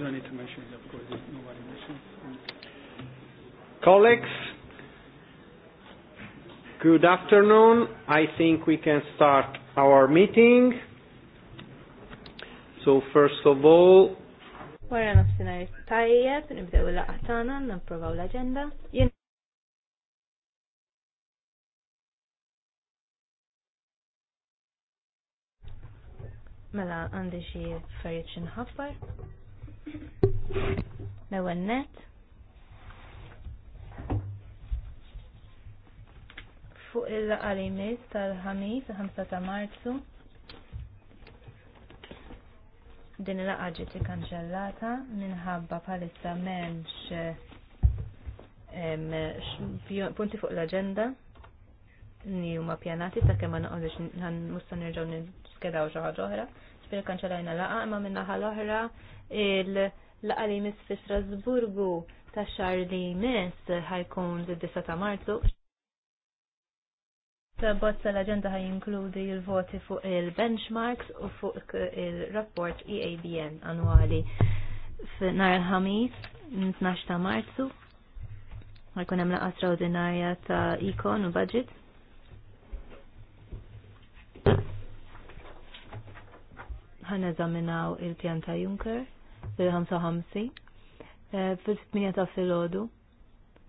You don't need to mention it, of course, nobody mentions Colleagues, good afternoon. I think we can start our meeting. So first of all, Wara nafsinhar tajjeb, nibdew il-laqgħa tagħna, l agenda Mela għandi xi affarijiet xi nħaffar. L-ewwel net. Fuq il-qalimis tal-ħamis, 5 ta' Marzu. Din il-laqgħa ġiet kanċellata minħabba bħalissa m'hemmx punti fuq l-aġenda li huma pjanati ta' kemm ma noqgħodux musta nerġgħu niskedaw xi ħaġa oħra. Ġifieri kkanċellajna laqa imma min-naħa l-oħra il-laqa li mis fi Strasburgu ta' xar li mis ħajkun d-9 ta' marzu. Ta' bozza l-agenda ħaj inkludi il-voti fuq il-benchmarks u fuq il-rapport EABN annuali f'nar il-ħamis 12 ta' marzu. Għalkun hemm laqgħa straordinarja ta' ikon u budget. Ħan zamminaw il-pjan ta' Juncker fil-55 fil-8 ta' fil-ħodu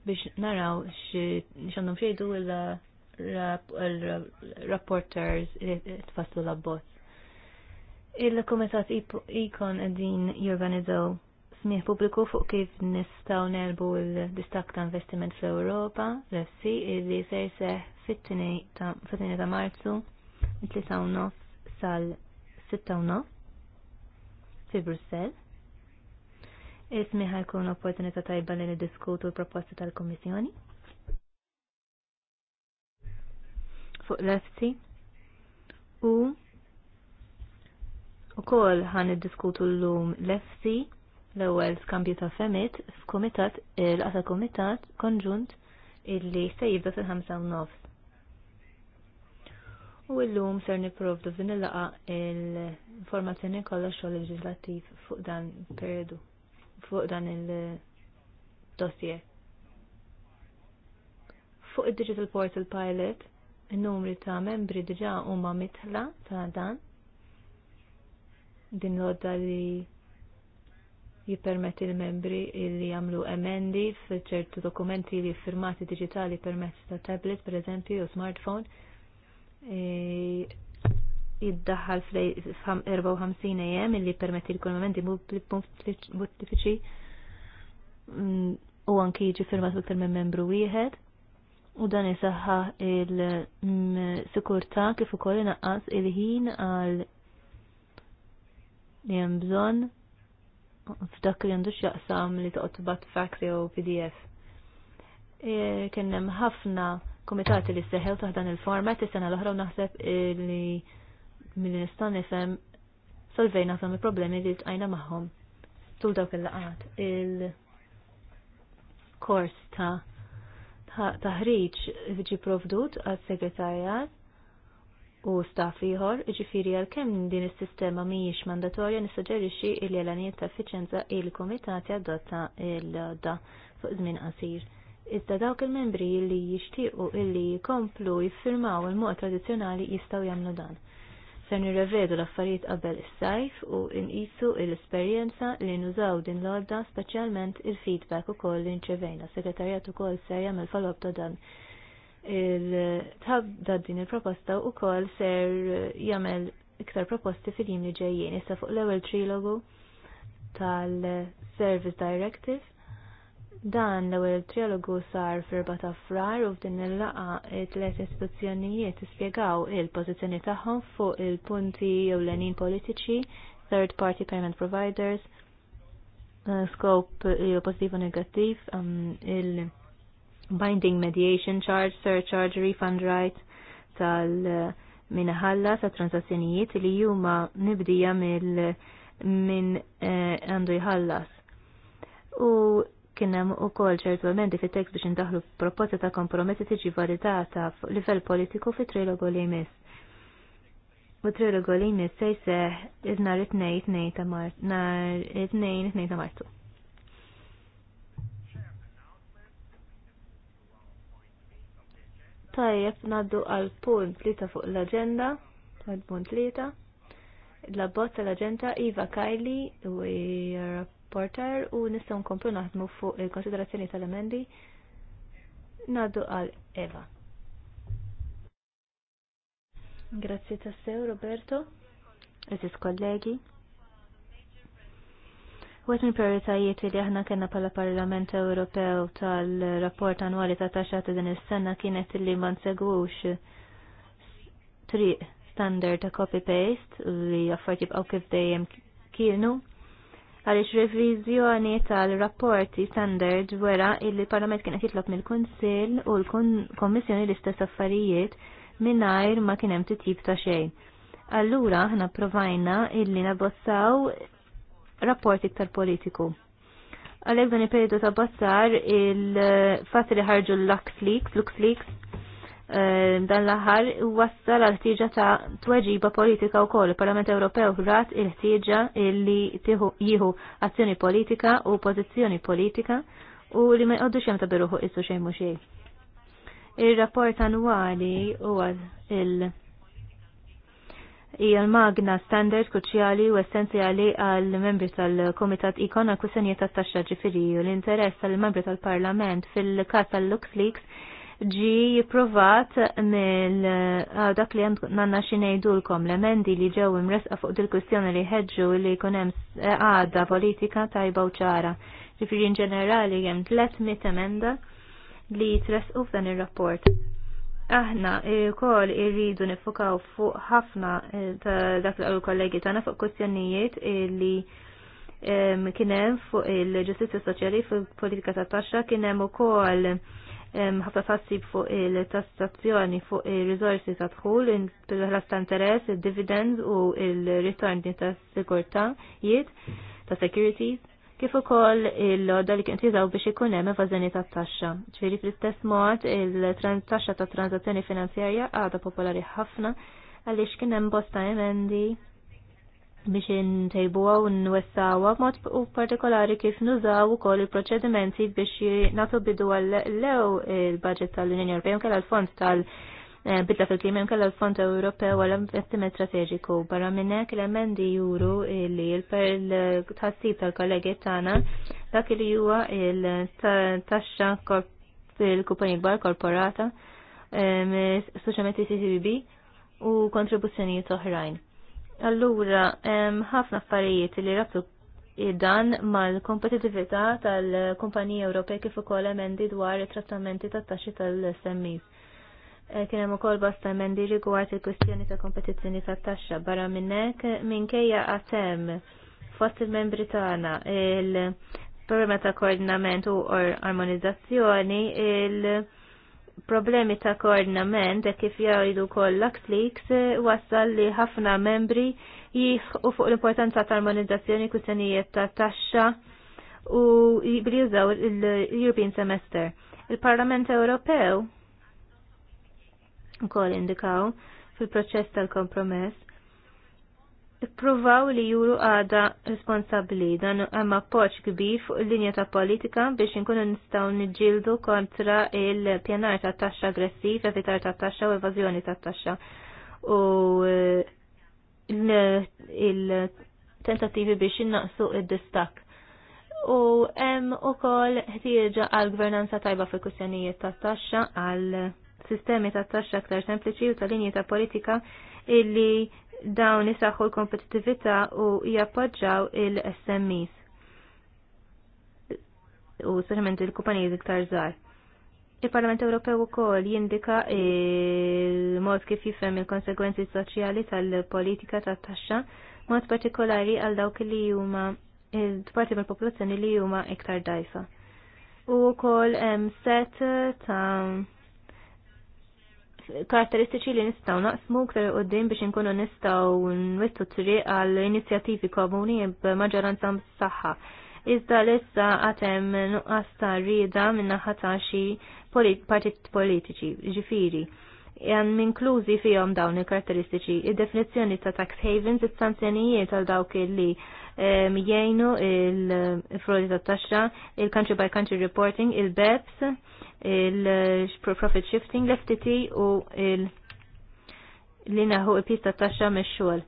biex naraw xandum xejdu il-rapporters il tfasslu l-abbozz. Il-komitat ikon għedin jorganizaw smieħ publiku fuq kif nistaw nelbu l-distak ta' investiment fl-Europa, l-FC, li sejse fit-tini ta' marzu, mit-3 sal-6 fi Brussel. Ismi ħajkun opportunità tajba li niddiskutu l-proposti tal komissjoni Fuq l U u kol ħan niddiskutu l-lum l-EFSI l-ewel skambju ta' femit f'komitat il-qata komitat konġunt illi se jibda fil-5 nofs. U l-lum ser niprovdu f'din il-laqa l informazzjoni kollha xogħol leġislattiv fuq dan periodu fuq dan il-dossier. Fuq il-Digital Portal Pilot, il-numri ta' membri diġa huma mitla ta' dan. Din lodda li jippermetti l-membri li jamlu emendi f'ċertu dokumenti li firmati digitali permezz ta' tablet, per eżempju, u smartphone. E jiddaħħal fl-54 jem illi permetti l-kolmamenti multipliċi mm, u anki jiġi firmat iktar minn membru wieħed u dan isaħħa il-sikurta mm, kif ukoll inaqqas il-ħin għal li hemm bżonn f'dak li għandux jaqsam li toqgħod tibgħat faxi jew PDF. E, kien hemm ħafna komitati li seħew taħdan il-format is-sena l-oħra u naħseb li mill nista' nifhem solvejna tam il-problemi li tqajna magħhom tul dawk il-laqat il-kors ta' taħriġ ġi provdut għas segretarjat u staff ieħor, ġifiri għal kemm din is-sistema mhijiex mandatorja nissuġġerixxi li elanijiet ta' effiċenza il komitati adotta il-da fuq żmien qasir. Iżda dawk il-membri li jixtiequ illi jkomplu jiffirmaw il-mod tradizzjonali jistgħu jagħmlu dan se nirrevedu l-affarijiet qabel is-sajf u nqisu l-esperjenza li nużaw din l-għodda speċjalment il-feedback ukoll li nċevejna. Segretarjat ukoll se jagħmel follow-up ta' dan il-tabda din il-proposta u kol ser jamel iktar proposti fil-jim li ġejjien. Issa fuq l-ewel trilogu tal-Service Directive Dan l-ewwel trialogu sar firba 4 ta' frar u f'din il-laqa tliet istituzzjonijiet ispjegaw il-pożizzjoni tagħhom fuq il-punti jew lenin politiċi, third party payment providers, uh, scope positiv u negattiv, um, il-binding mediation charge, surcharge, refund right tal- uh, minħalla sa' transazzjonijiet li juma nibdija mill minn uh, għandu jħallas. U kien hemm ukoll ċertu emendi fit-tekst biex indaħlu proposta ta' kompromessi tiġi validata fuq livell politiku fit trilogu li jmiss. U trilogu li jmiss se jseħ id it-tnejn ta' Martu. Nar it-tnejn ta' Martu. Tajjeb naddu għal punt li ta' fuq l-agenda, għal punt li ta' l-abbozza l-agenda Iva Kajli u rapporter u nistgħu nkomplu naħdmu fuq il-konsiderazzjoni tal-emendi ngħaddu għal Eva. Grazzi tassew Roberto, eżis kollegi. Wet minn prioritajiet li aħna kena pala Parlament Ewropew tal-rapport annwali ta' taxxa ta' din is-sena kienet li ma nsegwux triq standard ta' copy-paste li affarijiet jibqgħu kif dejjem kienu għaliex revizjoni tal-rapporti standard wera illi parlament kienet jitlob mill-Kunsill u l-Kommissjoni l-istess affarijiet mingħajr ma kien hemm titjib ta' xejn. Allura ħna provajna illi nabbozzaw rapporti iktar politiku. Għalhekk dan il-periodu ta' bazzar il fatri li ħarġu l-Lux Leaks, Lux Leaks, Eh, dan l-aħħar wassal għal ħtieġa ta' tweġiba politika wkoll. Il-Parlament Ewropew rat il-ħtieġa li jieħu azzjoni politika u pożizzjoni politika u li ma jqoddux hemm ta' biruħu issu xejn mhux xejn. Ir-rapport annwali huwa il- hija l-magna standard kruċjali u essenzjali għal membri tal-Komitat Ikon għal kwistjonijiet tat-taxxa ġifieri u l-interess tal-membri tal-Parlament fil-każ tal-LuxLeaks ġi jiprovat mill ah, dak li għandna xinejdulkom l-emendi li ġew imresqa fuq dil-kwistjoni li ħedġu li jkun hemm eh, għadda politika tajba u ċara. Ġifieri ġenerali hemm 300 emenda li jitresqu f'dan ir-rapport. Aħna eh, kol irridu nifukaw fuq ħafna eh, ta' dak l-kollegi tagħna fuq kwistjonijiet li kienem fuq il-ġustizja soċjali fuq politika ta' taxxa kienem ukoll ħafna tassib fuq il-tassazzjoni fuq il-rizorsi ta' tħul, il-ħlas ta' interess, il-dividends u il-return ta' sigurta jiet ta' securities, kif ukoll il-loda li kien tiżaw biex ikun hemm evażjoni ta' taxxa. Ġifieri fl-istess mod il-taxxa ta' transazzjoni finanzjarja għadha popolari ħafna għaliex kien hemm bosta emendi biex għaw u nwessawa mod u partikolari kif nużaw ukoll il-proċedimenti biex nagħtu bidu għall-lew il-budget tal-Unjoni Ewropea mkella l-fond tal-bidla fil-klima kellha l-fond Ewropew għal investiment strategiku. Barra minn hekk l-emendi juru li l-tħassib tal-kollegi tagħna dak li juwa il-taxxa fil-kumpanija kbar korporata s-soċamenti CCBB u kontribuzzjonijiet oħrajn Allura, ħafna affarijiet li rabtu dan mal-kompetitività tal-kumpaniji Ewropej kif ukoll emendi dwar it-trattamenti tat-taxxi tal-SMEs. E, kien hemm ukoll bosta emendi rigward il-kwistjoni ta' kompetizzjoni tat-taxxa barra minn hekk minkejja għatem fost il-membri tagħna il-problema ta' koordinament u armonizzazzjoni il-, -il problemi ta' koordinament e kif jgħidu koll l-Clix e, wassal li ħafna membri u fuq l-importanza ta' armonizzazzjoni kustenijiet ta' taxxa u jibli l-European Semester. Il-Parlament Ewropew ukoll indikaw fil-proċess tal-kompromess Ippruvaw li juru għada responsabli dan hemm poċ kbir fuq il-linja ta' politika biex inkunu nistgħu niġġieldu kontra il-pjanar ta' taxxa aggressiv, evitar ta' taxxa u evażjoni ta' taxxa. U eh, il-tentativi biex innaqsu id-distak. U hemm ukoll ħtieġa għal gvernanza tajba fil kwistjonijiet ta' taxxa għal sistemi ta' taxxa aktar sempliċi u tal-linji ta' politika illi dawn isaħħu l-kompetitività u jappoġġaw il-SMEs u speċjalment il-kumpaniji iktar żgħar. Il-Parlament Ewropew ukoll jindika il-mod kif jifhem il-konsegwenzi soċjali tal-politika tat-taxxa, mod partikolari għal dawk li huma parti mill-popolazzjoni li huma iktar dajfa. U wkoll hemm set ta' karatteristiċi li nistaw naqsmu ktar qoddim biex nkunu nistaw nwittu triq għal inizjattivi komuni b'maġġoranza msaħħa. Iżda l-issa għatem nuqqas ta' rida minnaħa partit politiċi, ġifiri. Jan minkluzi fihom dawn il-karatteristiċi, id-definizzjoni ta' tax havens, it-sanzjonijiet għal dawk li jgħinu il-frodi ta' taxxa, il-country by country reporting, il-BEPS, il-profit shifting, l-FTT u il- lina naħu il pista ta' taxxa mix-xogħol.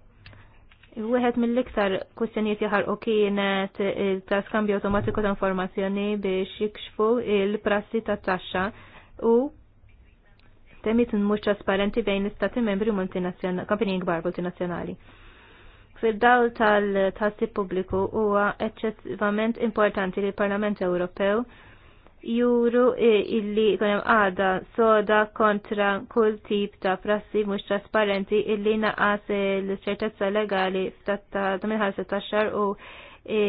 Wieħed mill-iktar kwistjonijiet jaħarqu kienet ta' skambju automatiku ta' informazzjoni biex jikxfu il-prassi ta' taxxa u n mhux trasparenti bejn l-istati membri u kompaniji kbar multinazzjonali fil-dawl tal-tassi pubbliku huwa eċċessivament importanti li l-Parlament Ewropew juru illi kunem għada soda kontra kull tip ta' prassi mux trasparenti illi naqas l-ċertezza legali ta' minħal 16 u e,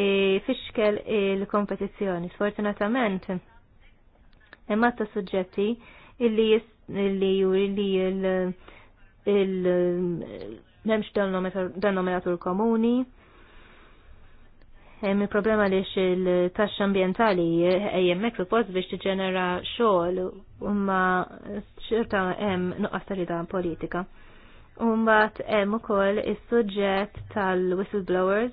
fixkel il-kompetizjoni. Sfortunatament, imma ta' suġġetti illi juri li il- Nemx denominatur komuni. Hemm problema li il-taxxa ambientali hemmhekk suppost biex tiġġenera xogħol imma xorta hemm nuqqas tarida politika. U mbagħad hemm ukoll is-suġġett tal-whistleblowers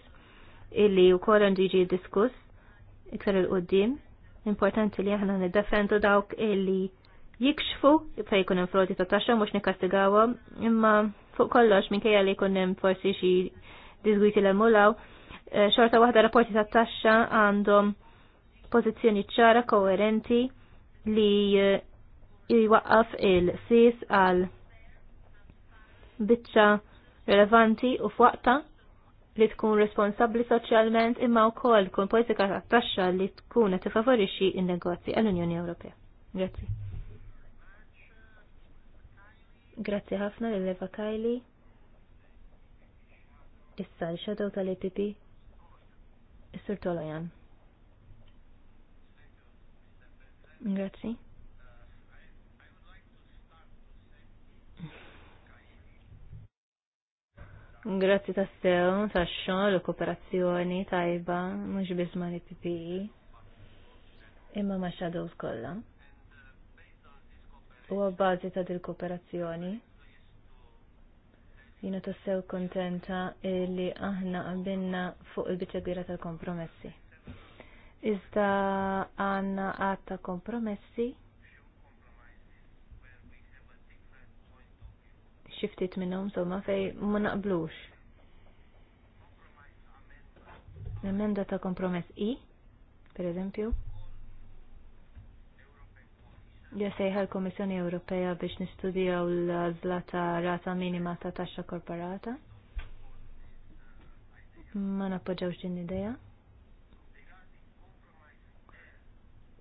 illi wkoll għandu jiġi diskuss iktar il qudiem Importanti li aħna niddefendu dawk illi jikxfu fejn jkun hemm frodi ta' taxxa mhux nikkastigawhom imma fuq kollox minkejja li jkun hemm forsi xi dizgwiti l emulaw eh, xorta waħda rapporti ta' taxxa għandhom pożizzjoni ċara koerenti li eh, jwaqqaf il-sis għal biċċa relevanti u fwaqta li tkun responsabli soċjalment imma wkoll tkun politika ta' taxxa li tkun qed favorixi n-negozji għall-Unjoni Ewropea. Grazzi. Grazzi ħafna lil Eva Kajli. Issa l-xadow tal-EPP. Issur sur Grazzi. Grazzi ta' sew, ta' l kooperazzjoni tajba, mux bizma li PPI. Imma ma' shadows kollha u għabbażi ta' dil-kooperazzjoni. Jina tassew kontenta li aħna għabinna fuq il-bicċa kbira tal-kompromessi. Iżda għanna għatta kompromessi xiftit minnom somma fej ma naqblux. L-emenda ta' kompromess I, per eżempju, Jasejħa l-Komissjoni Ewropea biex nistudjaw l-għazla ta' rata minima ta' taxxa korporata. Ma napoġawx din l-ideja.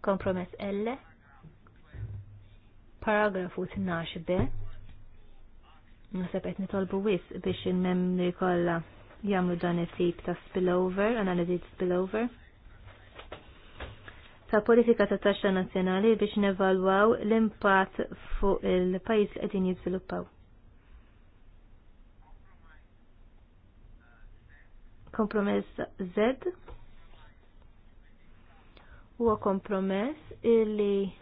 Kompromess L. Paragrafu 12b. Naseb qed nitolbu wis biex il-memri kollha jagħmlu dan it-tip ta' spillover, analiżi spillover ta' politika ta' taxxa nazzjonali biex nevalwaw l-impatt fuq il-pajjiż li qegħdin jiżviluppaw. Kompromess Z huwa kompromess illi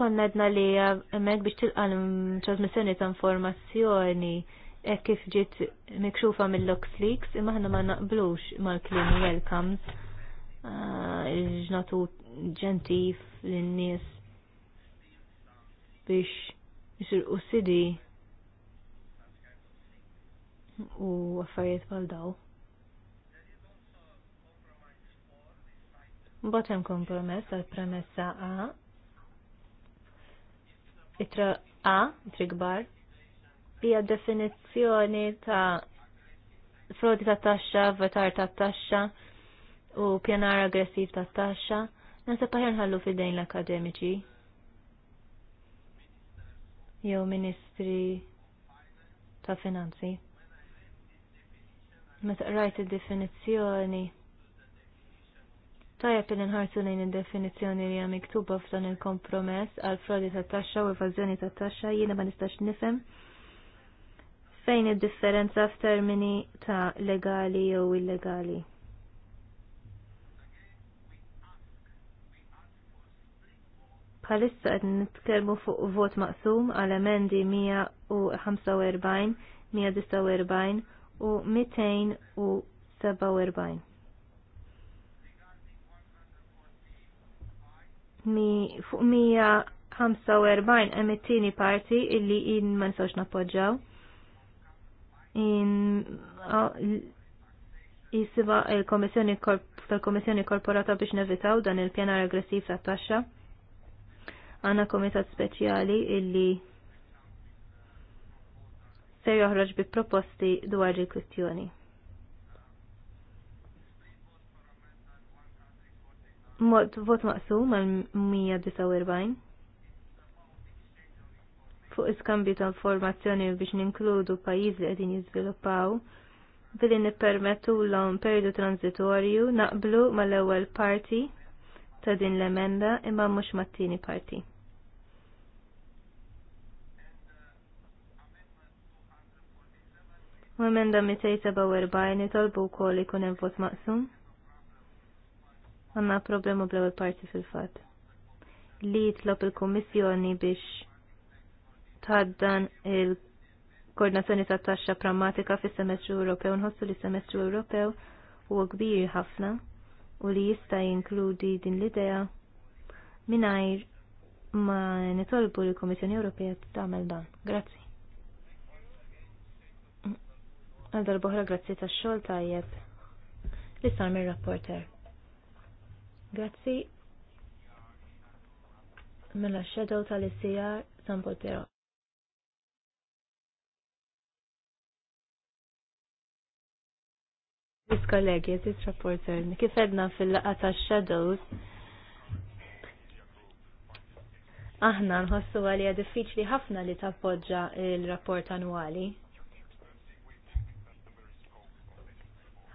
konna li hemmhekk biex tilqa trasmissjoni ta' informazzjoni E, kif ġiet mikxufa mill-Lux Leaks imma ħna ma naqblux mal-klim welcomes ġnatu ġentif l-nies biex jisir u u affarijiet bħal daw. Mbagħad hemm kompromess għal premessa A. Itra A, trigbar hija definizzjoni ta' frodi ta' taxxa, vetar ta' taxxa u pjanar aggressiv ta' taxxa. Nasab ħallu nħallu fidejn l-akademiċi. Jew ministri ta' finanzi. Meta rajt id-definizzjoni. Tajab li nħarsu lejn id-definizzjoni li hija miktuba f'dan il-kompromess għal frodi ta' taxxa u evażjoni ta' taxxa jiena ma nistax nifhem fejn id-differenza f'termini ta' legali jew illegali. Bħalissa qed nitkellmu fuq vot maqsum għal emendi 145, 149 u 247. Mi fuq 145 hemm it-tieni parti illi jien ma nistgħux nappoġġaw jisiba il-Komissjoni eh, tal-Komissjoni Korporata biex nevitaw dan il-pjanar aggressiv ta' taxxa. Għanna komitat speċjali illi se joħroġ bi proposti dwar il-kwistjoni. Mod vot maqsum għal 149 fuq iskambju ta' informazzjoni biex ninkludu pajjiż li qegħdin jiżviluppaw billi nippermettu l-om periodu transitorju naqblu mal-ewwel parti ta' din l-emenda imma mhux mat-tieni parti. U emenda 247 nitolbu wkoll ikun hemm vot maqsum. Għandna problema bl-ewwel parti fil-fatt li jitlob il-Kummissjoni biex Tħaddan dan il-koordinazzjoni ta' taxxa prammatika fis semestru Ewropew nħossu li semestru Ewropew huwa kbir ħafna u li jista' jinkludi din l-idea mingħajr ma nitolbu li l-Kummissjoni Ewropea tagħmel dan. Grazzi. Għal darbohra grazzi tax-xogħol tajjeb li sar mir-rapporter. Grazzi mela shadow tal-ICR San Potero. Mis kollegi, jizis rapporter, kif edna fil-laqa ta' shadows, aħna nħossu għalija diffiċli ħafna li tappoġġa il-rapport annwali.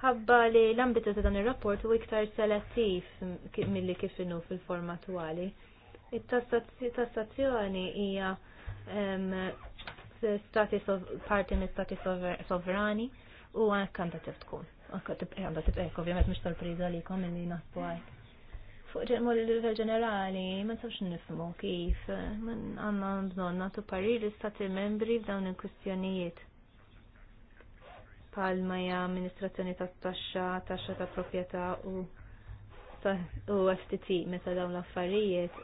ħabba li l-ambitu ta' dan ir-rapport u iktar selettiv milli kif kifinu fil format attwali. It-tassazzjoni hija parti mis-stati sovrani u għankantativ tkun. Akka tibqi għanda tibqi, ovvijament mux tal-priza li kom li nasbu għaj. Fuq ġemmu l-level ġenerali, ma sabx nifmu kif, għanna bżon natu parri l-istati membri f'dawn il-kustjonijiet. Palma ja amministrazzjoni ta' taxxa, taxxa ta' proprjetà u u FTT meta dawn l-affarijiet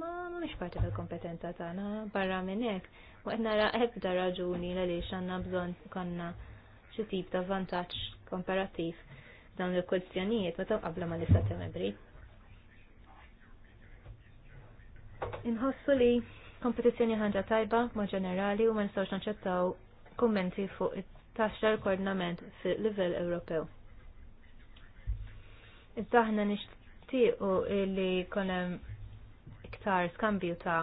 ma mhumiex parti tal-kompetenza tagħna barra minn hekk u nara ebda raġuni għaliex għandna bżonn konna xi tip ta' vantaġġ komparativ dawn il-kwestjonijiet meta qabla ma nisa membri. Inħossu li kompetizzjoni ħanġa tajba ma ġenerali u ma nistawx naċċettaw kummenti fuq it-taxxa l-koordinament fil livell Ewropew. Iżda aħna nixtiequ li konem iktar skambju ta'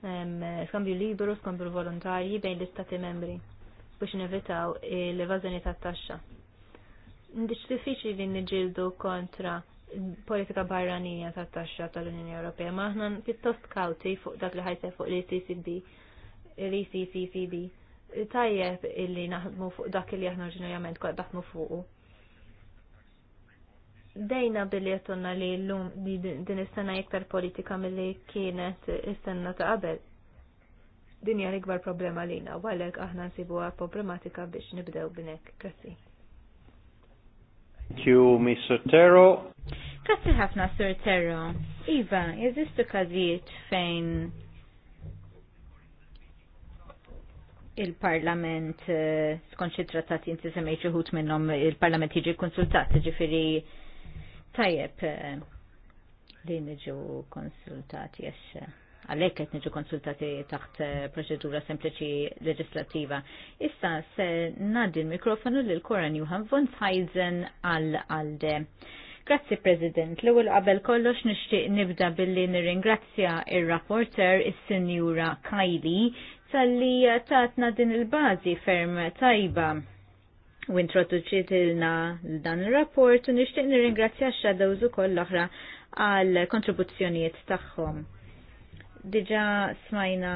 skambju liberu, skambju volontarji bejn l-istati membri biex nevitaw l-evażjoni tat-taxxa ndiċ diffiċli li niġildu kontra politika barranija tat taxxa tal-Unjoni Ewropea, ma aħna pjuttost kawti fuq dak li ħajse fuq l-ECCB, l-ECCCB. Tajjeb illi naħdmu fuq dak li aħna ġenerament kwa daħmu fuq. Dejna billi jattonna li l-lum li din is-sena iktar politika mill-li kienet is ta' qabel. Din hija l-ikbar problema lina, għalhekk aħna nsibuha problematika biex nibdew binek. Kassi. Thank you, Mr. Terro. Kassi ħafna, Sir Terro. Iva, jeżistu kazijiet fejn il-parlament eh, skont xi trattati inti semmejt ħut minnhom il-parlament jiġi konsultat, ġifieri tajjeb eh, li niġu konsultati għax eh, għalhekk qed niġu konsultati taħt eh, proċedura sempliċi leġislattiva. Issa se ngħaddi l-mikrofonu lil Koran Juhan von Heisen għal għalde. Grazzi President, l-ewwel qabel kollox nixtieq nibda billi nirringrazzja ir-rapporter is-Sinjura Kajli talli tatna din il-bażi ferm tajba u introduċiet ilna dan il-rapport u nixtieq nirringrazzja x-shadows ukoll l-oħra għal kontribuzzjonijiet tagħhom. Diġa smajna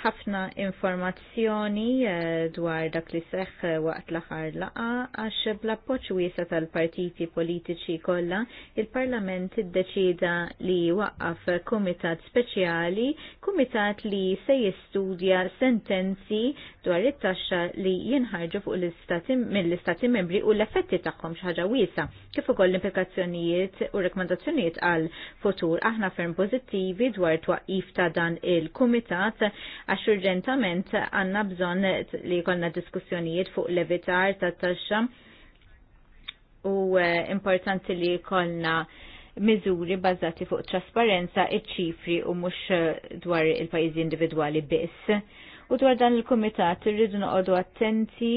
ħafna informazzjoni eh, dwar dak li seħħ eh, waqt l-aħħar laqa għax bla appoċ wiesa tal-partiti politiċi kollha il-Parlament iddeċida li waqqaf kumitat speċjali, kumitat li se jistudja sentenzi dwar it-taxxa li jinħarġu fuq l-istati mill-istati membri u l-effetti tagħhom xi ħaġa wiesa, kif ukoll l-implikazzjonijiet u rekomendazzjonijiet għal futur aħna ferm pożittivi dwar twaqif ta' dan il-kumitat għax urġentament għandna bżonn li jkollna diskussjonijiet fuq l-evitar ta' taxxa u eh, importanti li jkollna miżuri bazzati fuq trasparenza iċ-ċifri u mhux dwar il-pajjiżi individwali biss U dwar dan il-komitat irridu noqogħdu attenti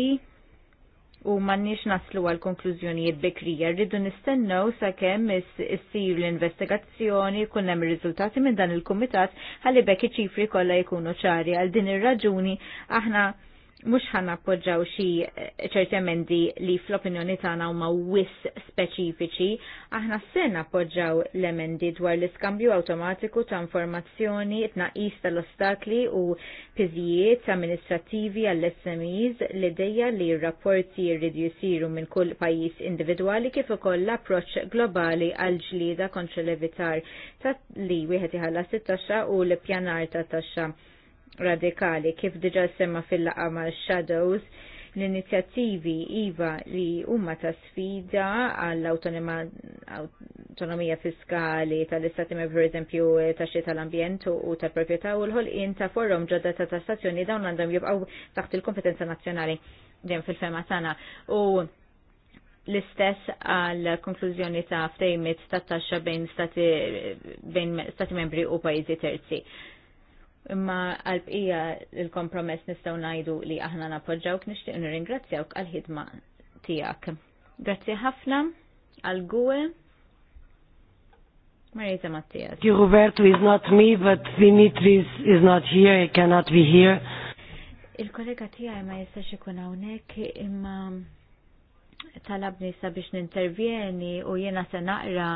u m'għandniex naslu għal konklużjonijiet bekrija, rridu nistennew sakemm issir l-investigazzjoni jkun hemm ir-riżultati minn dan il-kumitat ħalli bekk iċ-ċifri kollha jkunu ċari għal din ir-raġuni aħna mux ħan appoġġaw xi eh, ċerti emendi li fl-opinjoni tagħna huma wis speċifiċi, aħna se appoġġaw l-emendi dwar l-iskambju awtomatiku ta' informazzjoni, tnaqis tal-ostakli u piżijiet amministrativi għall-SMEs li dejja li r-rapporti jridu jisiru minn kull pajjiż individwali kif ukoll l-approċċ globali għal ġlieda kontra l-evitar ta' li wieħed iħallas it-taxxa u l-pjanar ta' taxxa radikali kif diġa semma fil-laqa mal shadows l-inizjattivi IVA li huma ta' sfida għall-autonomija fiskali tal-istati membri per eżempju ta' xie tal-ambjent u tal proprjetà u l-ħolqien ta' forum ġodda ta' tassazzjoni dawn għandhom jibqgħu taħt il-kompetenza nazzjonali dejjem fil-fema tagħna u l-istess għal konklużjoni ta' ftejmit ta' taxxa bejn stati membri u pajjiżi terzi Imma għalbqija il-kompromess nistaw najdu li aħna napoġġawk nishtiq nirringrazzjawk għal-ħidma tijak. Grazzi ħafna għal-gwe. Marisa Mattias. You, Roberto, is not me, but Dimitris is not here, he cannot be here. Il-kollega tijaj ma jistax ikun hawnhekk imma talabni sabiex nintervjeni u jiena se naqra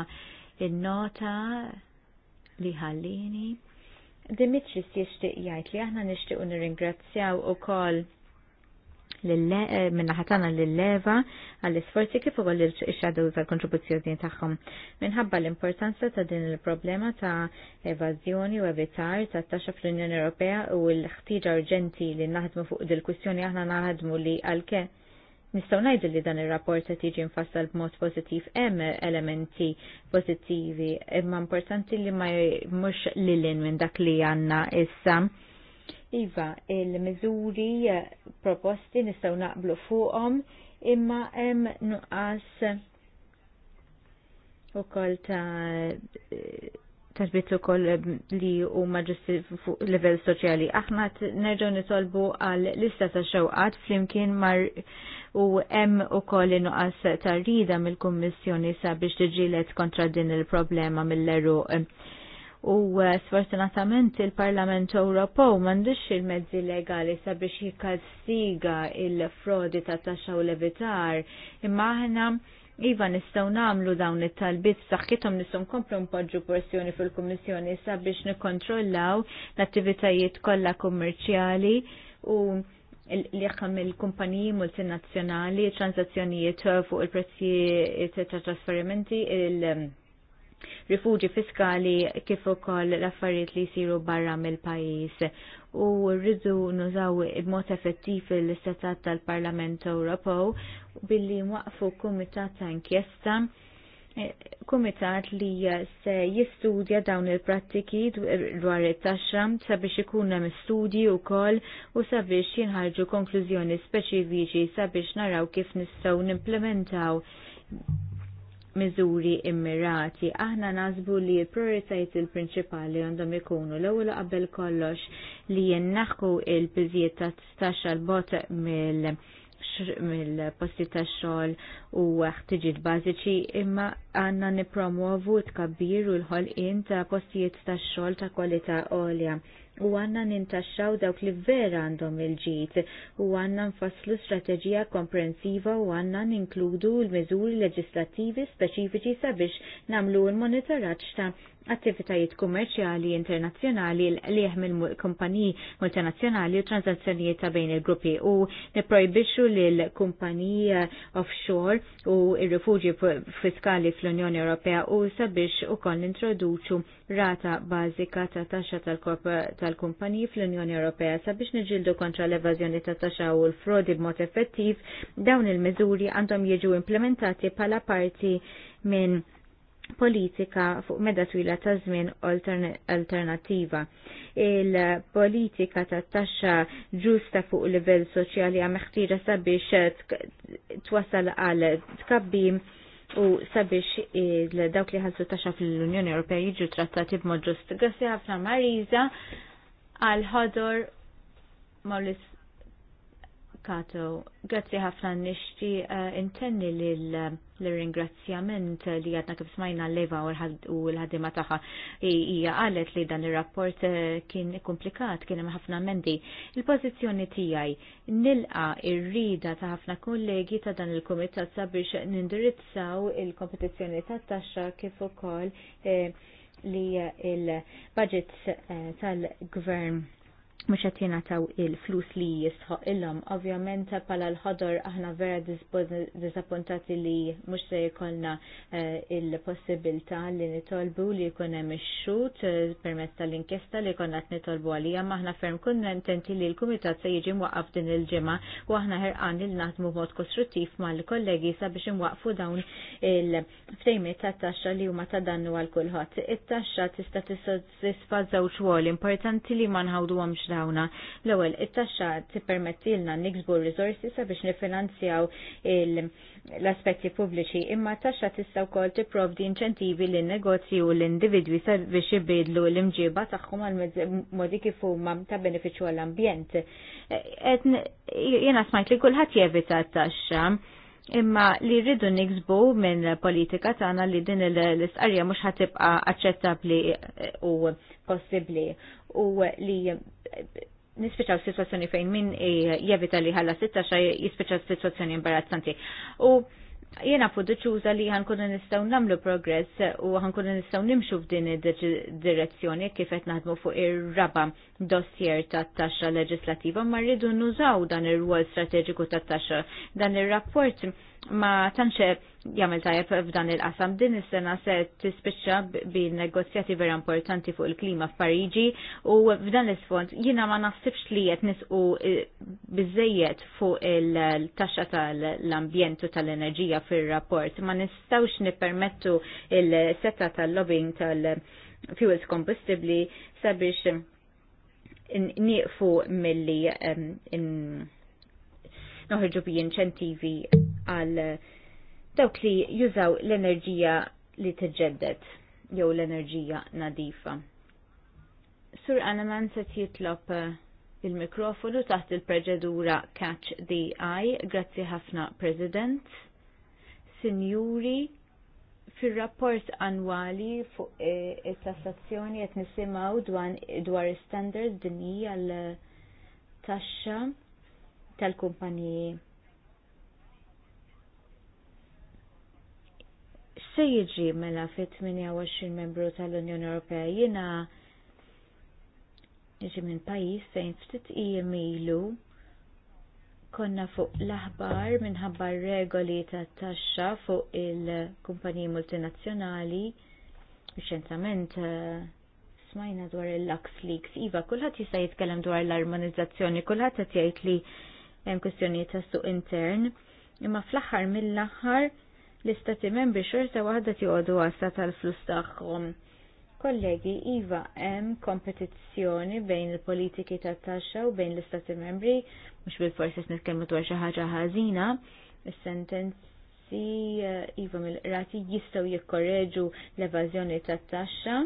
il-nota li ħallini Dimitris jishtiq jgħid li aħna nixtiequ nirringrazzjaw ukoll eh, minna ħatana l-leva għall-isforzi kif ukoll il-xadow tal-kontribuzzjoni tagħhom. Minħabba l-importanza ta' din il-problema ta' evażjoni u evitar ta' taxxa fl-Unjoni Ewropea u l-ħtiġa urġenti li naħdmu fuq dil-kwistjoni aħna naħdmu li għalke Nistaw najdu li dan il-rapport qed jiġi mfassal b'mod pożittiv hemm elementi pożittivi, imma importanti li ma mhux lilin minn dak li għandna issa. Iva, il-miżuri proposti nistaw naqblu fuqhom, imma hemm nuqqas ukoll ta' tarbitu kol li u maġusti fuq level soċjali. Aħna nerġaw nitolbu għal lista ta' xewqat flimkien mar u hemm ukoll inqas tarrida mill-Kummissjoni sabiex tiġilet kontra din il-problema mill-eruq. U eh, sfortunatament il-Parlament Ewropew m'għandix il-mezzi legali sabiex jikkassiga il-frodi ta' taxxa u levitar, imma aħna Iva nistaw namlu dawn it-talbiet saħħithom nistgħu nkomplu npoġġu porzjoni fil-Kummissjoni sabiex nikkontrollaw l-attivitajiet kollha kummerċjali u l-iqam il-kumpaniji multinazzjonali, transazzjonijiet fuq il-prezzijiet ta' trasferimenti, il-rifugi fiskali kif ukoll l-affarijiet li jsiru barra mill-pajjiż u rridu nużaw b'mod effettiv l-istatat tal-Parlament Ewropew billi waqfu kumitat ta' inkjesta kumitat li se jistudja dawn il-prattiki dwar it-taxxa sabiex ikun hemm studji wkoll u sabiex jinħarġu konklużjoni speċifiċi sabiex naraw kif nistgħu nimplementaw miżuri immirati. Aħna nasbu li l-prioritajiet il-prinċipali għandhom ikunu l-ewwel qabel kollox li jinnaħħu il-biżijiet ta' taxxa l-bot mill- mill-posti ta' xogħol u ħtiġiet bażiċi imma għandna nippromuovu tkabbir u l-ħolqien ta' postijiet ta' xogħol ta' kwalità għolja u għanna nintaxxaw dawk li vera għandhom il-ġit u għanna nfasslu strateġija komprensiva u għanna ninkludu l-mezuri leġislativi speċifiċi sabiex namlu l-monitoraċ ta' attivitajiet kummerċjali internazzjonali li mill kumpaniji multinazzjonali u tranzazzjonijiet ta' bejn il-gruppi u niprojbixxu lil kumpaniji eh, offshore u r rifuġi fiskali fl-Unjoni Ewropea u sabiex ukoll nintroduċu rata bażika ta' taxxa tal-kumpaniji fl-Unjoni Ewropea sabiex niġildu kontra l-evażjoni ta' taxxa u l-frodi b'mod effettiv dawn il-miżuri għandhom jiġu implementati bħala parti minn politika fuq meda twila ta' żmien alternattiva. Il-politika ta' taxxa ġusta fuq livell soċjali għam meħtira sabiex twasal għal tkabbim u sabiex dawk li ħalsu taxxa fl-Unjoni Ewropea jiġu trattati b'mod ġust. Grazzi ħafna Mariza għal ħodor Maurice. Kato, grazzi ħafna nishti eh, intenni l-ringrazzjament li għadna kif smajna l-leva u l-ħadima taħħa hija għalet li dan il-rapport eh, kien komplikat, kien hemm ħafna mendi. Il-pożizzjoni tiegħi nilqa ir-rida ta' ħafna kollegi ta' dan il-kumitat sabiex nindirizzaw il-kompetizzjoni tat-taxxa kif ukoll eh, li il budgets tal-gvern mux għet taw il-flus li jisħoq illom. Ovvjament pala l-ħodor aħna vera disappuntati li mux se jkollna eh, il-possibilta li nitolbu li jkunem xxut eh, permezz tal-inkjesta li konna t nitolbu għalija maħna ferm kunna intenti li l-komitat se jiġi mwaqaf din il ġema u aħna ħerqan il naħdmu mod kostruttiv ma l-kollegi sabiex mwaqfu dawn il-ftejmi ta' taxxa li huma ta' dannu għal kulħadd. It-taxxa tista' tissodisfa żewġ importanti li ma għamx dawna. L-ewwel it-taxxa tippermettilna niksbu r-riżorsi sabiex nifinanzjaw l-aspetti pubbliċi imma t-taxxa tista' wkoll tipprovdi inċentivi lin negozji u l-individwi sabiex ibidlu l-imġiba tagħhom għal modi kif huma ta' benefiċċju għall-ambjent. Jiena smajt li kulħadd jevita t-taxxa imma li rridu niksbu minn politika tagħna li din l-isqarja mhux ħatibqa' aċċettabbli u possibbli u li nispiċaw situazzjoni fejn min jevita li ħalla sitta xa jispiċaw situazzjoni imbarazzanti. U jena fiduċuża li ħankunu nistaw namlu progress u ħankunu nistaw nimxu f'din id-direzzjoni kif qed naħdmu fuq ir-raba dossier tat-taxxa leġislativa ma rridu nużaw dan ir-rwol strateġiku tat-taxxa dan ir-rapport ma tantx jagħmel tajjeb f'dan il-qasam. Din is-sena se tispiċċa bin negozjati vera importanti fuq il-klima f'Pariġi u f'dan l-isfond jiena ma naħsibx li qed nisqu e, biżejjed fuq il-taxxa tal-ambjent u tal-enerġija fir-rapport. Ma nistgħux nippermettu il-setta tal-lobbying tal-fuels combustibli sabiex nieqfu milli noħorġu bi inċentivi għal dawk li jużaw l-enerġija li tiġġedded jew l-enerġija nadifa. Sur Anaman se jitlob eh, il-mikrofonu taħt il-preġedura Catch the Eye, grazzi ħafna President, Sinjuri, fil-rapport annwali fuq eh, it-tassazzjoni qed nisimgħu dwar standards dinji għal eh, taxxa tal-kumpaniji. se jiġi mela fit-28 membru tal-Unjoni Ewropea jiena jiġi minn pajjiż fejn ftit ilu konna fuq l-aħbar minħabba regoli ta' taxxa fuq il-kumpaniji multinazzjonali riċentament eh, smajna dwar il-Lux Leaks. Iva, kulħadd jista' jitkellem dwar l-armonizzazzjoni, kulħadd qed jgħid li hemm kwestjonijiet ta' suq intern, imma fl-aħħar mill-aħħar l-istati membri xorta waħda tiqodu għasta tal-flus tagħhom. Kollegi, iva hemm kompetizzjoni bejn il-politiki tat-taxxa u bejn l-istati membri, mhux bil-forsi nitkellmu dwar xi ħaġa ħażina, is-sentenzi eh, iva mill-qrati jistgħu jikkorreġu l-evażjoni tat-taxxa.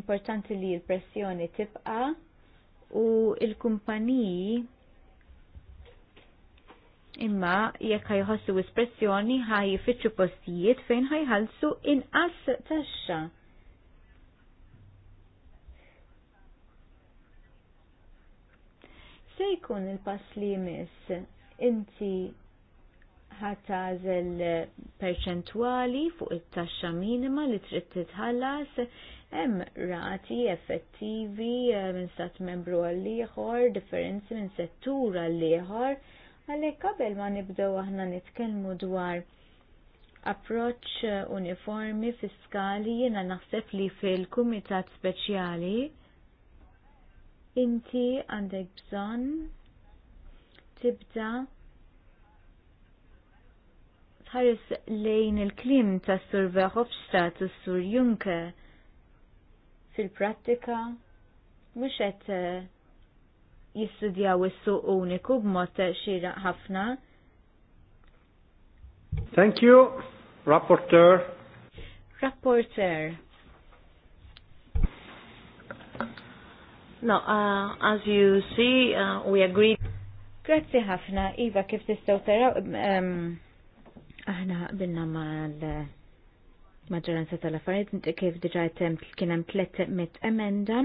Importanti li l-pressjoni tibqa' u l-kumpaniji imma jekk ħajħossu espressjoni ħaj jifitxu postijiet fejn ħajħalsu inqas taxxa. Se jkun il-pass li jmiss inti ħatażel perċentwali fuq it-taxxa minima li trid titħallas hemm rati effettivi eh, minn stat membru għal ieħor, differenzi minn settur għal ieħor Għalhekk kabel ma nibdew aħna nitkellmu dwar approċċ uniformi fiskali jiena naħseb li fil-kumitat speċjali inti għandek bżonn tibda tħares lejn il-klim ta' Sur Verhofstadt u Sur Juncker fil-prattika mhux qed eh, jistudjaw is-suq uniku b'mod xieraq ħafna. Thank you, Rapporteur. Rapporteur. No, uh, as you see, uh, we agree. Grazzi ħafna, Iva, kif tistaw taraw, um, aħna binna ma' maġġoranza tal-affarijiet kif diġa kien hemm 300 emenda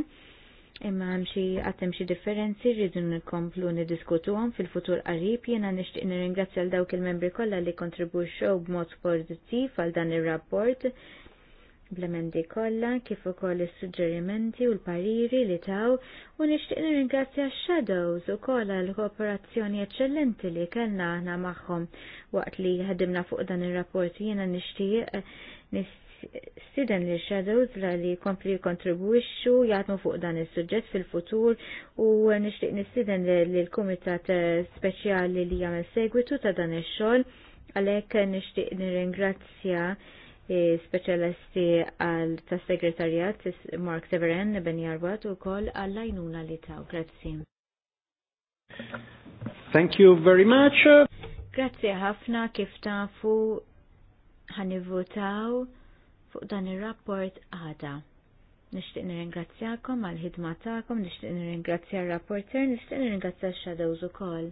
imma hemm xi għatem xi differenzi rridu nkomplu niddiskutuhom fil-futur qarib jiena nixtieq nirringrazzja l dawk il-membri kollha li kontribwixxew b'mod pozittiv għal dan ir-rapport bl-emendi kollha kif ukoll is-suġġerimenti u l-pariri li taw u nixtieq nirringrazzja x-shadows ukoll għal kooperazzjoni eċċellenti li kellna aħna magħhom waqt li ħadimna fuq dan ir-rapport jiena nixtieq eh, stiden li shadows la li kompli kontribuixxu jgħatmu fuq dan is-suġġett fil-futur u nixtieq nistiden li l-Kumitat Speċjali li jagħmel segwitu ta' dan ix-xogħol għalhekk nixtieq nirringrazzja speċjalisti għal ta' segretarjat Mark Severen Ben Jarbat u koll għall-għajnuna li taw. Grazzi. Thank you very much. Grazzi ħafna kif tafu ħanivvotaw fuq dan ir-rapport għada. Nixtieq nirringrazzjakom għal ħidma tagħkom, nixtieq nirringrazzja r-rapporter, nixtieq nirringrazzja x-shadows ukoll.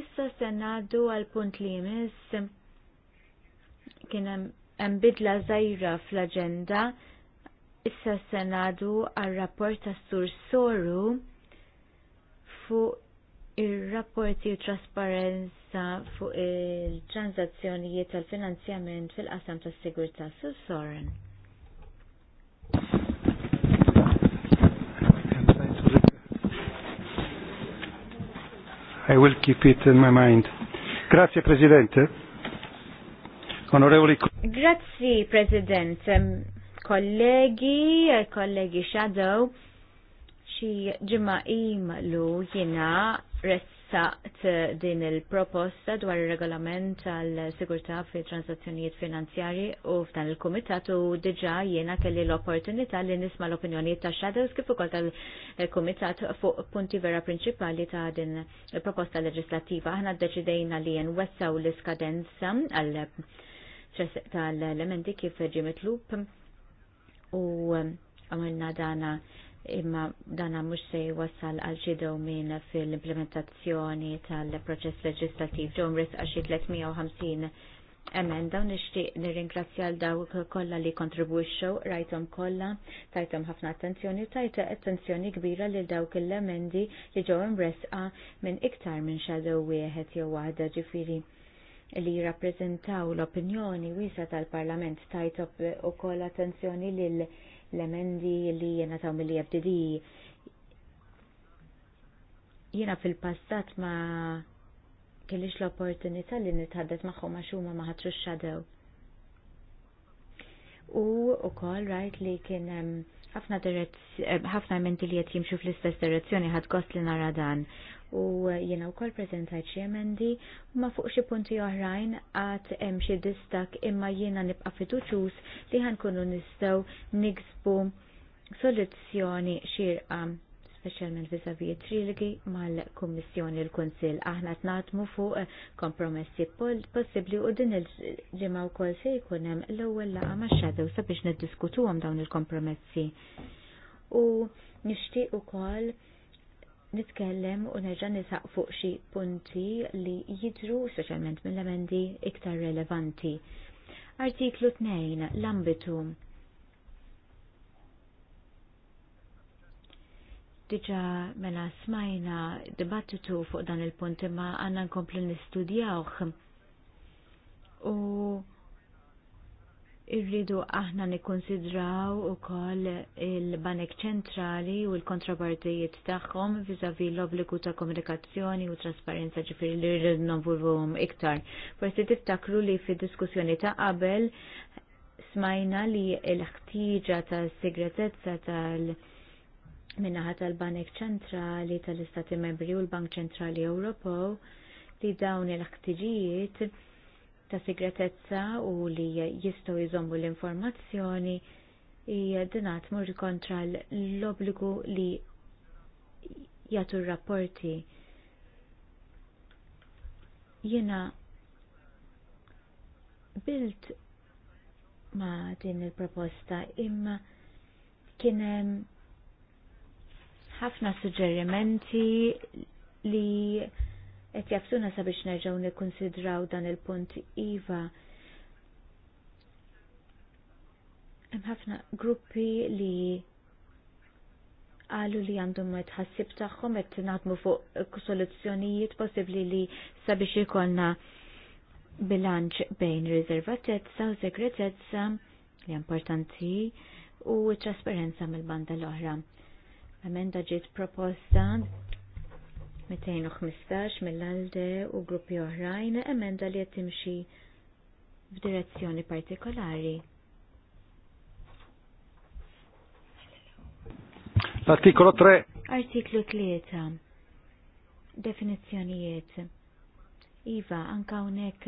Issa se ngħaddu għal punt li jmiss kien hemm bidla żgħira fl-aġenda. Issa se ngħaddu għal rapport tas Sur Soru fuq Ir-rapporti u trasparenza fuq il-transazzjonijiet tal-finanzjament fil-qasam tas-sigurtà sul soren. I will keep it in my mind. Grazie Presidente. Onorevoli Grazie Presidente. Kollegi, kollegi Shadow, xi ġimma imlu jina ressaqt eh, din il-proposta dwar il-regolament għal sigurtà fi transazzjonijiet finanzjari u f'dan il-komitat u diġa jiena kelli l-opportunità li nisma l-opinjonijiet ta' shadows kif ukoll tal-komitat fuq punti vera prinċipali ta' din il-proposta leġislattiva. Aħna ddeċidejna li nwessaw l-iskadenza għal tal-elementi kif ġimitlup u għamilna dana imma dana mhux se jwassal għal xi fil-implementazzjoni tal-proċess leġislattiv ġew mresqa xi 350 emenda u nixtieq nirringrazzja għal dawk kollha li kontribuixxu rajthom kollha tajtom ħafna attenzjoni tajta attenzjoni kbira lil dawk l-emendi li ġew imresqa minn iktar minn xadow wieħed jew waħda ġifiri li jirrappreżentaw l-opinjoni wiesa tal-Parlament u ukoll attenzjoni lil l-emendi li jena taw mill FDD. Jena fil-passat ma kellix l-opportunità li nitħaddet maħħu ma ma ħatru xadew. U u koll rajt right, li kien ħafna ħafna menti li jett jimxu fl-istess direzzjoni ħad kost li nara dan u jiena wkoll preżentajt xi emendi ma fuq xi punti oħrajn għad hemm xi distak imma jiena nibqa' fiduċus li ħankunu nistgħu niksbu soluzzjoni xirqa speċjalment viżavi trilgi mal-Kummissjoni l-Kunsill. Aħna qed naħdmu fuq kompromessi possibbli u din il-ġimgħa wkoll se jkun hemm l-ewwel laqa' max sabiex sabiex niddiskutuhom dawn il-kompromessi. U nixtieq ukoll nitkellem u nerġa' nisaq fuq xi punti li jidru speċjalment mill-emendi iktar relevanti. Artiklu 2 l-ambitu. Diġa mela smajna dibattitu fuq dan il-punt imma għanna nkomplu nistudjawh. U Irridu aħna nikkonsidraw ukoll il-banek ċentrali u l-kontrapartijiet tagħhom vizavi l-obbligu ta' komunikazzjoni u trasparenza ġifieri li rridu nonvulvuhom iktar. Forsi tiftakru li fid-diskussjoni ta' qabel smajna li l-ħtieġa ta' segretezza tal- minnaħat tal-Banek ċentrali tal-Istati Membri u l-Bank Ċentrali Ewropew li dawn il-ħtiġijiet ta' segretezza u li jistgħu jżommu l-informazzjoni hija dinat mur kontra l-obbligu li jagħtu rapporti. Jiena bilt ma' din il-proposta imma kien hemm ħafna suġġerimenti li Et jafsuna sabiex nerġgħu nikkunsidraw dan il-punt iva. Hemm ħafna gruppi li qalu li għandhom tħassib tagħhom qed naħdmu fuq soluzzjonijiet possibbli li sabiex ikollna bilanċ bejn riservatezza u segretezza li importanti u trasparenza mill-banda l-oħra. Emenda ġiet proposta 215 mill-alde u gruppi oħrajn emenda li qed timxi f'direzzjoni partikolari. l artiklu 3. Artiklu 3. Definizzjonijiet. Iva, anka unek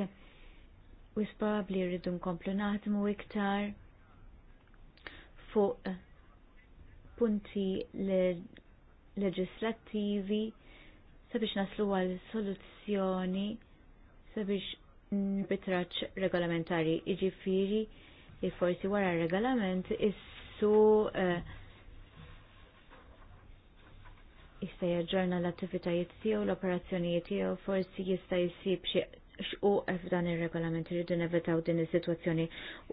wis rridu nkomplu naħdmu iktar fuq punti leġislattivi sabiex naslu għal soluzzjoni sabiex bitraċ regolamentari iġifiri li forsi wara regolament issu eh, jista' jaġġorna l-attivitajiet tiegħu l-operazzjonijiet tiegħu forsi jista' jsib xi xquq f'dan ir-regolament irridu nevetaw din is-sitwazzjoni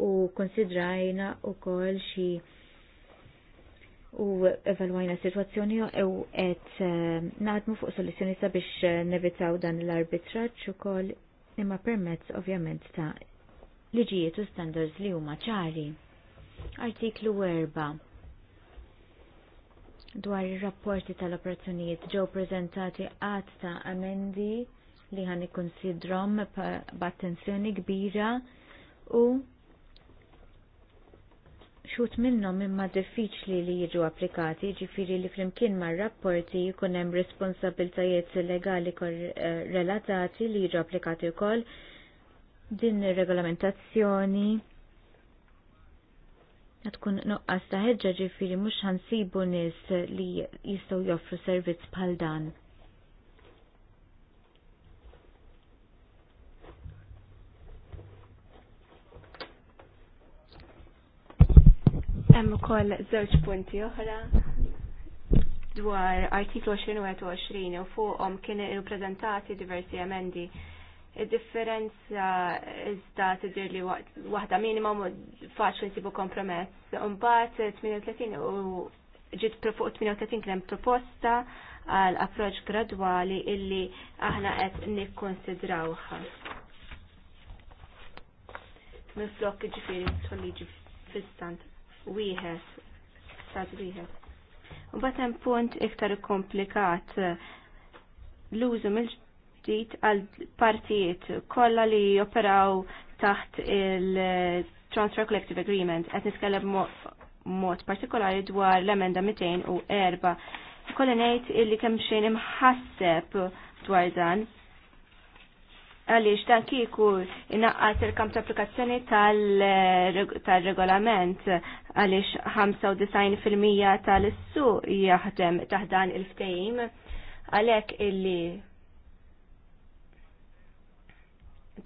u konsidrajna wkoll xi u evalwajna situazzjoni u et eh, naħdmu fuq soluzzjoni sabiex eh, nevitaw dan l-arbitraċ u kol imma permezz ovvjament ta' liġijiet u standards li huma ċari. Artiklu 4 dwar ir-rapporti tal-operazzjonijiet ġew prezentati għad ta' amendi li ħan ikkonsidrom b'attenzjoni kbira u xut minnom imma diffiċli li jiġu applikati, ġifiri li flimkien ma' rapporti jkun hemm responsabiltajiet legali eh, relatati li jiġu applikati u koll din regolamentazzjoni għatkun nuqqas taħedġa ġifiri mux ħansibu nis li jistaw joffru servizz bħal dan. Hemm ukoll żewġ punti oħra dwar artiklu 20 u fuqhom kien ippreżentati diversi emendi. Id-differenza iżda tidir li waħda minima faċli nsibu kompromess. Mbagħad 38 u ġiet fuq 38 kien proposta għal approċ gradwali illi aħna qed nikkonsidrawha. Minn flok ġifieri tħolli ġifieri fistant wieħed, stat wieħed. U hemm punt iktar komplikat l-użu mill-ġdid għal partijiet kollha li joperaw taħt il-Transfer Collective Agreement qed nitkellem mod partikolari dwar l-emenda 204. Kolli ngħid illi kemm xejn imħasseb dwar dan għaliex dan kieku inaqqas il kam ta' applikazzjoni tal-regolament għaliex 95% tal issu jaħdem taħdan il-ftejim għalek illi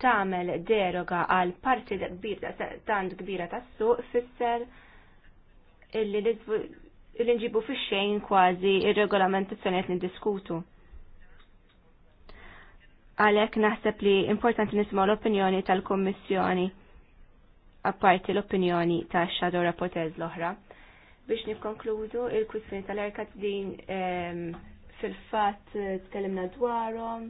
tagħmel deroga għal parti tant kbira tas-suq fisser illi l-inġibu fix-xejn kważi t-sanet li diskutu Għalek naħseb li importanti nisma l-opinjoni tal-Kommissjoni apparti l-opinjoni ta' xadu Rapportez l-oħra. Biex nikkonkludu il kwissjoni tal-erkat din ehm, fil-fat eh, tkellimna dwarhom.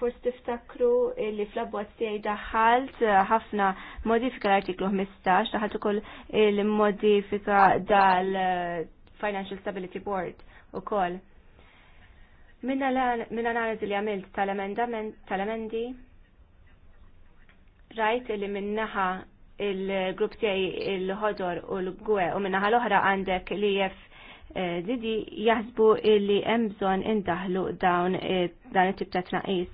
Forsi tiftakru li fl-abbozz tiegħi daħalt eh, ħafna modifika l-artiklu 15, daħalt ukoll il-modifika dal-Financial eh, Stability Board ukoll. Min analiżi li għamilt tal-emendi, rajt li minnaħa il-grupp tiegħi il-ħodor u l-gwe u minnaħa l-oħra għandek li jef eh, didi jaħsbu li hemm bżonn indaħlu dawn eh, dan it-tip ta' tnaqis.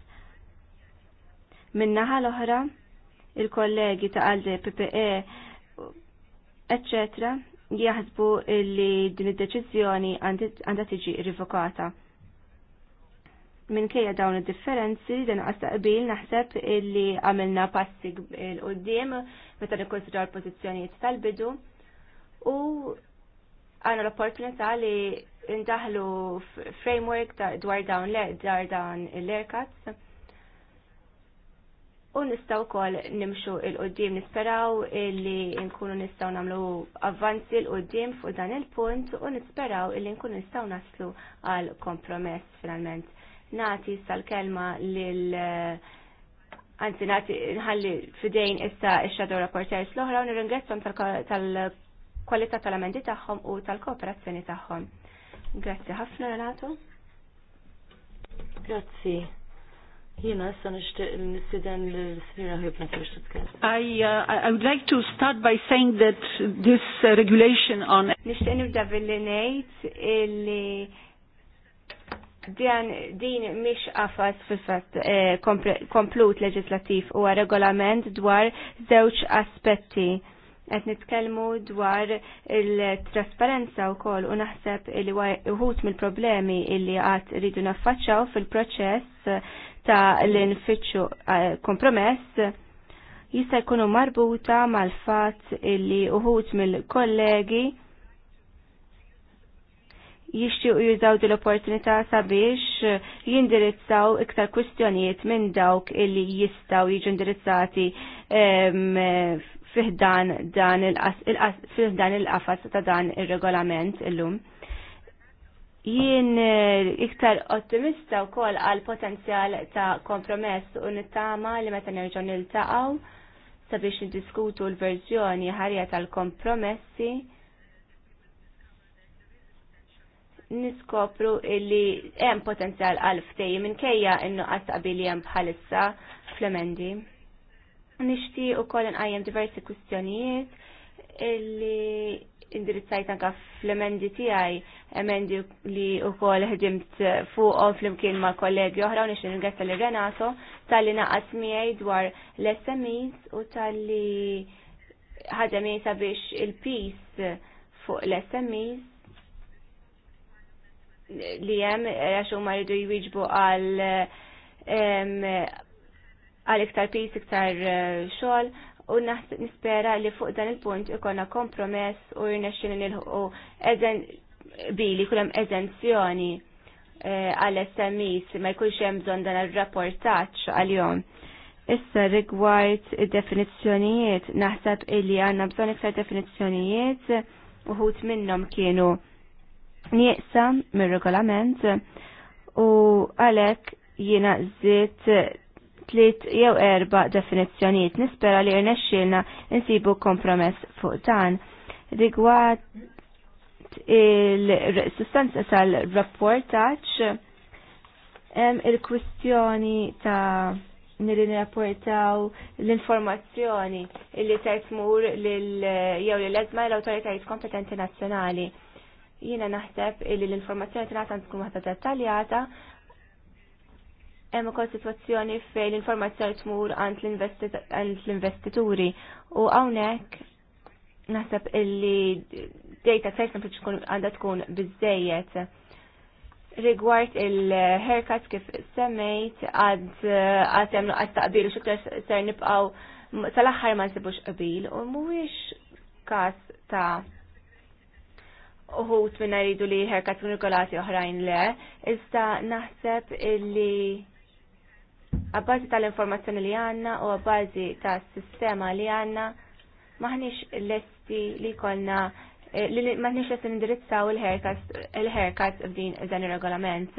Minnaħa l-oħra il-kollegi ta' għalde PPE eccetera jaħsbu li din id-deċiżjoni għandha tiġi rivokata minkejja dawn id-differenzi dan qbil naħseb illi għamilna passi l-qoddim meta nikonsidra l-pożizzjonijiet tal-bidu u għandna l-opportunità li ndaħlu framework dwar dawn dwar dawn l erkat u nistaw kol nimxu il-qoddim nisperaw illi nkunu nistaw namlu avvanzi l qoddim fuq dan il-punt u nisperaw illi nkunu nistaw naslu għal kompromess finalment nati sal l-kelma lil Anzi, nati nħalli fidejn issa ix shadow Rapporters l-oħra u nirringrazzjom tal-kwalità tal-amendi tagħhom u tal-kooperazzjoni tagħhom. Grazzi ħafna Renato. Grazzi. Jina issa nixtieq nisiden l I uh, I would like to start by saying that this regulation on Nixtieq nibda billi ngħid illi Dan din mhix afas fil-fatt eh, komplut leġislattiv huwa regolament dwar żewġ aspetti. Qed nitkellmu dwar il-trasparenza wkoll u naħseb li uħut mill-problemi illi għat rridu naffaċċaw fil-proċess ta' l-infittxu eh, kompromess jista' jkunu marbuta mal-fatt illi uħud mill-kollegi jixtiequ jużaw din l-opportunità sabiex jindirizzaw iktar kwistjonijiet minn dawk illi jistgħu jiġu indirizzati fiħdan dan il-qafas ta' dan ir-regolament illum. Jien eh, iktar ottimista wkoll għal potenzjal ta' kompromess u nittama li meta nerġgħu niltaqgħu sabiex nidiskutu l-verżjoni ħarja tal-kompromessi niskopru illi hemm potenzjal għal kejja innu innuqas qabili hemm bħalissa fl-emendi. Nixtieq ukoll inqajjem diversi kwistjonijiet illi indirizzajt anka fl-emendi tiegħi emendi li wkoll ħdimt fuqhom flimkien ma' kollegi oħra u nix ringrazzja li Renato tal-li naqas miegħi dwar l-SMEs u tal-li ħadem sabiex il-peace fuq l-SMEs li hemm eh, għax huma jridu jwieġbu għal għal iktar pis, iktar eh, xogħol u nispera li fuq dan il-punt ikonna kompromess u jirnexxin nilħu eżen bili kulem eżenzjoni eh, għal SMEs ma jkunx hemm bżonn dan ir-rapportaġġ għal-jom. Issa rigward id-definizzjonijiet naħseb illi għandna bżonn iktar definizzjonijiet uħut minnhom kienu nieqsa mir-regolament u għalek jiena żiet tliet jew erba' definizzjonijiet nispera li rnexxielna insibu kompromess fuq dan. Rigward il-sustanza tal-rapportaċ il-kwistjoni ta' nirri nirrapportaw l-informazzjoni illi tajt mur jew l-edma l-autoritajiet kompetenti nazzjonali. Jiena naħseb illi l-informazzjoni tingħata tkun waħda dettaljata. Hemm ukoll sitwazzjoni fejn l-informazzjoni tmur għand l-investituri u hawnhekk naħseb illi data fejn sempliċi tkun għandha tkun biżejjed. Rigward il-haircuts kif semmejt għad għad jemlu għad taqbil u xiktar ser nibqaw sal-axħar ma nsibux qabil u mhuwiex każ ta' uħut minna jridu li ħerkat unikolati oħrajn le, issa naħseb illi għabbażi tal-informazzjoni li għanna u għabbażi tas-sistema li għanna maħniex lesti li kolna eh, li maħniex lesti indirizzaw il-haircuts f'din dan il-regolament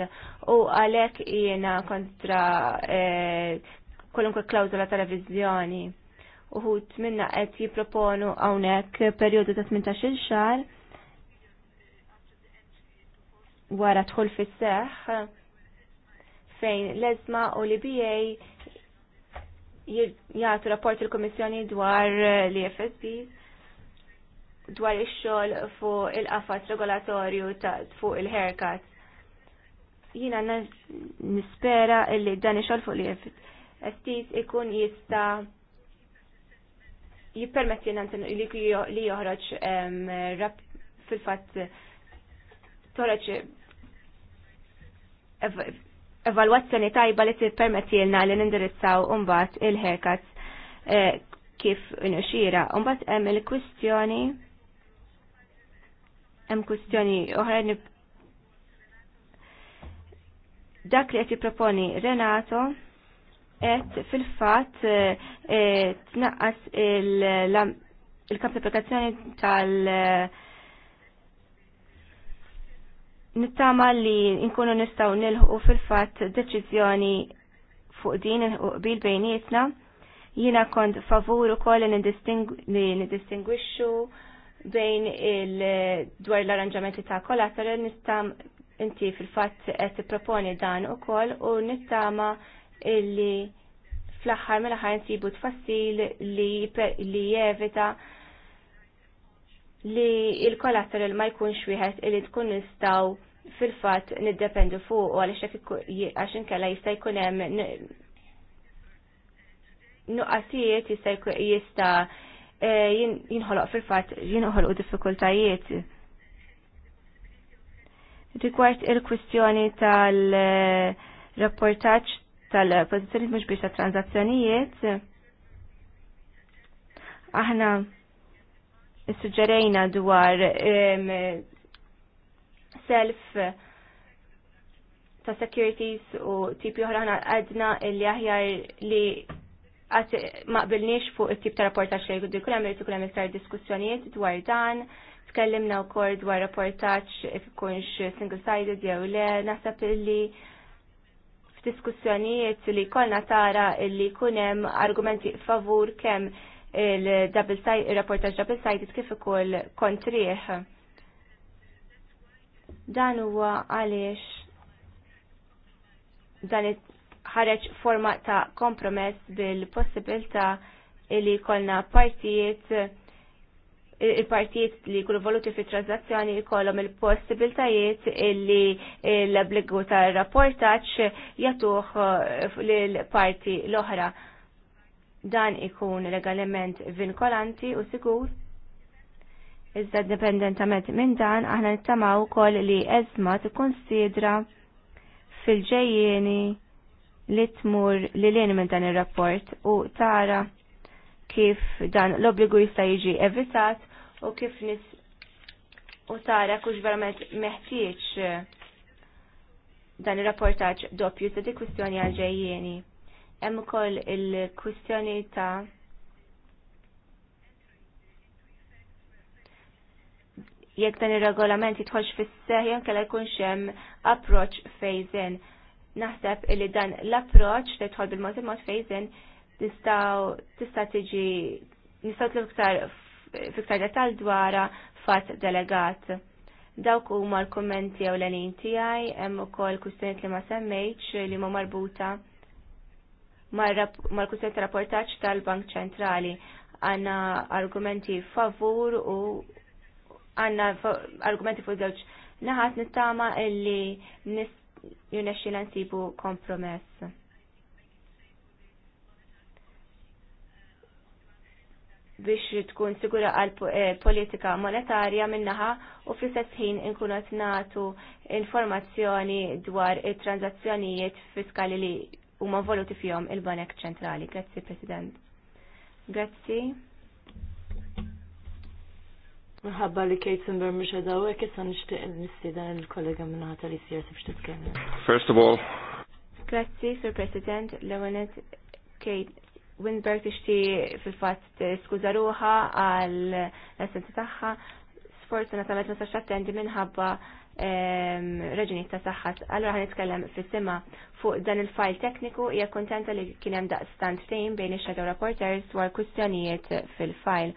u għalek jiena kontra eh, kolunkwe klawzula tal-revizjoni uħut minna qed jipproponu hawnhekk perjodu ta' 18-il xahar wara tħol fis-seħ fejn l-ezma u li BA jgħatu rapport il-Komissjoni dwar l-FSB dwar ix-xogħol fuq il-qafas regolatorju fuq il-haircut. Jina nispera li dan il xogħol fuq l-FSB ikun jista' jippermetti li joħroġ fil-fatt toħroġ evalwazzjoni tajba li tippermettilna li nindirizzaw mbagħad il herkat kif nuxira. Mbagħad hemm il-kwistjoni hemm kwistjoni oħra dak li qed jipproponi Renato qed fil-fatt tnaqqas il-kamp applikazzjoni tal- nittama li nkunu nistaw nilħu fil-fat deċizjoni fuq din il-qbil bejnietna. Jina kont favur u koll li nidistingwixxu bejn il-dwar l-arranġamenti ta' kollateral nistam inti fil-fat qed proponi dan u koll u nittama illi fl-axħar mill-axħar tfassil li, li jevita li il-kollateral ma jkunx wieħed li tkun nistaw fil-fat niddependu fuq u għaliex għax inkella jista' jkun hemm nuqqasijiet jista' jista' e, jinħoloq fil-fat jinħoloq diffikultajiet. Rigward il-kwistjoni tal-rapportaċ tal-pozizjoni mhux biex ta' tranzazzjonijiet, aħna suġġerejna dwar self ta' securities u tipi oħra ħana għadna li aħjar li għat maqbilniex fuq it-tip ta' rapportaċ li għuddi kullem li kullem iktar diskussjonijiet dwar dan, tkellimna u kol dwar rapportaċ if kunx single-sided jew le, nasab illi f'diskussjonijiet li kolna tara li kunem argumenti favur kemm il-rapportaġ double sided kif ukoll kontrih? Dan huwa għaliex dan ħareġ forma ta' kompromess bil-possibilta li kolna partijiet il-partijiet li kullu voluti fi tranzazzjoni jkollhom il-possibiltajiet illi l-obbligu tar-rapportaġġ jagħtuh lill-parti l-oħra. Dan ikun legalement vinkolanti u sigur. Iżda dependentament minn dan aħna nittamaw kol li ezma tikkonsidra fil-ġejjieni li tmur li l minn dan ir-rapport u tara kif dan l-obbligu jista' jiġi evitat u kif nis u tara kux verament meħtieġ dan ir-rapportaġġ doppju se di kwistjoni għal ġejjieni. Hemm ukoll il-kwistjoni ta' jekk dan ir-regolament jidħolx fis-seħ jinkella jkunx hemm approach phase-in. Naħseb li dan l-approach li jidħol bil-mod il-mod phase-in tista' tiġi nistgħu tlu iktar fiktar detall dwara fatt delegat. Dawk huma l-kummenti ewlenin tiegħi hemm ukoll kwistjonijiet li ma semmejtx li ma marbuta mal-kusetta rapportaċ tal-Bank Ċentrali. Għanna argumenti favur u għanna argumenti fuq żewġ naħat nittama illi nis l nsibu kompromess. biex tkun sigura għal eh, politika monetarja minnaħa u fl-istess ħin inkunu natu informazzjoni dwar it-tranzazzjonijiet fiskali li u ma voluti fjom il-Banek Ċentrali. Grazzi, President. Grazzi. Mħabba li kejt Simber mħiġa mhux għadaw hekk issa nixtieq dan il-kollega minnata ħata li sir biex titkellem. First of all. Grazzi, Sir President, l-ewenet Kate Winberg tixti fil fat skuża ruħa għal l taħħa. tagħha. Sfortunatament ma sax attendi minħabba reġini ta' saħħat. Allora ħan nitkellem fis-sima fuq dan il-fajl tekniku hija kontenta li kien hemm daqstant fejn bejn ix-shadow reporters dwar kwistjonijiet fil-fajl.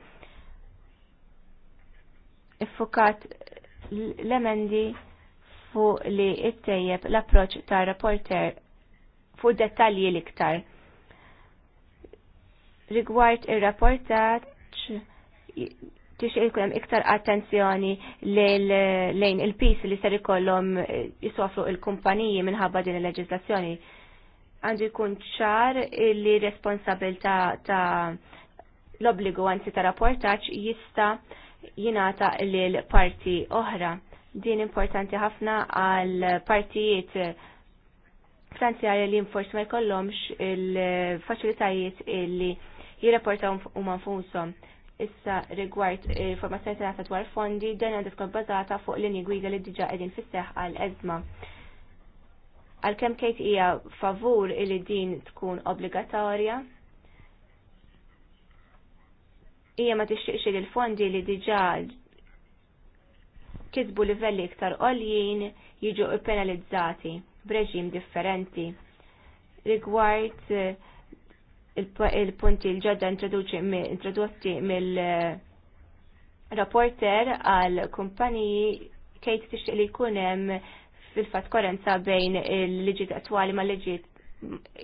Iffukat l-emendi fuq li ittejjeb l-approċ ta' reporter fuq dettalji l-iktar. Rigward ir-rapportaċ tix jkun iktar attenzjoni lejn il-pis li ser ikollhom eh, jiswaflu il-kumpaniji minħabba din il-leġislazzjoni. Għandu jkun ċar li responsabil ta' l-obbligu għanzi ta' rapportaċ jista jinata l-parti oħra. Din importanti ħafna għal partijiet finanzjari li forsi ma jkollhomx il-faċilitajiet li jirreportaw huma nfushom. Issa rigward informazzjoni tal-għata dwar fondi dan għandha tkun bazata fuq l-inni gwida li diġà qegħdin fis-seħħ għal kem Għalkemm kejt hija favur li din tkun obbligatorja, hija ma tixtieqx li l-fondi li diġà kisbu livelli iktar għoljien jiġu penalizzati b'reġim differenti rigward il-punti l-ġodda introdotti mill-rapporter għal kumpaniji kejt tixtieq li jkun hemm fil-fatt korenza bejn il-liġiet attwali ma' liġiet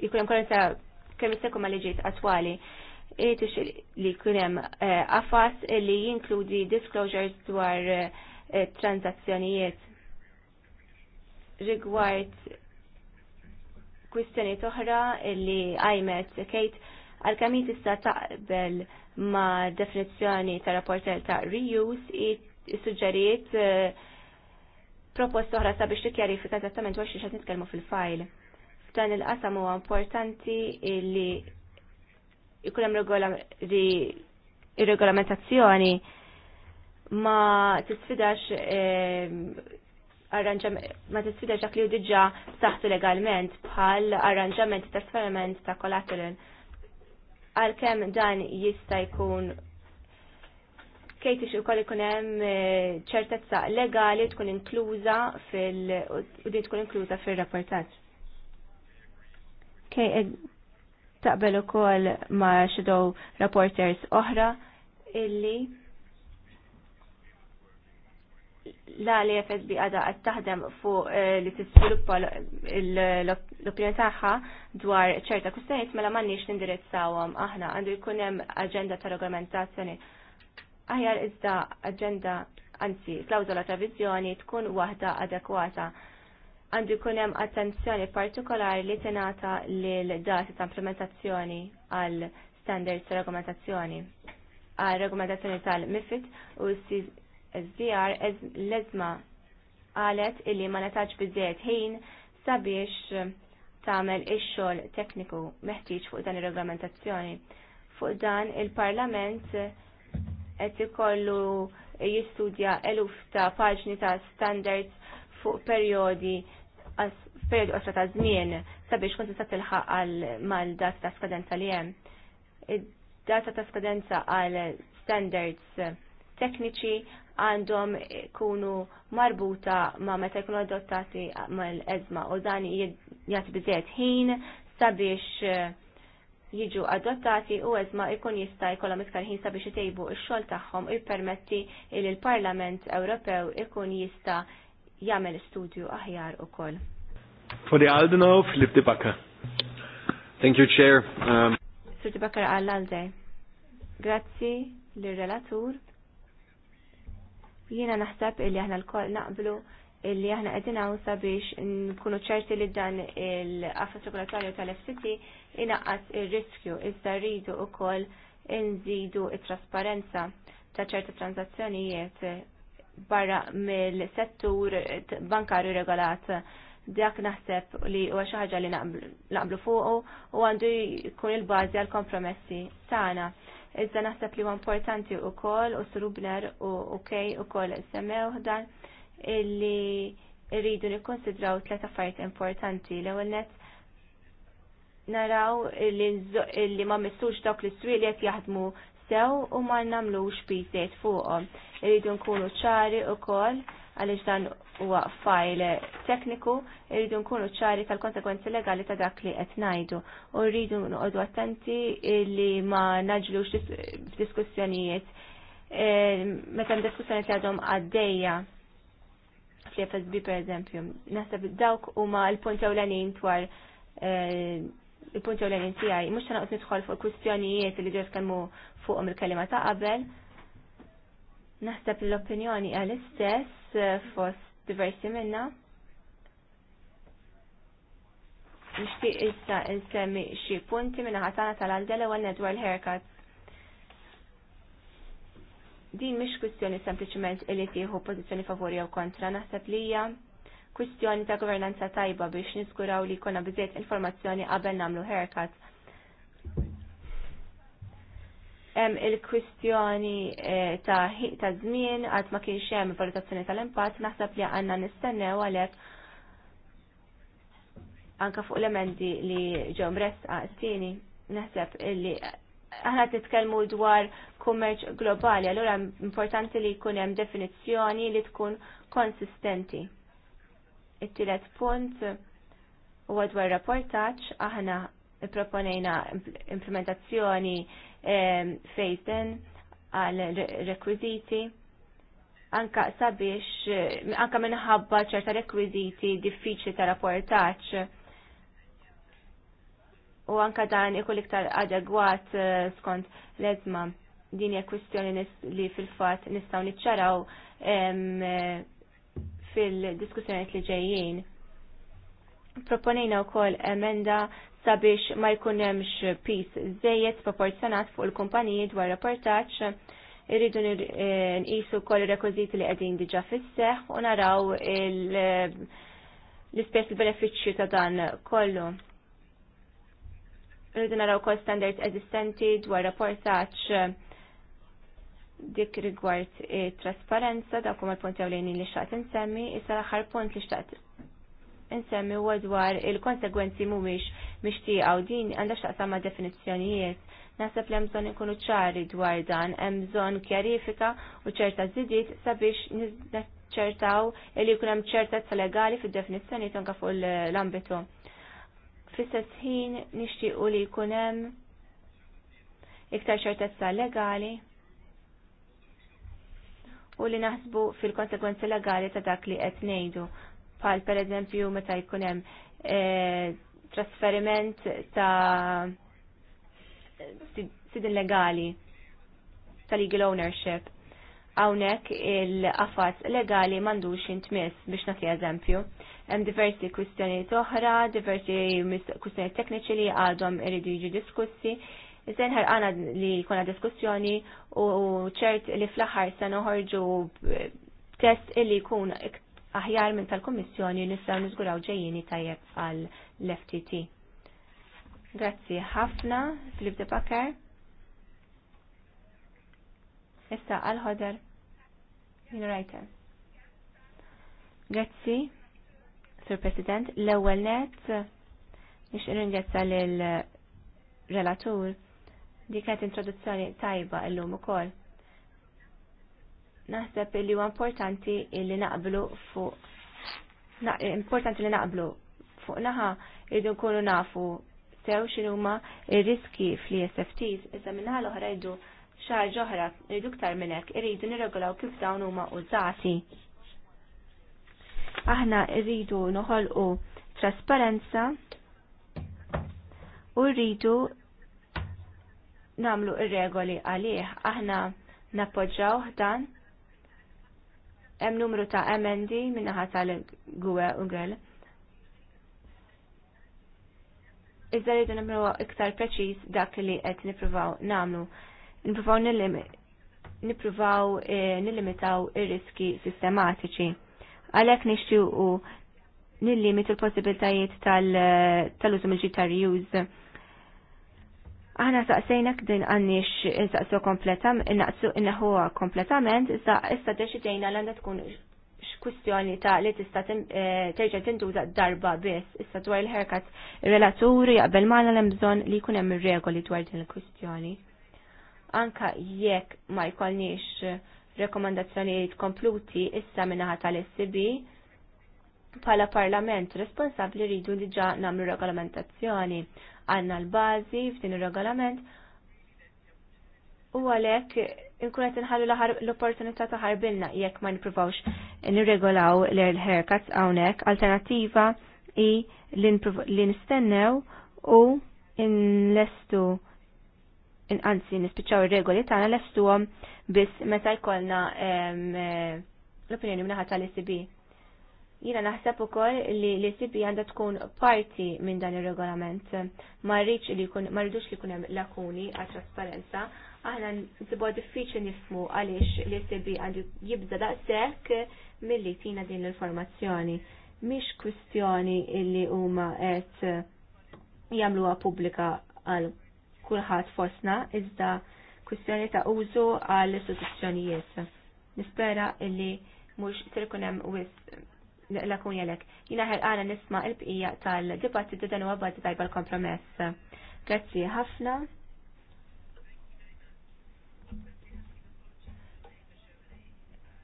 jkun hemm korenza kemm jistekku ma' liġiet attwali. Tixtieq li jkun hemm eh, li jinkludi disclosures dwar eh, transazzjonijiet rigward kwistjoni toħra li għajmet kejt għal kamit tista' taqbel ma' definizzjoni ta' rapporter ta' reuse suġġeriet eh, proposta oħra sabiex tikkjarifika eżattament wax xi nitkellmu fil-fajl. F'dan il-qasam huwa importanti li jkun hemm regolamentazzjoni ma tisfidax eh, arranġament ma t-sfida dak li diġà saħtu legalment bħal arranġament ta' trasferiment ta' collateral. Għalkemm dan jista' jkun kejt ix ukoll ikun hemm eh, ċertezza legali tkun inkluża fil u din tkun inkluża fir-rapportaġġ. Kej eh, taqbel ukoll ma' shadow reporters oħra illi la li FSB għada għad taħdem fuq eh, li t-sviluppa l-opinjoni taħħa dwar ċerta kustajiet mela mannix nindirizzawom aħna għandu jkunem agenda ta' regolamentazzjoni. Aħjar iżda agenda, anzi, klawzola ta' vizjoni tkun waħda adekwata. Għandu jkunem attenzjoni partikolar li tenata l-dati ta' implementazzjoni għal standards ta' regolamentazzjoni għal regolamentazzjoni tal-MIFID u s SDR l-ezma għalet illi ma netaċ bizzejt ħin sabiex eh, tagħmel ix-xogħol tekniku meħtieġ fuq dan ir-regolamentazzjoni. Fuq dan il-Parlament eh, qed ikollu jistudja eluf ta' paġni ta' standards fuq periodi periodi qosra ta' żmien sabiex kont tista' tilħaq għal mal-data ta' skadenza li hemm. Id-data ta' skadenza għal standards tekniċi għandhom kunu marbuta ma meta jkunu adottati mal-ezma u dan jgħat biżiet ħin sabiex eh, jiġu adottati u ezma ikun jista' jkollhom iktar ħin sabiex itejbu x-xogħol tagħhom u jippermetti li l-Parlament Ewropew ikun jista' jagħmel studju aħjar ukoll. Fodi the Aldenov, Filip de Thank you, Chair. Um... Sir de għall-Alde. Grazzi l-relatur. Jiena naħseb illi aħna l-koll naqblu illi aħna qegħdin hawn biex nkunu ċerti li dan il qafa regolatorju tal-FCT inaqqas ir-riskju iżda rridu wkoll nżidu t trasparenza ta' ċerti tranzazzjonijiet barra mill-settur bankarju regolat dak naħseb li huwa xi ħaġa li naqblu fuqu u għandu jkun il-bażi għal kompromessi tagħna iżda naħseb li huwa importanti wkoll u srubler u okej ukoll semmew dan illi rridu nikkonsidraw tliet affarijiet importanti. L-ewwel net naraw li ma missux dawk li swiliet jaħdmu sew u ma nagħmlux biżejt fuqhom. Irridu nkunu ċari wkoll għaliex dan huwa file tekniku, irridu nkunu ċari tal-konsekwenzi legali ta' dak li qed ngħidu u rridu noqogħdu attenti li ma naġlux f'diskussjonijiet e, meta diskussjoni li għadhom għaddejja fl-FSB pereżempju. Naħseb dawk huma l punt ewlenin dwar il e, punt ewlenin tiegħi mhux se naqgħod nidħol fuq kwistjonijiet li ġew kemmu fuqhom il-kelima ta' qabel Naħseb l-opinjoni għal-istess eh, fost diversi minna. Nixtieq issa insemmi xi punti minna ħatana tal għal u l haircut. Din mhix kwistjoni sempliċement illi tieħu pożizzjoni favori jew kontra, naħseb li hija kwistjoni ta' governanza tajba biex niskuraw li jkollna biżejt informazzjoni qabel nagħmlu haircut. hemm il-kwistjoni eh, ta' ħiq ta' żmien għad ma kienx hemm valutazzjoni tal-impatt naħseb li għandna nistennew għalhekk anka fuq elementi li ġew mresqa tieni naħseb li aħna titkellmu dwar kummerċ globali, allura importanti li jkun hemm definizzjoni li tkun konsistenti. It-tielet punt huwa dwar rapportaġġ aħna proponejna implementazzjoni fejten għal rekwiziti anka sabiex eh, anka minħabba ċerta rekwiziti diffiċli ta' rapportaċ u anka dan ikun iktar adegwat eh, skont l din hija kwistjoni li fil-fatt nistgħu niċċaraw eh, fil-diskussjonijiet li ġejjin. Proponejna wkoll emenda sabiex ma jkunemx pis zejet proporzjonat fuq il-kumpaniji dwar rapportaġġ irridu eh, nqisu wkoll ir-rekwiżiti li qegħdin diġà fis-seħħ u naraw l-ispess il-benefiċċju ta' dan kollu. Irridu naraw ukoll standards eżistenti dwar rapportaġġ dik rigward trasparenza dak huma l-punti li xaqt insemmi, issa l-aħħar punt li xtaqt insemmi u dwar il-konsegwenzi mumiex mixtieqa u din għandha x'taqsam ma' definizzjonijiet. Naħseb li hemm bżonn ċari dwar dan, hemm bżonn kjarifika u ċerta żidiet sabiex il li jkun hemm ċertezza legali fid-definizzjonijiet tonka fuq l-ambitu. Fl-istess ħin nixtiequ li jkun hemm iktar ċertezza legali u li naħsbu fil-konsekwenzi legali ta' dak li qed ngħidu pal per eżempju meta jkun hemm e, trasferiment ta' sidin legali ta' legal ownership. Hawnhekk il-qafas legali m'għandux intmiss biex nagħti eżempju. Hemm diversi kwistjonijiet oħra, diversi kwistjonijiet tekniċi li għadhom iridu jiġu diskussi. Iżda għana li jkunna diskussjoni u ċert li fl-aħħar se noħorġu test illi jkun aħjar minn tal-Kommissjoni nistgħu niżguraw ġejjini tajjeb għal l-FTT. Grazzi ħafna, Filip de Bakker. Issa għal-ħoder, Uniter. Grazzi, Sir President, l-ewwel net nix ringrazza lil relatur Dik kienet introduzzjoni tajba illum ukoll naħseb li huwa importanti li naqblu fuq importanti li naqblu fuq naħa irridu nkunu nafu sew huma ir-riski fl sfts iżda minnaħa l-oħra jridu xahar ġoħra irridu ktar minn hekk irridu nirregolaw kif dawn huma użati. Aħna rridu noħolqu trasparenza u rridu namlu ir-regoli għalih aħna nappoġġaw dan Hemm numru ta' emendi minnaħa tal-gwe u Iżda rridu nimru iktar preċiż dak li qed nippruvaw nagħmlu. Nippruvaw nippruvaw eh, nillimitaw ir-riski sistematiċi. Għalhekk nixtiequ nillimitu l possibiltajiet eh, tal-użu mill-ġitar use Aħna saqsejnak din għannix insaqsu eh, innaqsu innaħuwa kompletament, issa issa deċidejna l-għanda tkun x kustjoni ta' li tista' eh, terġa' tinduża darba biss. Issa dwar il-ħerkat relaturi għabel maħna l bżonn li jkun hemm ir-regoli dwar din il-kwistjoni. Anka jekk ma jkollniex rekomandazzjonijiet kompluti issa minnaħa tal-SCB, pala parlament responsabli rridu diġa namlu regolamentazzjoni għanna l-bazi f'din ir-regolament u għalhekk inkun qed inħallu l-opportunità ta' ħarbilna jekk ma nippruvawx nirregolaw l herkat hawnhekk, alternattiva i li nistennew u n-lestu anzi nispiċċaw ir-regoli tagħna lestuhom biss meta jkollna l-opinjoni minnaħa tal-ECB. Jina naħseb ukoll li l sibi għandha tkun parti minn dan ir-regolament. Ma rridx li kun, ma rridux li jkun hemm lakuni għal trasparenza. Aħna nsibu diffiċli nifmu għaliex li sibi għandu jibda daqshekk li tina din l-informazzjoni. Mhix kwistjoni li huma qed jagħmluha pubblika għal kulħadd fosna, iżda kwistjoni ta' użu għall istituzzjonijiet. Nispera illi mhux ser ikun hemm wisq l-akun jelek. Jina għana nisma il-bqija tal d dan huwa bażi tajba l-kompromess. Grazzi ħafna.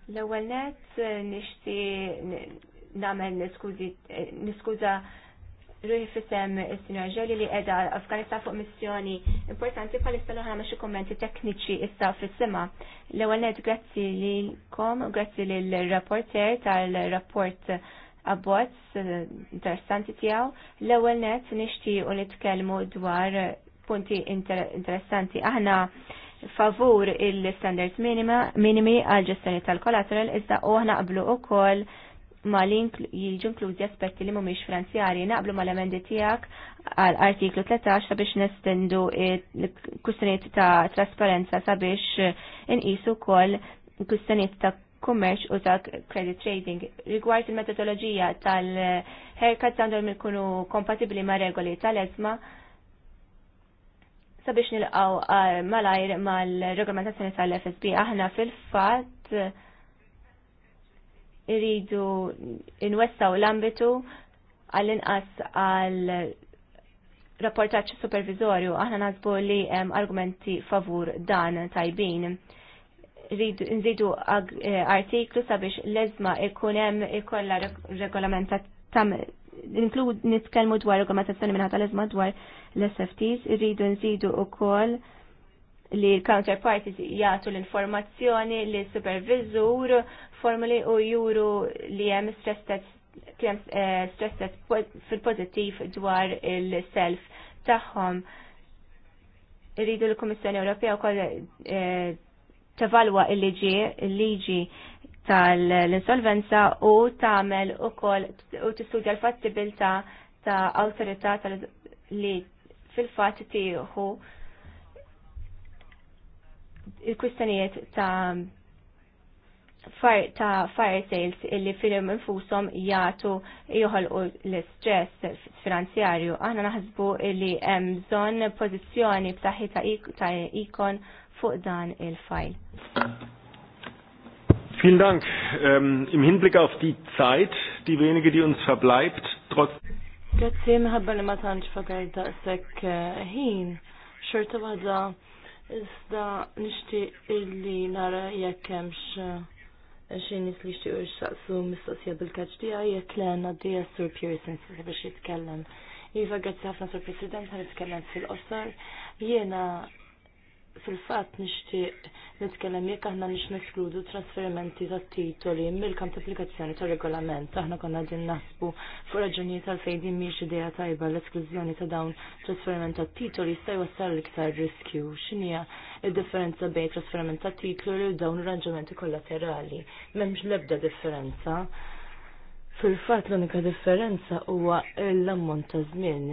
L-ewwel net eh, nixti nagħmel eh, niskuża ruħi fissem il-Sinjor Ġoli li edha Afganistan fuq missjoni importanti bħalissa l ma xi kommenti tekniċi issa fissima. L-ewwel ned grazzi kom, grazzi lill-rapporter tal-rapport abbozz eh, interessanti tiegħu. L-ewwel net nixtiequ nitkellmu dwar punti interessanti. Aħna favur il-standards minimi għal ġestjoni tal-collateral iżda oħna qablu ukoll ma li jiġu inklużi aspetti li mhumiex finanzjarji naqblu mal-emendi tiegħek għal artiklu 13 sabiex nestendu il-kustaniet ta' trasparenza sabiex inqisu wkoll kustaniet ta' kummerċ u ta' credit trading. Rigward il-metodoloġija tal-haircut għandhom ikunu kompatibli ma' regoli tal-ezma sabiex nilqaw eh, malajr mal-regolamentazzjoni tal-FSB. Aħna fil-fatt iridu inwessaw l-ambitu għall-inqas għal rapportaċ supervizorju, aħna nazbu li argumenti favur dan tajbin. Nżidu eh, artiklu sabiex l-ezma ikunem ikolla regolamentazzjoni inkludu nitkellmu dwar regolamentazzjoni minnata tal-ezma dwar l-SFTs, irridu nżidu ukoll li counterparties jgħatu l-informazzjoni li supervizur formuli u juru li hemm stress test kem eh, stress test fil-pozittiv dwar il-self tagħhom. Irridu l-Kummissjoni Ewropea wkoll eh, tevalwa il-liġi il-liġi tal-insolvenza u tagħmel ukoll u tistudja l fattibilta ta' awtorità li fil-fatt tieħu il-kwistjonijiet ta' ta' fire sales illi firim infusom jgħatu u l-stress finanzjarju. Aħna naħsbu illi hemm bżonn pożizzjoni b'saħħi ta' ikon fuq dan il-fajl. Vielen Dank. Ähm, Im Hinblick auf die Zeit, die wenige, die uns verbleibt, trotz. Grazie, mħabba li ma tantx fagajta sekk eh, ħin. Xorta wada, iżda nishti illi nara jekk hemmx eh, Għaxin nis li xtiqo xaqsu mistoqsija bil-kaċ għaj, jek li għanna dija Sur Pearson s biex jitkellem. Iva għazzi ħafna Sur President għan jitkellem fil-qosor. Jena fil-fatt nixtieq nitkellem jekk aħna nix neskludu trasferimenti ta' titoli mill-kamp ta' applikazzjoni ta' regolament. Aħna konna din naħsbu fuq raġunijiet għal fejn din mhix idea tajba l-esklużjoni ta' dawn trasferiment ta' titoli jista' jwassal l-iktar riskju. X'inhija id-differenza bejn trasferiment ta' titoli u dawn arranġamenti kollaterali? M'hemmx l-ebda differenza. Fil-fatt l-unika differenza huwa l-ammont ta' żmien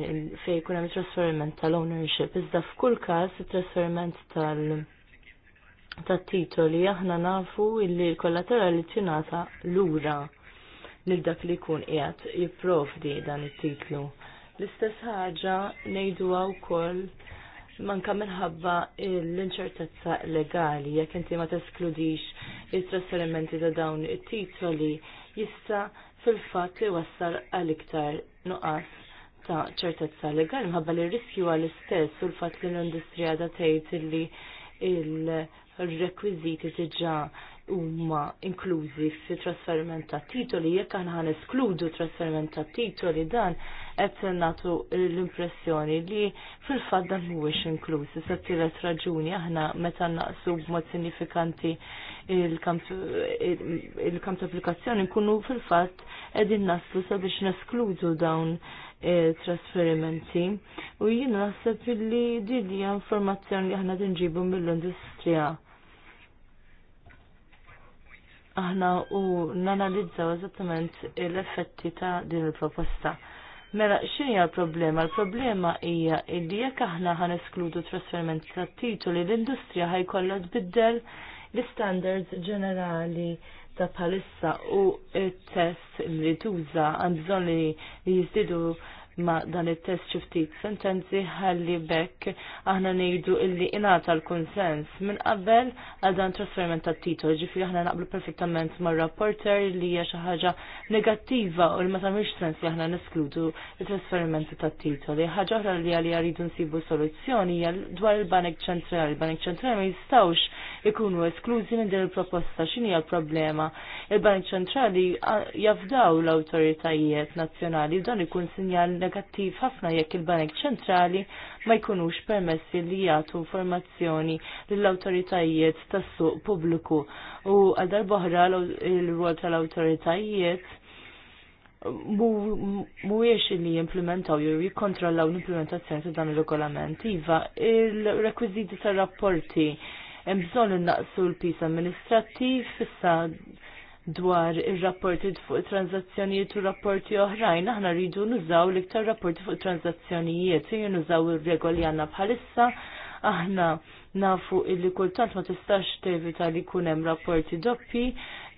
fejn jkun hemm trasferiment tal-ownership iżda f'kull każ it-trasferiment tal- ta' titoli aħna nafu illi l-kollaterali tinata lura lil dak li jkun qiegħed jipprovdi dan it-titlu. L-istess ħaġa ngħiduha wkoll manka minħabba l-inċertezza legali, jekk inti ma teskludix il-trasferimenti ta' dawn it-titoli, jista' fil-fatt li wassal għal iktar nuqqas ta' ċertezza legali mħabba li riskju għal istess u l-fatt li l-industrija da tgħid li il-rekwiziti diġà huma inklużi fit trasferiment ta' titoli jekk għan għan eskludu trasferiment ta' titoli dan qed nagħtu l-impressjoni li fil-fatt dan mhuwiex inkluż. Issa tielet raġuni aħna meta naqsu b'mod sinifikanti il-kamp applikazzjoni nkunu fil-fatt qegħdin naslu sabiex neskludu dawn eh, trasferimenti u jien naħseb li dinja informazzjoni li aħna tinġibu mill-industrija aħna u nanalizzaw eżattament l-effetti ta' din il-proposta. Mela, xini l-problema? L-problema hija illi jekk aħna ħan eskludu trasferment ta' titoli l-industrija ħajkollha tbiddel l-standards ġenerali ta' palissa u t-test li tuża għandżon li jizdidu ma dan il-test ċiftit sentenzi ħalli bekk aħna nejdu illi inata l-konsens minn qabel għal dan trasferment ta' titol ġifri aħna naqblu perfettament ma' rapporter li hija xi ħaġa negattiva u li ma tagħmilx sens li aħna neskludu il trasferment ta' titol. Ħaġa oħra li għalli rridu nsibu soluzzjoni hija dwar il-Banek Ċentrali. Il-Banek Ċentrali ma jistgħux ikunu esklużi minn din il-proposta x'inhi l-problema. Il-Banek Ċentrali jafdaw l-awtoritajiet nazzjonali dan ikun sinjal negattiv ħafna jekk il bank Ċentrali ma jkunux permessi li jagħtu informazzjoni lill-awtoritajiet tas-suq pubbliku u għal darbohra l-rwol tal-awtoritajiet mhuwiex li jimplementaw jew jikkontrollaw l-implementazzjoni ta' dan ir-regolament. Iva, il-rekwiżiti tar-rapporti hemm bżonn innaqsu l-pis amministrattiv issa dwar ir-rapporti fuq transazzjonijiet u rapporti oħrajn, aħna rridu nużaw l-iktar rapporti fuq it-transazzjonijiet jien nużaw ir-regoli għandna bħalissa, aħna nafu illi kultant ma tistax tevita li kunem hemm rapporti doppi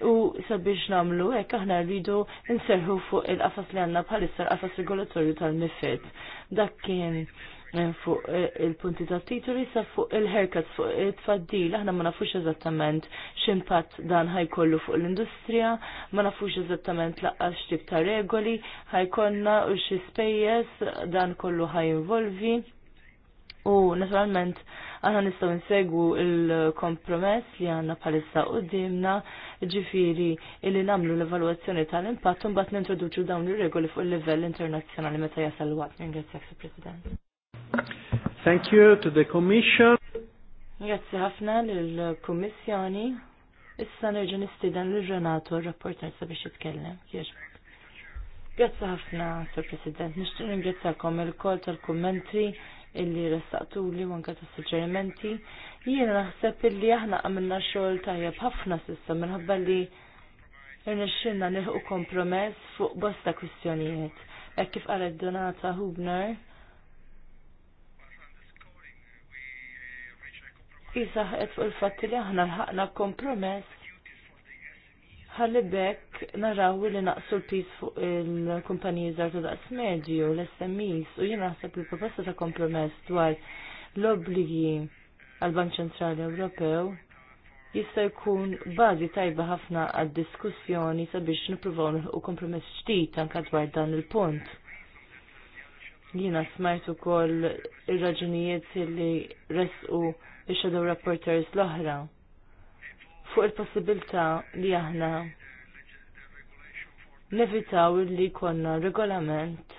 u sabiex namlu hekk aħna rridu nserħu fuq il-qafas li għandna bħalissa l-qafas regolatorju tal-mifed. Dak kien Eh, fuq eh, il-punti ta' titoli sa fuq il herkat fuq it-tfaddil, aħna ma nafux eżattament x'impatt dan ħajkollu fuq l-industrija, ma nafux eżattament laqqax tip ta' regoli, ħajkonna u xi spejjeż dan kollu ħajinvolvi. U naturalment aħna nistgħu nsegwu il-kompromess li għandna bħalissa dimna ġifiri illi nagħmlu l-evalwazzjoni tal-impatt u mbagħad nintroduċu dawn ir-regoli fuq il-livell internazzjonali meta jasal waqt. Ringrazzjak, President. Thank you to the Commission. Grazzi ħafna lill-Kummissjoni. Issa nerġa' nistieden lill renato r-rapporter sabiex jitkellem. Grazzi ħafna, Sir President. Nixtieq ringrazzjakom il-kol tal-kummenti illi restaqtu li wanka ta' suġġerimenti. Jiena naħseb illi aħna għamilna xogħol tajjeb ħafna sissa minħabba li rnexxinna nieħu kompromess fuq bosta kwistjonijiet. Hekk kif qalet Donata Hubner, jisaħet fuq il-fatt li aħna l-ħakna kompromess ħalli bekk naraw li naqsu l-pis fuq il-kumpaniji żgħar ta' daqs medju, l-SMEs, u jien naħseb li proposta ta' kompromess dwar l-obbligi għal-Bank Ċentrali Ewropew jista' jkun bażi tajba ħafna għad-diskussjoni sabiex nippruvaw u kompromess ġdid anke dwar dan il-punt. Jina smajtu kol il-raġunijiet li resqu il-shadow reporters l-oħra. Fuq il-possibilta li aħna nevitaw li konna regolament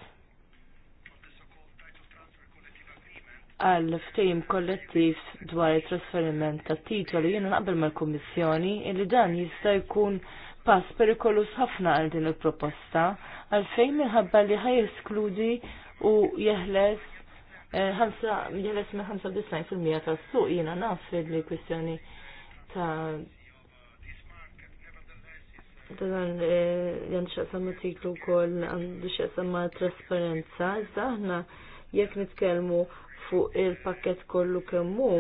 għal ftejim kollettiv dwar il-trasferiment ta' titoli jiena naqbel mal-Kummissjoni li dan jista' jkun pass perikolus ħafna għal din il-proposta għalfejn minħabba li ħaj eskludi u jeħles eh, jeħles minn 95% tas-suq jina naf li kwistjoni ta' dan jen eh, xaqsam ma tiklu kol għandu xaqsam ma trasparenza iżda aħna jekk nitkellmu fuq il-pakket kollu kemmu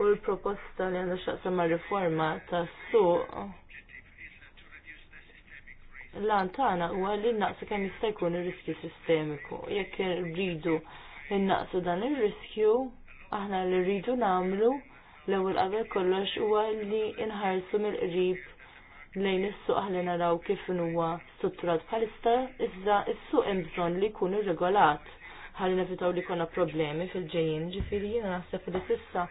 u l-proposta li għandu xaqsa ma riforma ta' suq l lan tagħna huwa li naqsu kemm jista' jkun ir-riskju sistemiku. Jekk rridu innaqsu dan ir-riskju, aħna li rridu nagħmlu l-ewwel qabel kollox huwa li nħarsu mill-qrib lejn is-suq għalli naraw kif huwa strutturat bħalista, iżda s-suq hemm bżonn li kunu irregolat ħalli nevitaw li konna problemi fil-ġejjin, ġifieri jina naħseb li s'issa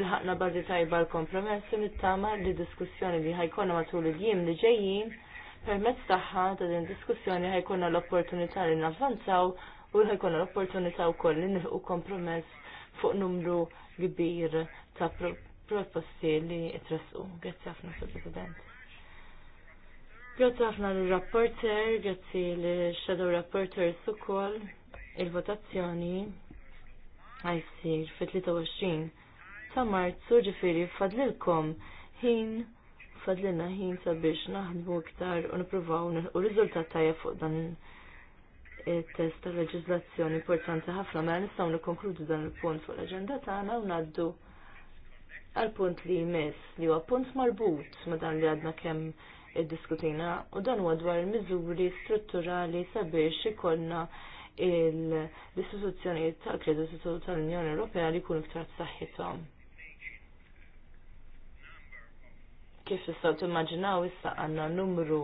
il-ħakna bażi tajba l-kompromess tama li diskussjoni li ħajkonna matul il-jiem li ġejjin Permezz tagħha ta' din diskussjoni ħajkonna l-opportunità li navvanzaw u ħajkonna l-opportunità wkoll li nifqu kompromess fuq numru kbir ta' proposti li trasqu. Grazzi ħafna, Sur President. Grazzi ħafna l-rapporter, grazzi l-shadow rapporter sukkol, il-votazzjoni għajsir fit-23 ta' marzu ġifiri fadlilkom ħin fadlina ħin sabiex naħdmu iktar u nipruvaw u riżultat tajja fuq dan il-test ta' leġislazzjoni importanti ħafna ma mela nistgħu nikkonkludu dan il-punt fuq l-aġenda tagħna u ngħaddu għal punt li jmiss li huwa punt marbut ma' dan li għadna kemm id-diskutina u dan huwa dwar il-miżuri strutturali sabiex ikollna l-istituzzjonijiet tal-kreditu tal-Unjoni Ewropea li jkunu iktar saħħithom. Kif tistgħu timmaġinaw issa għandna numru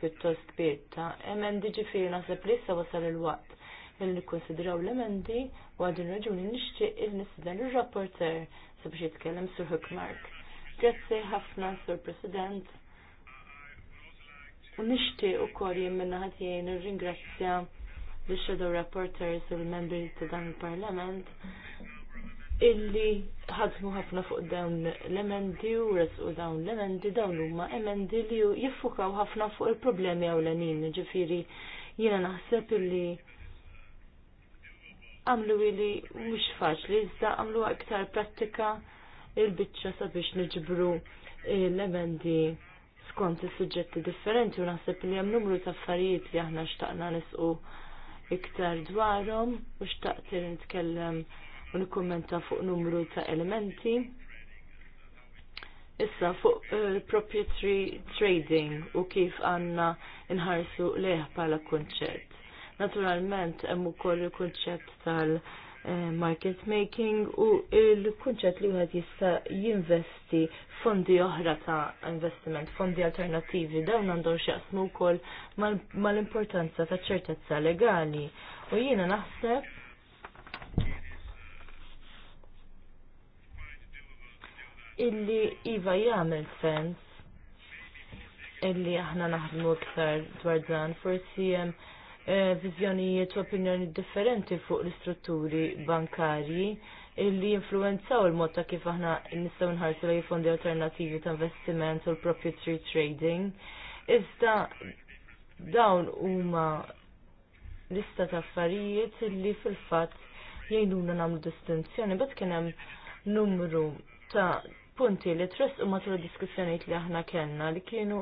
pjuttost kbir ta' emendi ġifiri naħseb li issa wasal il-waqt li nikkonsidraw l-emendi u għadin raġuni nixtieq il nisdan ir-rapporter sabiex jitkellem sur Hookmark. Grazzi ħafna sur President. U nixtieq ukoll jien minna ħatijin ringrazzja l-Shadow Rapporters u l-membri ta' dan il-Parlament illi ħadmu ħafna fuq dawn l-emendi u resqu dawn l-emendi dawn huma emendi li jiffukaw ħafna fuq il-problemi ewlenin, ġifiri jiena naħseb illi għamlu illi mhux faċli iżda għamlu aktar prattika il-biċċa sabiex nġibru l-emendi skont is-suġġetti differenti u naħseb li hemm numru ta' affarijiet li aħna xtaqna nisqu iktar dwarhom u xtaqt li nitkellem u fuq numru ta' elementi. Issa fuq uh, proprietary trading u kif għanna inħarsu leħ pala konċett. Naturalment, hemm ukoll il-konċett tal-market eh, making u il-konċett li wieħed jista' jinvesti fondi oħra ta' investiment, fondi alternativi, dawn għandhom x'jaqsmu wkoll mal-importanza ta' ċertezza legali. U jiena naħseb illi Iva jagħmel sens illi aħna naħdmu iktar dwar dan forsi hemm eh, viżjonijiet u opinjoni differenti fuq l-istrutturi bankarji illi influenzaw il-mod ta' kif aħna nistgħu nħarsu lej fondi alternattivi ta' investiment u l-proprietary trading. Iżda dawn huma lista ta' affarijiet illi fil-fatt jgħiduna nagħmlu distinzjoni, bat kien hemm numru ta' punti li tress u matul diskussjoniet li aħna kellna li kienu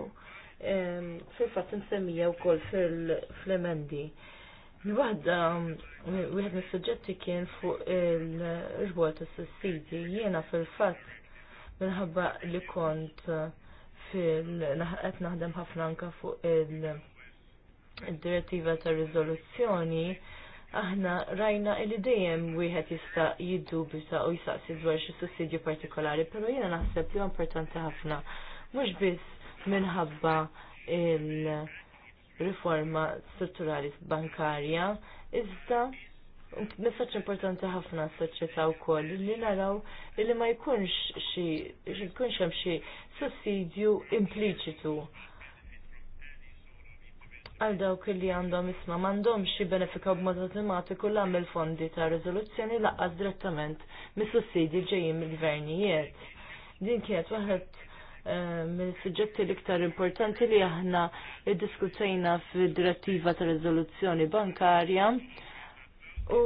fil-fatt insemmija wkoll fil-emendi. Waħda, um, wieħed mis-suġġetti kien fuq il-rwol tas sussidi jiena fil-fatt minħabba li kont uh, fil-naħdem ħafna anka fuq il-direttiva ta' riżoluzzjoni aħna rajna li dejjem wieħed jista' jiddubita u jistaqsi dwar xi sussidju partikolari, però jiena naħseb li importanti ħafna mhux biss minħabba il-riforma strutturali bankarja, iżda messaċ importanti ħafna s-soċjetà wkoll li naraw li ma jkunx xi jkunx hemm xi sussidju impliċitu għal dawk li għandhom isma m'għandhomx jibbenefikaw b'mod automatiku l għamil fondi ta' rezoluzzjoni laqqas direttament mis-sussidi ġejjin mill-gvernijiet. Din kienet waħed eh, mill-suġġetti l-iktar importanti li aħna iddiskutejna fid-direttiva ta' rezoluzzjoni bankarja. U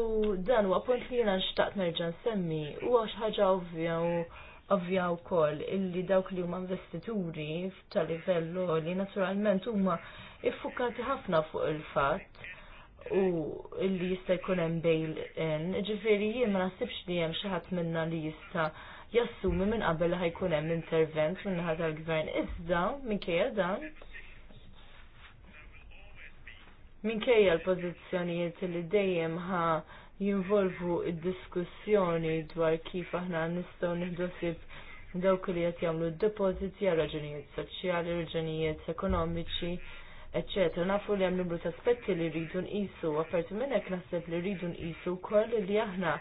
dan huwa punt li jiena nxtaqt nerġa' nsemmi huwa xi ħaġa ovvja u ovvja wkoll illi dawk li huma investituri ta' livello li naturalment huma iffukati ħafna fuq il-fatt u illi jista' jkun hemm bail in, ġifieri jien ma naħsibx li hemm xi ħadd minna li jista' jassumi minn qabel li ħajkun hemm intervent minn naħa tal-gvern. Iżda minkejja dan minkejja l-pożizzjonijiet li dejjem ha' jinvolvu id-diskussjoni dwar kif aħna nistgħu nihdosib dawk li qed jagħmlu d-depożiti għal raġunijiet soċjali, raġunijiet ekonomiċi, ecc. Nafu li hemm numru ta' aspetti li rridu nqisu, apparti minn hekk naħseb li rridu nqisu wkoll li aħna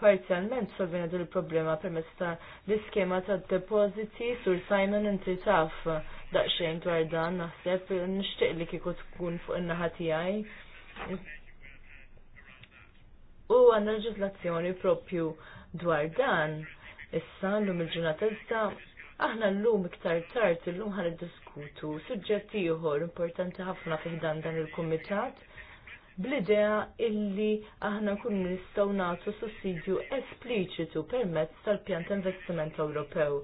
parzjalment solvina l problema permezz ta' l-iskema ta' depositi sur Simon inti taf daqsxejn dwar dan naħseb nixtieq li kieku tkun fuq in-naħa tiegħi u għandna ġizlazzjoni propju dwar dan. Issa llum il-ġurnata issa aħna llum iktar tard illum id-diskutu suġġetti ieħor importanti ħafna fiħdan dan il-kumitat bl-idea illi aħna nkunu nistgħu nagħtu sussidju espliċitu permezz tal pjant ta' investiment Ewropew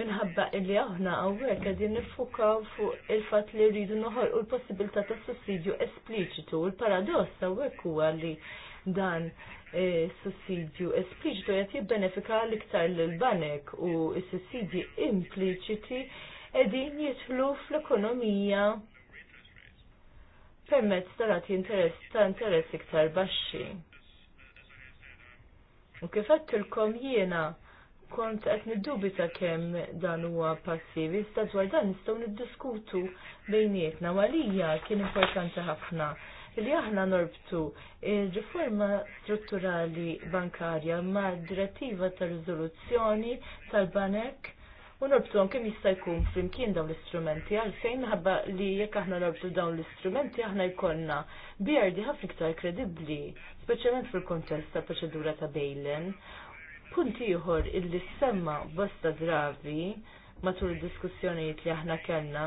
minħabba illi aħna għawek għadin nifukaw fuq il-fat li rridu noħor u l-possibilità ta' sussidju espliċitu. l paradoss għawek u għalli dan e, sussidju espliċitu qed jibbenefika l-iktar l-banek u s-sussidji impliċiti qegħdin jidħlu fl-ekonomija permezz tal-għati interess ta' interess iktar baxxi. U kif għattilkom jiena kont qed niddubita kemm dan huwa passiv, iżda dwar dan nistgħu niddiskutu bejnietna għalija kien importanti ħafna li aħna norbtu il-riforma strutturali bankarja ma' direttiva ta' riżoluzzjoni tal-banek u norbtu kim jista' jkun flimkien dawn l-istrumenti għalfejn minħabba li jekk aħna norbtu dawn l-istrumenti aħna jkollna bjardi ħafna iktar kredibbli, speċjalment fil-kontest ta' proċedura ta' Bejlen. Punt ieħor illi semma bosta dravi matul id-diskussjonijiet li aħna kellna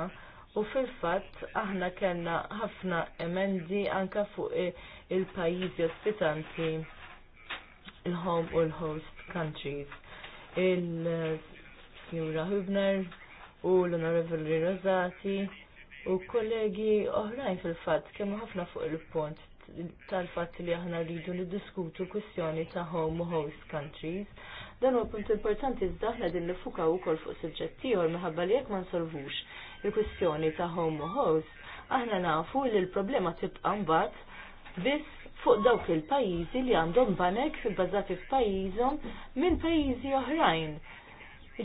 u fil-fatt aħna kellna ħafna emendi anke fuq il-pajjiżi ospitanti il-home u l-host countries. Il-Signora Hubner u l-Onorevoli Rosati u kollegi oħrajn fil-fatt kemm ħafna fuq il-punt tal-fatt li aħna rridu niddiskutu kwistjoni ta' home u host countries. Dan u punt importanti din aħna din u ukoll fuq u ieħor minħabba li jekk ma nsolvux il-kwistjoni ta' home host, aħna nafu li l-problema tibqa' mbagħad biss fuq dawk il-pajjiżi li għandhom banek bbażati f'pajjiżhom minn pajjiżi oħrajn.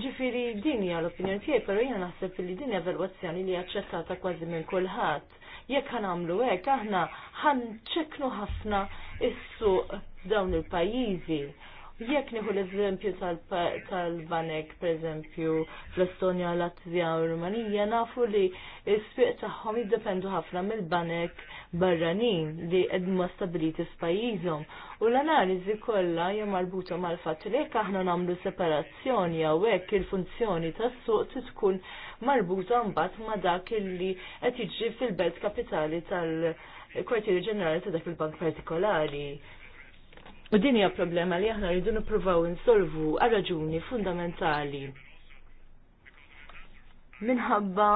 Ġifiri din hija l-opinjoni tiegħi, però jiena naħseb li din hija evalwazzjoni li aċċettata kważi minn kulħadd. Jekk ħanamlu hekk aħna ħanċeknu ħafna is-suq dawn il-pajjiżi Jekk nieħu l-eżempju tal-Banek, per eżempju, fl-Estonja, Latvija u Rumanija, nafu li s-sfiq tagħhom jiddependu ħafna mill-Banek barranin li qedma stabiliti f'pajjiżhom. U l-analiżi kollha hija marbuta mal-fatt li jekk aħna nagħmlu separazzjoni jew hekk il-funzjoni tas-suq tkun marbuta mbagħad ma' dak li qed jiġri fil-belt kapitali tal- il-kwartieri ġenerali ta' dak il-bank partikolari. U din hija problema li aħna rridu nippruvaw insolvu għal raġuni fundamentali. Minħabba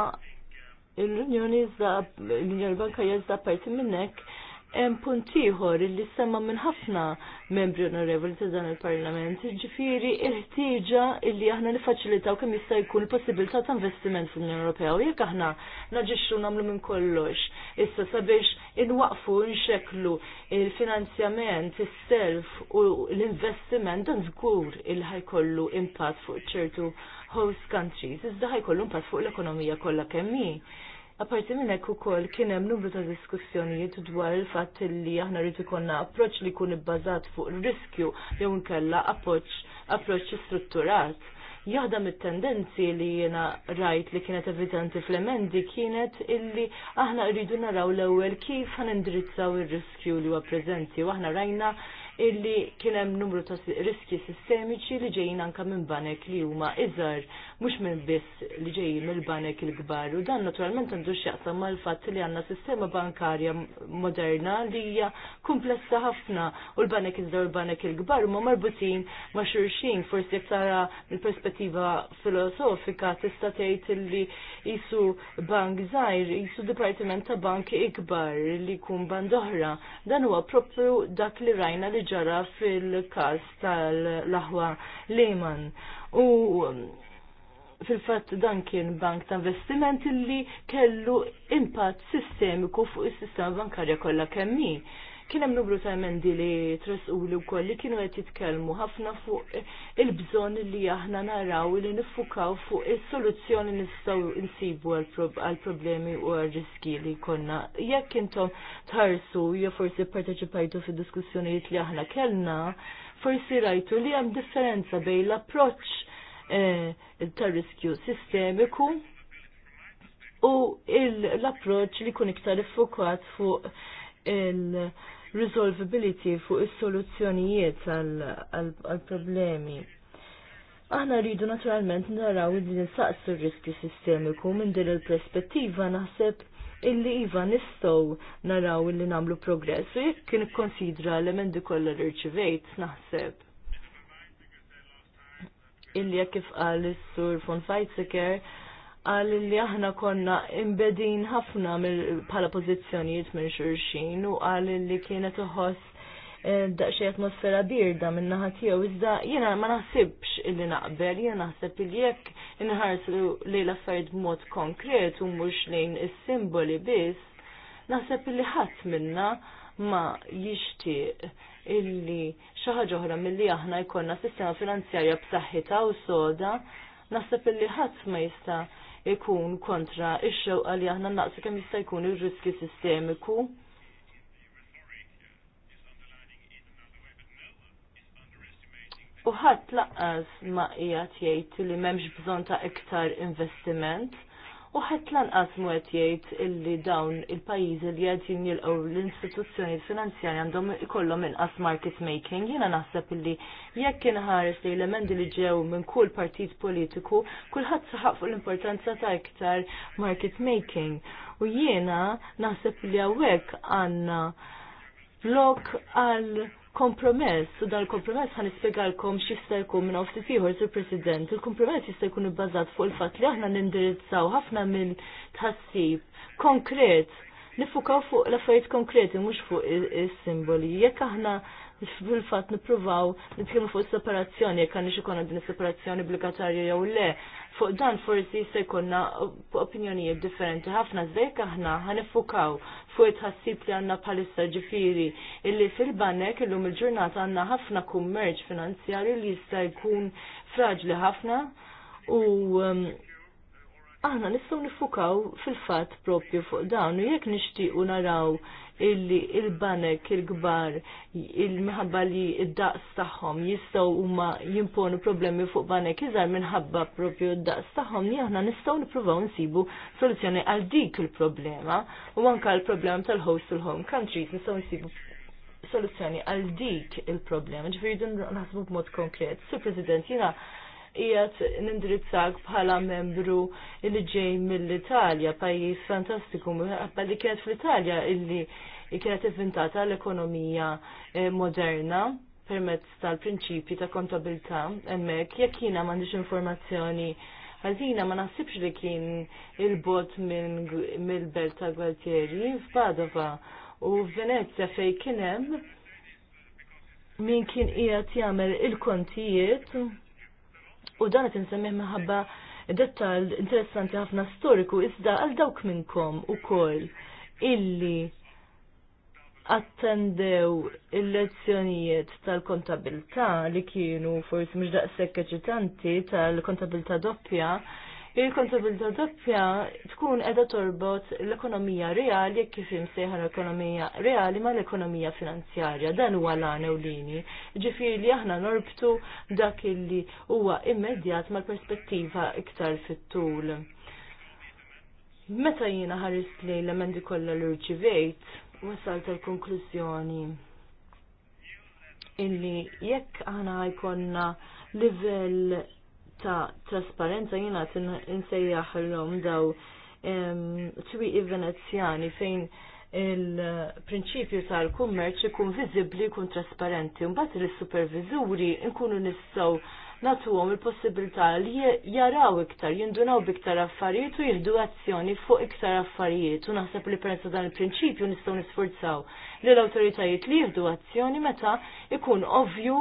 l-Unjoni l-Unjoni Banka iżda parti minnek hemm punt ieħor li semma minn ħafna membri onorevoli ta' dan il-Parlament, ġifieri il-ħtieġa illi aħna niffaċilitaw kemm jista' jkun il-possibilità ta' investiment fl-Unjoni Ewropea u jekk aħna naġixxu nagħmlu minn kollox. Issa sabiex inwaqfu nxekklu il-finanzjament, is-self u l-investiment dan żgur il ħajkollu impatt fuq ċertu host countries, iżda ħajkollu impatt fuq l-ekonomija kollha kemm hi. Apparti minn hekk ukoll kien hemm numru ta' diskussjonijiet dwar il-fatt li aħna rridu konna approċċ li jkun ibbażat fuq ir-riskju jew inkella approċ strutturat. Jaħdem mit-tendenzi li jiena rajt li kienet evidenti fl-emendi kienet illi aħna rridu naraw l-ewwel kif indirizzaw ir-riskju li huwa preżenti u aħna rajna illi kienem numru ta' riski sistemiċi li ġejjin anka minn banek li huma iżar mhux minn biss li ġejjin mill-banek il-kbar u dan naturalment għandu x'jaqsam mal-fatt li għandna sistema bankarja moderna li hija komplessa ħafna u l-banek iżar u l-banek il-kbar huma marbutin ma' xurxin forsi jekk tara mill-perspettiva filosofika tista' tgħid illi jisu bank żgħir jisu dipartiment ta' bank ikbar li jkun band oħra dan huwa propju dak li rajna li ġara fil-kas tal-laħwa Lehman. U um, fil-fatt dan kien bank ta' investiment li kellu impatt sistemiku fuq is-sistema bankarja kollha kemmi. Kien hemm numru ta' emendi li tresquli wkoll li kienu qed jitkellmu ħafna fuq il-bżonn li aħna naraw li niffukaw fuq is-soluzzjoni nistgħu insibu għall-problemi u għal-riski li konna. Jekk intom tħarsu jew forsi pparteċipajtu fid-diskussjonijiet li aħna kellna, forsi rajtu li hemm differenza bejn l-approċċ eh, tar-riskju sistemiku u l-approċ li kun iktar iffukat fuq il- resolvability fuq is-soluzzjonijiet għal-problemi. Aħna rridu naturalment naraw li nistaqsu r-riskju sistemiku minn din il-perspettiva naħseb illi iva nistgħu naraw illi nagħmlu progress u jekk kien l-emendi kollha rċivejt naħseb illi jekk kif qal is-sur von Feitzeker għal li aħna konna imbedin ħafna bħala pozizjonijiet minn xurxin u għal li kienet uħos eh, daqxie atmosfera birda minna ħatijaw, iżda jena ma naħsibx illi naqbel, jena naħseb illi jekk inħarsu li laffajt b'mod konkret u mux lejn is-simboli biss, naħseb illi ħadd minna ma jixtieq illi xi ħaġa oħra milli aħna jkollna sistema finanzjarja b'saħħitha u soda, naħseb illi ħadd ma jista' ikun kontra ix-xewqa li aħna naqsu kemm jista' jkun ir-riski sistemiku. U ħadd laqqas ma qiegħed jgħid li m'hemmx bżonn ta' iktar investiment u ħadd lanqas mu qed jgħid illi dawn il-pajjiżi li qed jinjilqgħu l-istituzzjoni finanzjarja għandhom ikollhom inqas market making. Jiena naħseb illi jekk inħares li emendi li ġew minn kull partit politiku, kulħadd saħaq fuq l-importanza ta' iktar market making. U jiena naħseb li hawnhekk għandna blok għal kompromess, u dan kompromess ħan nispjegalkom x'jista' jkun ufti fiħor, ieħor sur President. Il-kompromess jista' jkun ibbażat fuq il-fatt li aħna nindirizzaw ħafna minn tħassib konkret nifukaw fuq l-affarijiet konkreti mhux fuq is-simboli. Jekk aħna fil-fatt nippruvaw nitkellmu fuq separazzjoni jekk għandix ikun din separazzjoni obbligatorja jew le, fuq dan forsi se jkunna opinjonijiet differenti ħafna zdejk aħna ħanifukaw fuq it-ħassib li għanna palissa ġifiri illi fil-banek illum il-ġurnata għanna ħafna kummerċ finanzjari li jista' jkun fraġli ħafna u um, aħna nistgħu nifukaw fil-fatt propju fuq dan u jekk nixtiequ naraw illi il-banek il-gbar il-minħabba li id-daqs tagħhom jistgħu huma jimponu problemi fuq banek iżgħar minħabba propju d-daqs tagħhom li aħna nistgħu nippruvaw nsibu soluzzjoni għal dik il-problema u anka l-problema tal-host il-home countries nistgħu nsibu soluzzjoni għal dik il-problema. Ġifieri din naħsbu b'mod konkret. Sur President, jiena qiegħed nindirizzak bħala membru li ġej mill-Italja, pajjiż fantastiku li kienet fl-Italja illi kienet inventata l-ekonomija eh, moderna permezz tal-prinċipji ta' kontabilità hemmhekk jekk jiena m'għandix informazzjoni ħażina ma naħsibx li kien il-bot mill-belt ta' Gualtieri f'Padova u f'Venezja fej kien hemm min kien qiegħed jagħmel il-kontijiet U dan qed insemmih minħabba dettal interessanti ħafna storiku iżda għal dawk minnkom ukoll illi attendew il-lezzjonijiet tal-kontabilità li kienu forsi mhux daqshekk eċitanti tal-kontabilità doppja il-kontabilità doppja tkun edha torbot l-ekonomija reali kif imsejħa l-ekonomija reali ma l-ekonomija finanzjarja. Dan huwa l-għana u lini. Ġifiri li aħna norbtu dak illi huwa immedjat mal-perspettiva iktar fit-tul. Meta jiena ħarist li l-emendi kollha l-irċivejt, wasalt l-konklużjoni illi jekk aħna jkollna livell ta' trasparenza jina insejjaħlhom daw twiqi venezjani fejn il-prinċipju tal-kummerċ ikun viżibbli jkun trasparenti, mbagħad il-supervizuri nkunu nistgħu natuhom il-possibilità li jaraw iktar, jindunaw biktar affarijiet u jihdu azzjoni fuq iktar affarijiet u naħseb li permezz dan il-prinċipju nistgħu nisforzaw li l-awtoritajiet li jihdu azzjoni meta ikun ovvju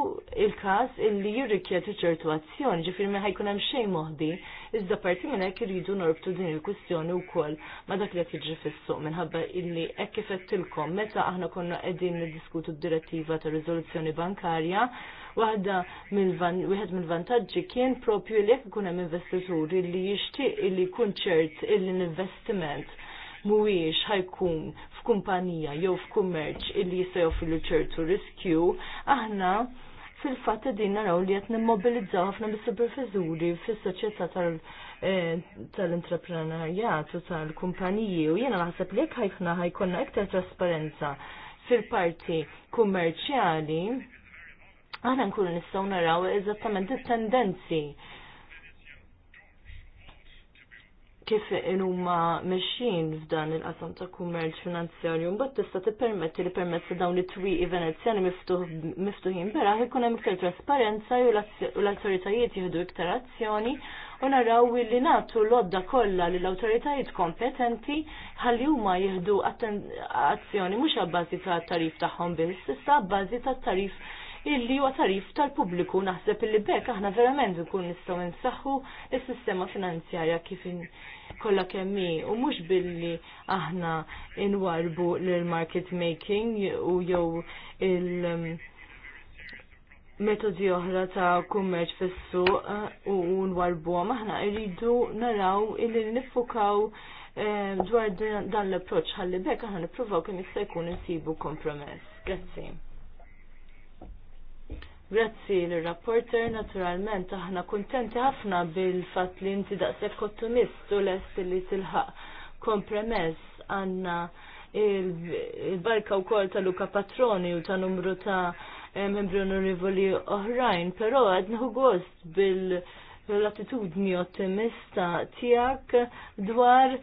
il-każ illi jirrikjedi ċertu azzjoni, ġifir meħaj kunem hemm xejn moħdi, iżda parti minn hekk iridu norbtu din il-kwistjoni wkoll ma dak li qed jiġri fis minħabba illi hekk kif meta aħna konna qegħdin niddiskutu d-direttiva ta' riżoluzzjoni bankarja Waħda wieħed mill-vantaġġi kien propju li jekk ikun hemm investituri li jixtieq li jkun ċert l-investiment mhuwiex ħajkun f'kumpanija jew f'kummerċ illi jista' joffrilu ċertu riskju, aħna fil-fatt din naraw li qed nimmobilizzaw ħafna mis-superfiżuri fis-soċjetà tal-intreprenarjat eh, u tal-kumpaniji u jiena naħseb li jekk ħajkna ħajkonna iktar trasparenza fil-parti kummerċjali Aħna nkunu nistgħu naraw eżattament it-tendenzi kif huma meċin f'dan il-qasam ta' kummerċ finanzjarju, mbatt tista' tippermetti li permezz dawn it-twieqi Venezjani miftuħin beraħ ikun hemm iktar trasparenza u l-awtoritajiet jieħdu iktar azzjoni u naraw li nagħtu l-odda kollha l awtoritajiet kompetenti ħalli huma jieħdu azzjoni mhux abbażi ta' tarif tagħhom biss, issa abbażi ta' tarif illi huwa tarif tal-pubbliku naħseb illi bekk aħna verament nkun nistgħu nsaħħu is-sistema finanzjarja kif kollha kemm u mhux billi aħna inwarbu lil market making u jew il- um, metodi oħra ta' kummerċ fis-suq uh, u nwarbu aħna rridu naraw illi nifukaw eh, dwar dan l-approċ ħalli bekk aħna nippruvaw kemm jista' jkun insibu kompromess. Grazzi. Grazzi l-rapporter, naturalment, aħna kontenti ħafna bil-fat li inti daqseg kottumist u lest li tilħaq kompromess għanna il-barka u kol ta' Luka Patroni u ta' numru ta' eh, membri onorevoli oħrajn, pero għadnħu gost bil- l-attitudni ottimista tiegħek dwar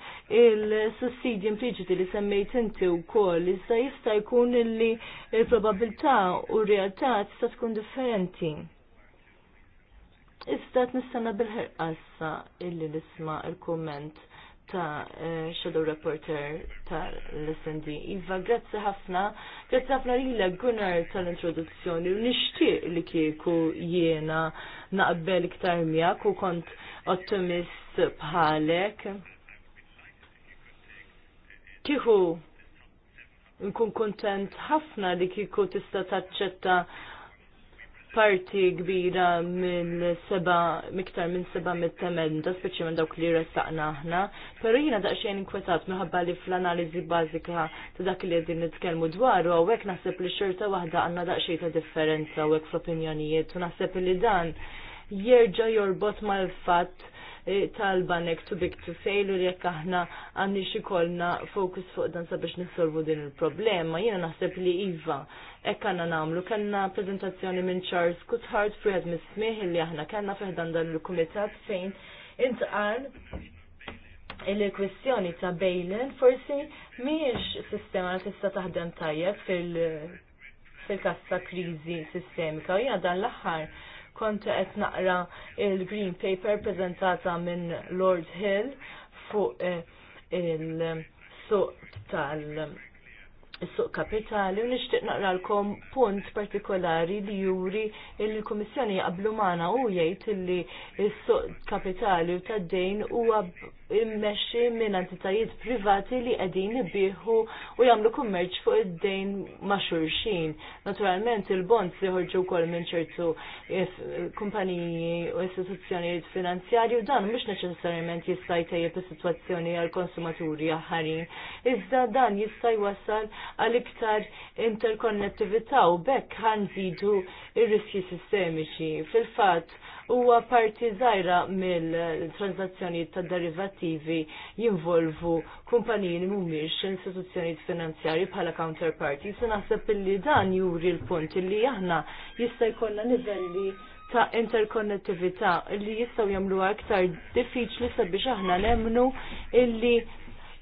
il sussidi impliġiti li semmejt inti wkoll. issa jista' jkun illi il-probabilità u r-realtà tista' tkun differenti. t nista'na bil-ħerqassa illi nisma' il-kumment. il il kumment ta' eh, Shadow Reporter tal-SND. Iva, grazzi ħafna, grazzi ħafna lila għunar tal-introduzzjoni u nishtiq li kieku jiena naqbel iktar miegħek u kont ottimist bħalek. Kieku nkun kontent ħafna li kieku tista' taċċetta parti kbira minn seba miktar minn seba mit-temenda, speċi minn dawk li ressaqna aħna, pero jina daqxien inkwetat minħabba li fl-analizi bazika ta' dak li għedin nitkelmu dwaru, għawek naħseb li xorta wahda għanna daqxie ta' differenza għawek fl-opinjonijiet, u naħseb li dan jirġa jorbot mal-fat Eh, tal-banek too big to fail u jekk aħna għandni xikolna fokus fuq dan sabiex nissolvu din il-problema. Jiena naħseb li Iva hekk għandna nagħmlu kellna prezentazzjoni minn Charles Coulthard friħed mis-smih li aħna kellna fiħdan dan il-kumitat fejn intqal il-kwestjoni ta' bail-in forsi miex sistema li tista' taħdem tajjeb fil- fil-kassa krizi sistemika u dan l-axħar konta qed naqra il-green paper prezentata minn Lord Hill fuq eh, il-suq tal- is-suq kapitali u nixtieq naqralkom punt partikolari li juri l kummissjoni qablu magħna u jgħid illi s-suq kapitali u tad-dejn huwa immexxi minn entitajiet privati li qegħdin jibieħu u jagħmlu kummerċ fuq id-dejn ma' xulxin. Naturalment il-bonds li ħorġu wkoll minn ċertu eh, kumpaniji u istituzzjonijiet finanzjarji u dan mhux neċessarjament jista' jtejjeb is-sitwazzjoni għall konsumaturi aħħarin. Iżda dan jista' jwassal għal iktar interkonnettività u bekk ħanżidu ir-riskji sistemiċi. Fil-fatt huwa parti żgħira mill-transazzjonijiet ta' derivativi jinvolvu kumpaniji li mhumiex istituzzjonijiet finanzjarji bħala counterparty. Se naħseb illi dan juri l-punt illi aħna jista' jkollna livelli ta' interkonnettività li jistgħu jagħmluha aktar diffiċli sabiex aħna nemnu illi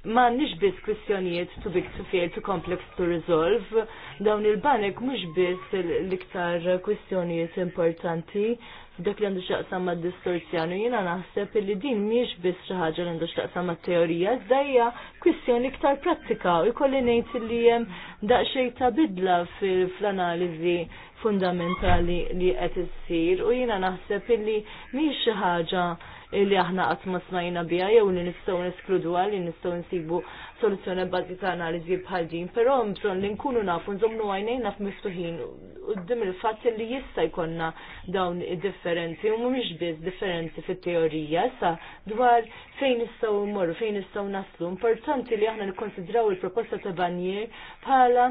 ma nix biss kwistjonijiet too big to fail, too complex to resolve. Dawn il-banek mux biss l-iktar kwistjonijiet importanti f'dak li għandu xaqsam ma' distorzjoni. Jina naħseb li din miex biss xaħġa li għandu xaqsam ma' teorija, zdajja kwistjoni iktar pratika u jkolli nejt li jem daqxej ta' bidla fil-analizi fundamentali li qed issir u jina naħseb li miex xaħġa li aħna qatt ma smajna biha jew li nistgħu neskluduha li nistgħu nsibu soluzzjoni bbażi ta' analiżi bħal din, però hemm li nkunu nafu nżommu għajnejna f'miftuħin qudiem il-fatt li jista' jkollna dawn id-differenzi u mhumiex biss differenzi fit-teorija sa dwar fejn nistgħu mmorru, fejn nistgħu naslu. Importanti li aħna nikkonsidraw il-proposta ta' Banjer bħala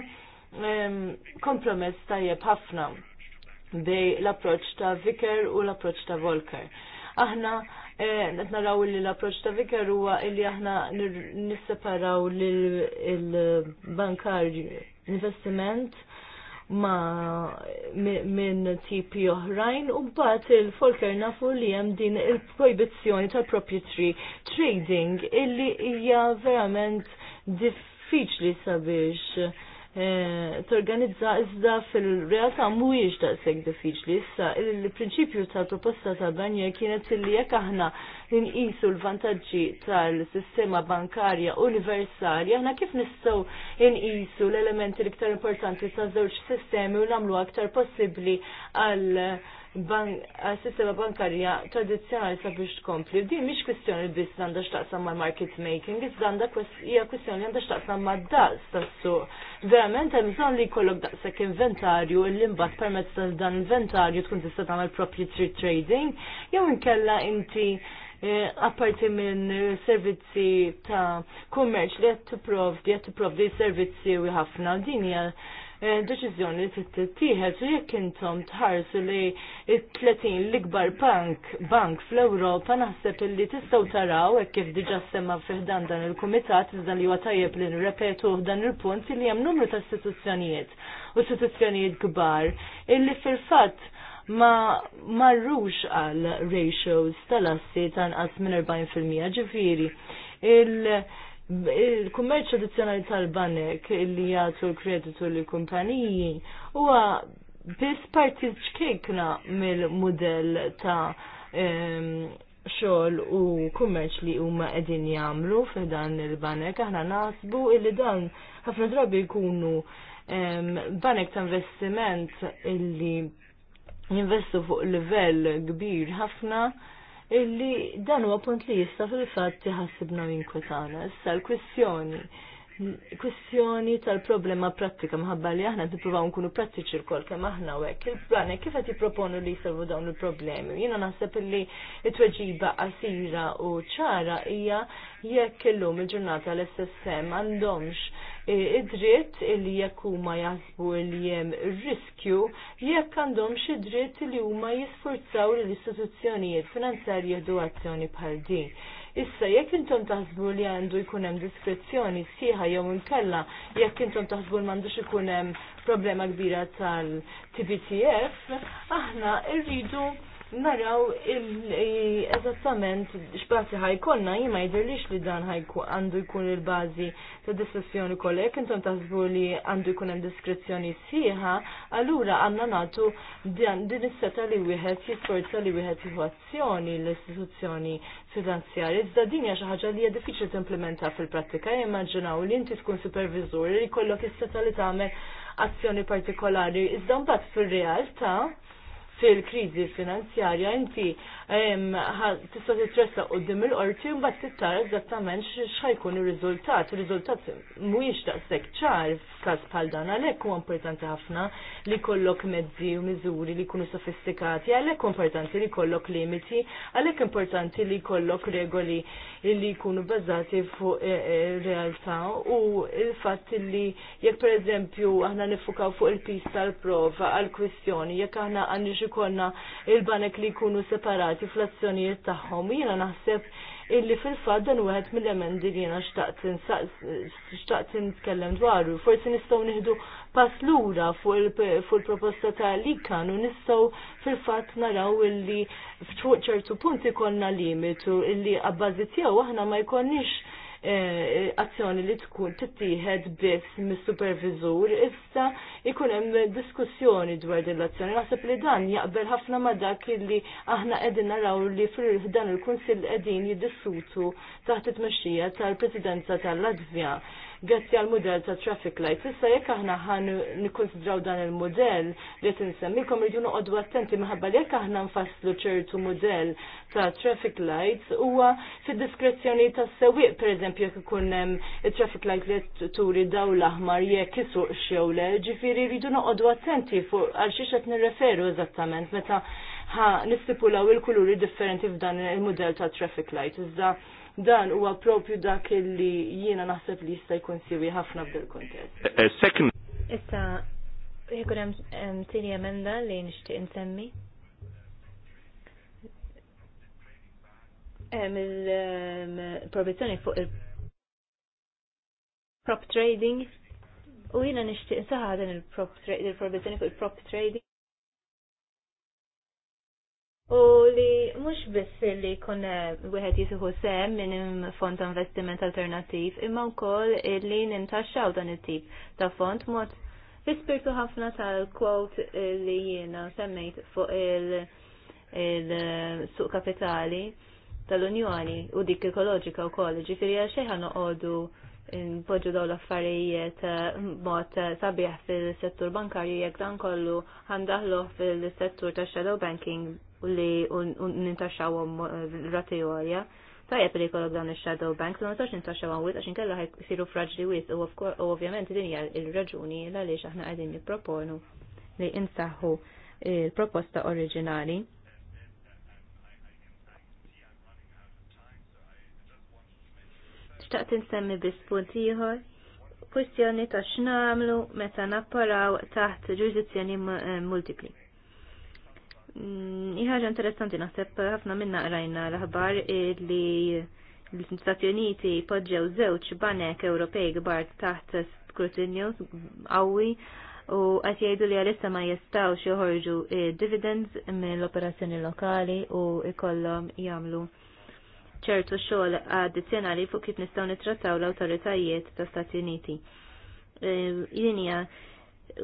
ehm, kompromess tajjeb ħafna bej l-approċ ta' Vicker u l-approċ ta' Volker. Aħna Eh, qed naraw li l-approċċ ta' Vicker huwa li aħna nisseparaw l-bankar investiment ma minn tipi oħrajn u bat il-folker nafu li hemm din il-projbizzjoni tal-proprietary trading illi hija verament diffiċli sabiex Eh, torganizza iżda fil-realtà mhuwiex daqshekk diffiċli. Issa il-prinċipju tal-proposta ta' Banja kienet illi jekk aħna inqisu l-vantaġġi tal-sistema bankarja universali, aħna kif nistgħu inqisu l-elementi l-iktar importanti ta' żewġ sistemi u nagħmlu aktar possibbli għal Eh, sistema bankarja tradizjonali sabiex tkompli. Din mhix kwestjoni biss għandha x'taqsam mal market making, iżda għandha hija kwestjoni għandha x'taqsam mad-daqs tas-suq. Verament hemm bżonn li jkollok daqshekk inventarju li mbagħad permezz ta' dan inventarju tkun tista' tagħmel proprietary trading jew inkella inti eh, apparti minn servizzi ta' kummerċ li għed t qed għed t servizzi u ħafna, din hija Eh, deċiżjoni li tittieħed u jekk intom tħarsu li t-30 l-ikbar bank bank fl-Ewropa naħseb illi tistgħu taraw hekk kif diġà semma fiħdan dan il-kumitat iżda li huwa tajjeb li nirrepetu dan il-punt li hemm numru ta' istituzzjonijiet u istituzzjonijiet kbar illi fil-fatt ma marrux għal ratios tal-assi tanqas minn 40% ġifiri il-kummerċ tradizjonali tal-banek li jgħatu l-kreditu li kumpaniji huwa biss parti ċkikna mill-modell ta' xogħol u kummerċ li huma edin jamlu f'dan il-banek aħna nasbu illi dan ħafna drabi jkunu banek ta' investiment illi jinvestu fuq livell kbir ħafna illi dan huwa punt li jista' fil-fatt jħassibna jinkwetana. Issa l-kwistjoni kwestjoni tal-problema pratika mħabba li aħna tippruvaw nkunu prattiċi l-kol kemm aħna u hekk. Il-plane kif qed jipproponu li jsolvu dawn il-problemi? Jiena naħseb li t-tweġiba qasira u ċara hija jekk illum il-ġurnata l-SSM għandhomx e, id-dritt li jekk huma jaħsbu li hemm riskju jekk għandhomx id-dritt li huma jisforzaw l-istituzzjonijiet finanzjarji u azzjoni bħal din Issa jekk intom taħsbu li għandu jkun hemm diskrezzjoni sħiħa jew inkella jekk intom taħsbu li m'għandux ikun hemm problema kbira tal-TBTF, aħna rridu naraw eżattament x'bażi ħajkonna jien ma jidhirlix li dan għandu jkun il-bażi ta' diskrezzjoni kolle, jekk intom taħsbu li għandu jkun hemm diskrezzjoni sħiħa, allura għandna nagħtu din is-seta' li wieħed jisforza li wieħed jieħu azzjoni l-istituzzjoni finanzjarji. Iżda din hija xi ħaġa li hija diffiċli timplementa fil-prattika, immaġinaw li inti tkun supervisur li jkollok is-seta' li tagħmel azzjoni partikolari. Iżda mbagħad fir-realtà fil-krizi finanzjarja inti tista' titressa qudiem il-qorti u mbagħad tittara eżattament x'ħajkun ir-riżultat. Ir-riżultat mhuwiex daqshekk ċar każ bħal dan għalhekk huwa importanti ħafna li kollok mezzi u miżuri li jkunu sofistikati, għalhekk importanti li kollok limiti, għalhekk importanti li kollok regoli li jkunu bażati fuq eh, eh, realtà u il-fatt li jekk pereżempju aħna nifukaw fuq il-pis tal-prova għal-kwistjoni, jekk aħna għandix ikollna il-banek li jkunu separati fl-azzjonijiet tagħhom, jiena naħseb illi fil-fat dan wieħed mill-emendi li jiena xtaqt nitkellem dwaru. Forsi nistgħu nieħdu pass lura fuq il-proposta ta' li kanu nistgħu fil-fatt naraw illi ċertu punti konna limitu illi abbażi tiegħu aħna ma jkollniex Eh, azzjoni li tkun tittieħed biss mis supervisur issa ikun hemm diskussjoni dwar din l-azzjoni. Naħseb li dan jaqbel ħafna ma dak li aħna qegħdin naraw li fil-dan il-Kunsill qegħdin jiddissutu taħt it-tmexxija tal-Presidenza tal-Latvja għessi għal mudell ta' traffic lights. Issa jekk aħna ħan nikonsidraw dan il-mudell li qed kom rridu noqogħdu attenti minħabba li jekk aħna nfasslu ċertu mudell ta' traffic lights huwa fid-diskrezzjoni tas-sewwieq pereżempju jekk ikun hemm it-traffic light li turi daw l-aħmar jekk isuq xew le, ġifiri rridu noqogħdu attenti fuq għal xiex qed nirreferu eżattament meta ħa nistipulaw il-kuluri differenti f'dan il model ta' traffic lights Iżda dan huwa propju dak li jiena naħseb li jista' jkun siwi ħafna b'del kontest. Eh, eh, Issa jkun hemm tieni emenda li nixtieq insemmi. il probizzjoni fuq il-prop trading u jiena nixtieq saħa dan il il-probizzjoni fuq il-prop trading u li mhux biss li jkun eh, wieħed jisuhu sem minn fond ta' investiment alternattiv imma wkoll li nintaxxaw dan it-tip ta' fond mod fispirtu ħafna tal-quote eh, li jiena semmejt fuq il-suq eh, kapitali tal-Unjoni u dik ekoloġika u koll, ġifiri għal xeħan uqodu npoġġu daw l-affarijiet mod sabiħ fil-settur bankarju jekk dan kollu ħandaħlu fil-settur ta' shadow banking u li nintaxxawhom eh, rati għolja. Tajjeb li jkollok dawn il shadow banks, ma nistax nintaxxaw għawit għax inkella siru fraġli għit, u ovvjament din hija il raġuni għaliex aħna qegħdin nipproponu li insaħħu il-proposta oriġinali. Xtaqt insemmi bispuntiħor, ieħor kwistjoni ta' x'namlu meta napparaw taħt ġurisdizzjoni eh, multipli. Mm, ħaġa interessanti naħseb ħafna minna rajna l-ħabar li l-Stati Uniti podġew żewġ banek Ewropej kbar taħt skrutinju għawi u qed jgħidu li għalissa ma jistaw joħorġu dividends mill-operazzjoni lokali u ikollom jagħmlu ċertu xogħol addizzjonali fuq kif nistgħu nittrattaw l-awtoritajiet ta' Stati Uniti. Eh, Jinja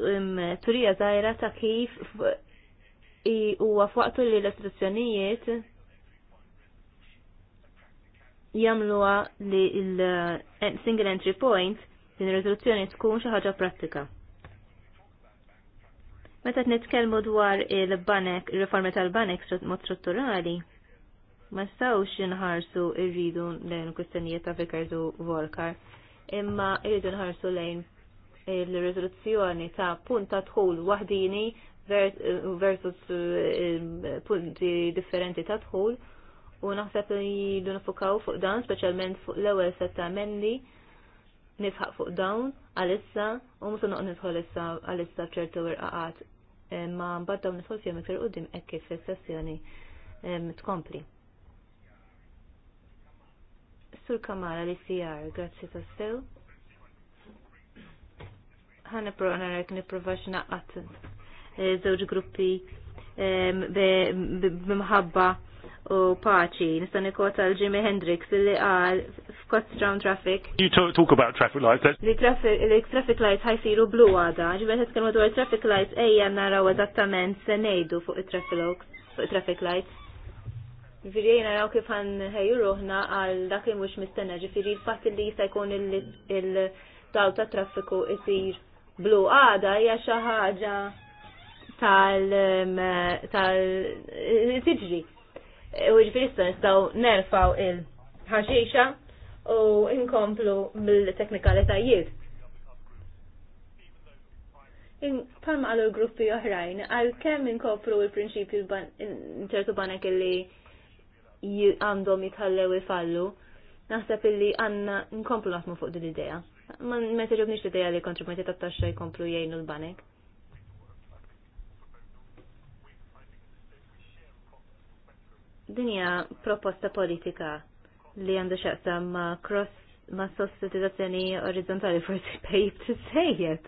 mm, turija zaħira ta' kif i huwa għafuqtu li l-istruzzjonijiet jagħmluha li l-single eh, entry point din ir-riżoluzzjoni tkun xi ħaġa prattika. Meta nitkellmu dwar il-banek, riformi tal-banek mod strutturali, ma stawx inħarsu irridu lejn kwistjonijiet ta' Vikardu Volkar, imma irridu nħarsu lejn il-riżoluzzjoni ta' punta tħul wahdini waħdini versus eh, eh, punti differenti ta' dħul u naħseb li jidu nifukaw fuq dawn, speċjalment fuq l-ewwel setta menni nifħaq fuq dawn għalissa u musu noqgħod nidħol issa għalissa bċertu għirqaqat eh, ma mbagħad dawn nidħol fjem iktar uddim hekk kif sessjoni tkompli. Sur Kamara li sijar grazzi tassew. Ħa nipprova narek nipprova x'naqgħat żewġ gruppi bimħabba u paċi. Nista' nikota l Jimi Hendrix li qal f'Coststown Traffic. You talk, about traffic lights. Li traffic, traffic lights ħajsiru blu għada. Ġibet nitkellmu dwar traffic lights ejja naraw eżattament se ngħidu fuq it-traffic fuq it-traffic lights. Ġifiri jena raw kif għan ħeju ruħna għal dak li mux mistenna, ġifiri fatt li jista jkun il dawta ta' traffiku isir blu għada hija xi ħaġa tal-tiġri. tal U ġifiri nistaw nerfaw il-ħaxiexa u inkomplu mill-teknikalitajiet. Palma għallu gruppi oħrajn, għal kem inkopru il-prinċipju ċertu banek li għandhom jitħallew ifallu, naħseb illi għanna nkomplu naħdmu fuq din l-idea. Ma teġobniex l-idea li kontribwenti ta' taxxa jkomplu jgħinu l-banek. Dinja proposta politika li għandu xaqsam ma cross ma sostitutazzjoni orizzontali forsi pejt t-sejjet.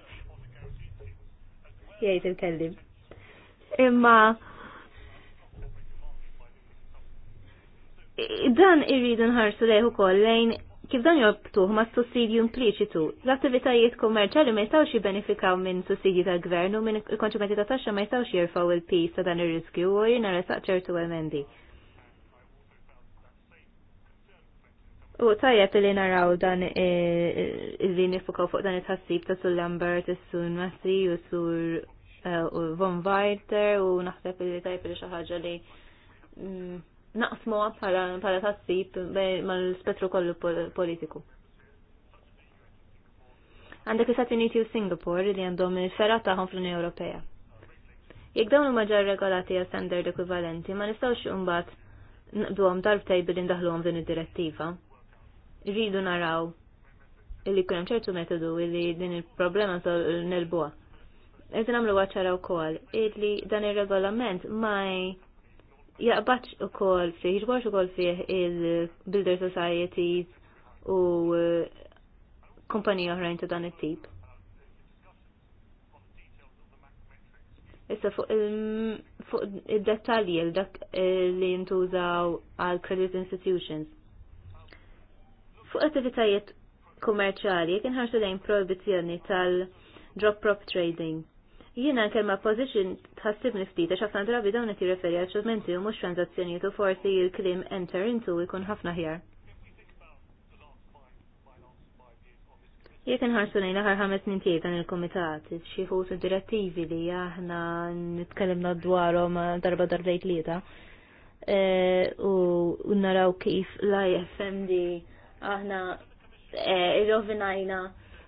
Jgħid il-kellim. Imma dan irridu nħarsu leħu lejn kif dan jobtuħ ma' sussidju impliċitu. L-attivitajiet kommerċali ma jistawx jibbenefikaw minn sussidju tal-gvern u minn il-konċumenti ta' taxxa ma jistawx jirfaw il-pis ta' dan ir-riskju u jina resaq ċertu emendi. U tajjeb li naraw dan li nifukaw fuq dan it-ħassib ta' Sur Lambert, Sur Messi, u Sur eh, Von Weiter u naħseb li tajjeb li xi ħaġa li mm, naqsmu bħala tassib mal-spettru kollu politiku. Għandek l-Stati Uniti u Singapore li għandhom il-ferra tagħhom fl-Unjoni Ewropea. Jekk dawn huma ġar regolati għal standard ekwivalenti, ma nistgħux imbagħad naqduhom darbtej billi ndaħluhom din id-direttiva rridu naraw illi kunem ċertu metodu illi din il-problema sol nelbuwa. Eżin għamlu għacċaraw kol, illi dan il-regolament ma jaqbaċ u kol fiħ, jġbaċ u kol fih il-Builder Societies u eh, kompanija oħrajn ta' dan it-tip. Issa fuq il-dettalji il-dak eh, li jintużaw għal credit institutions Fuq attivitajiet kummerċali, jek nħarsu lejn prohibizjoni tal-drop prop trading. Jiena kelma position tħassib niftita xafna drabi dawn qed jirreferi għal ċumenti u mhux tranzazzjonijiet u forsi l klim enter into jkun ħafna ħjar. Jek nħarsu lejn l-aħħar ħames snin tiegħi dan il-kumitat, xi ħut direttivi li aħna nitkellimna dwarhom darba darbejn tlieta eh, u naraw kif l-IFMD aħna eh, irrovinajna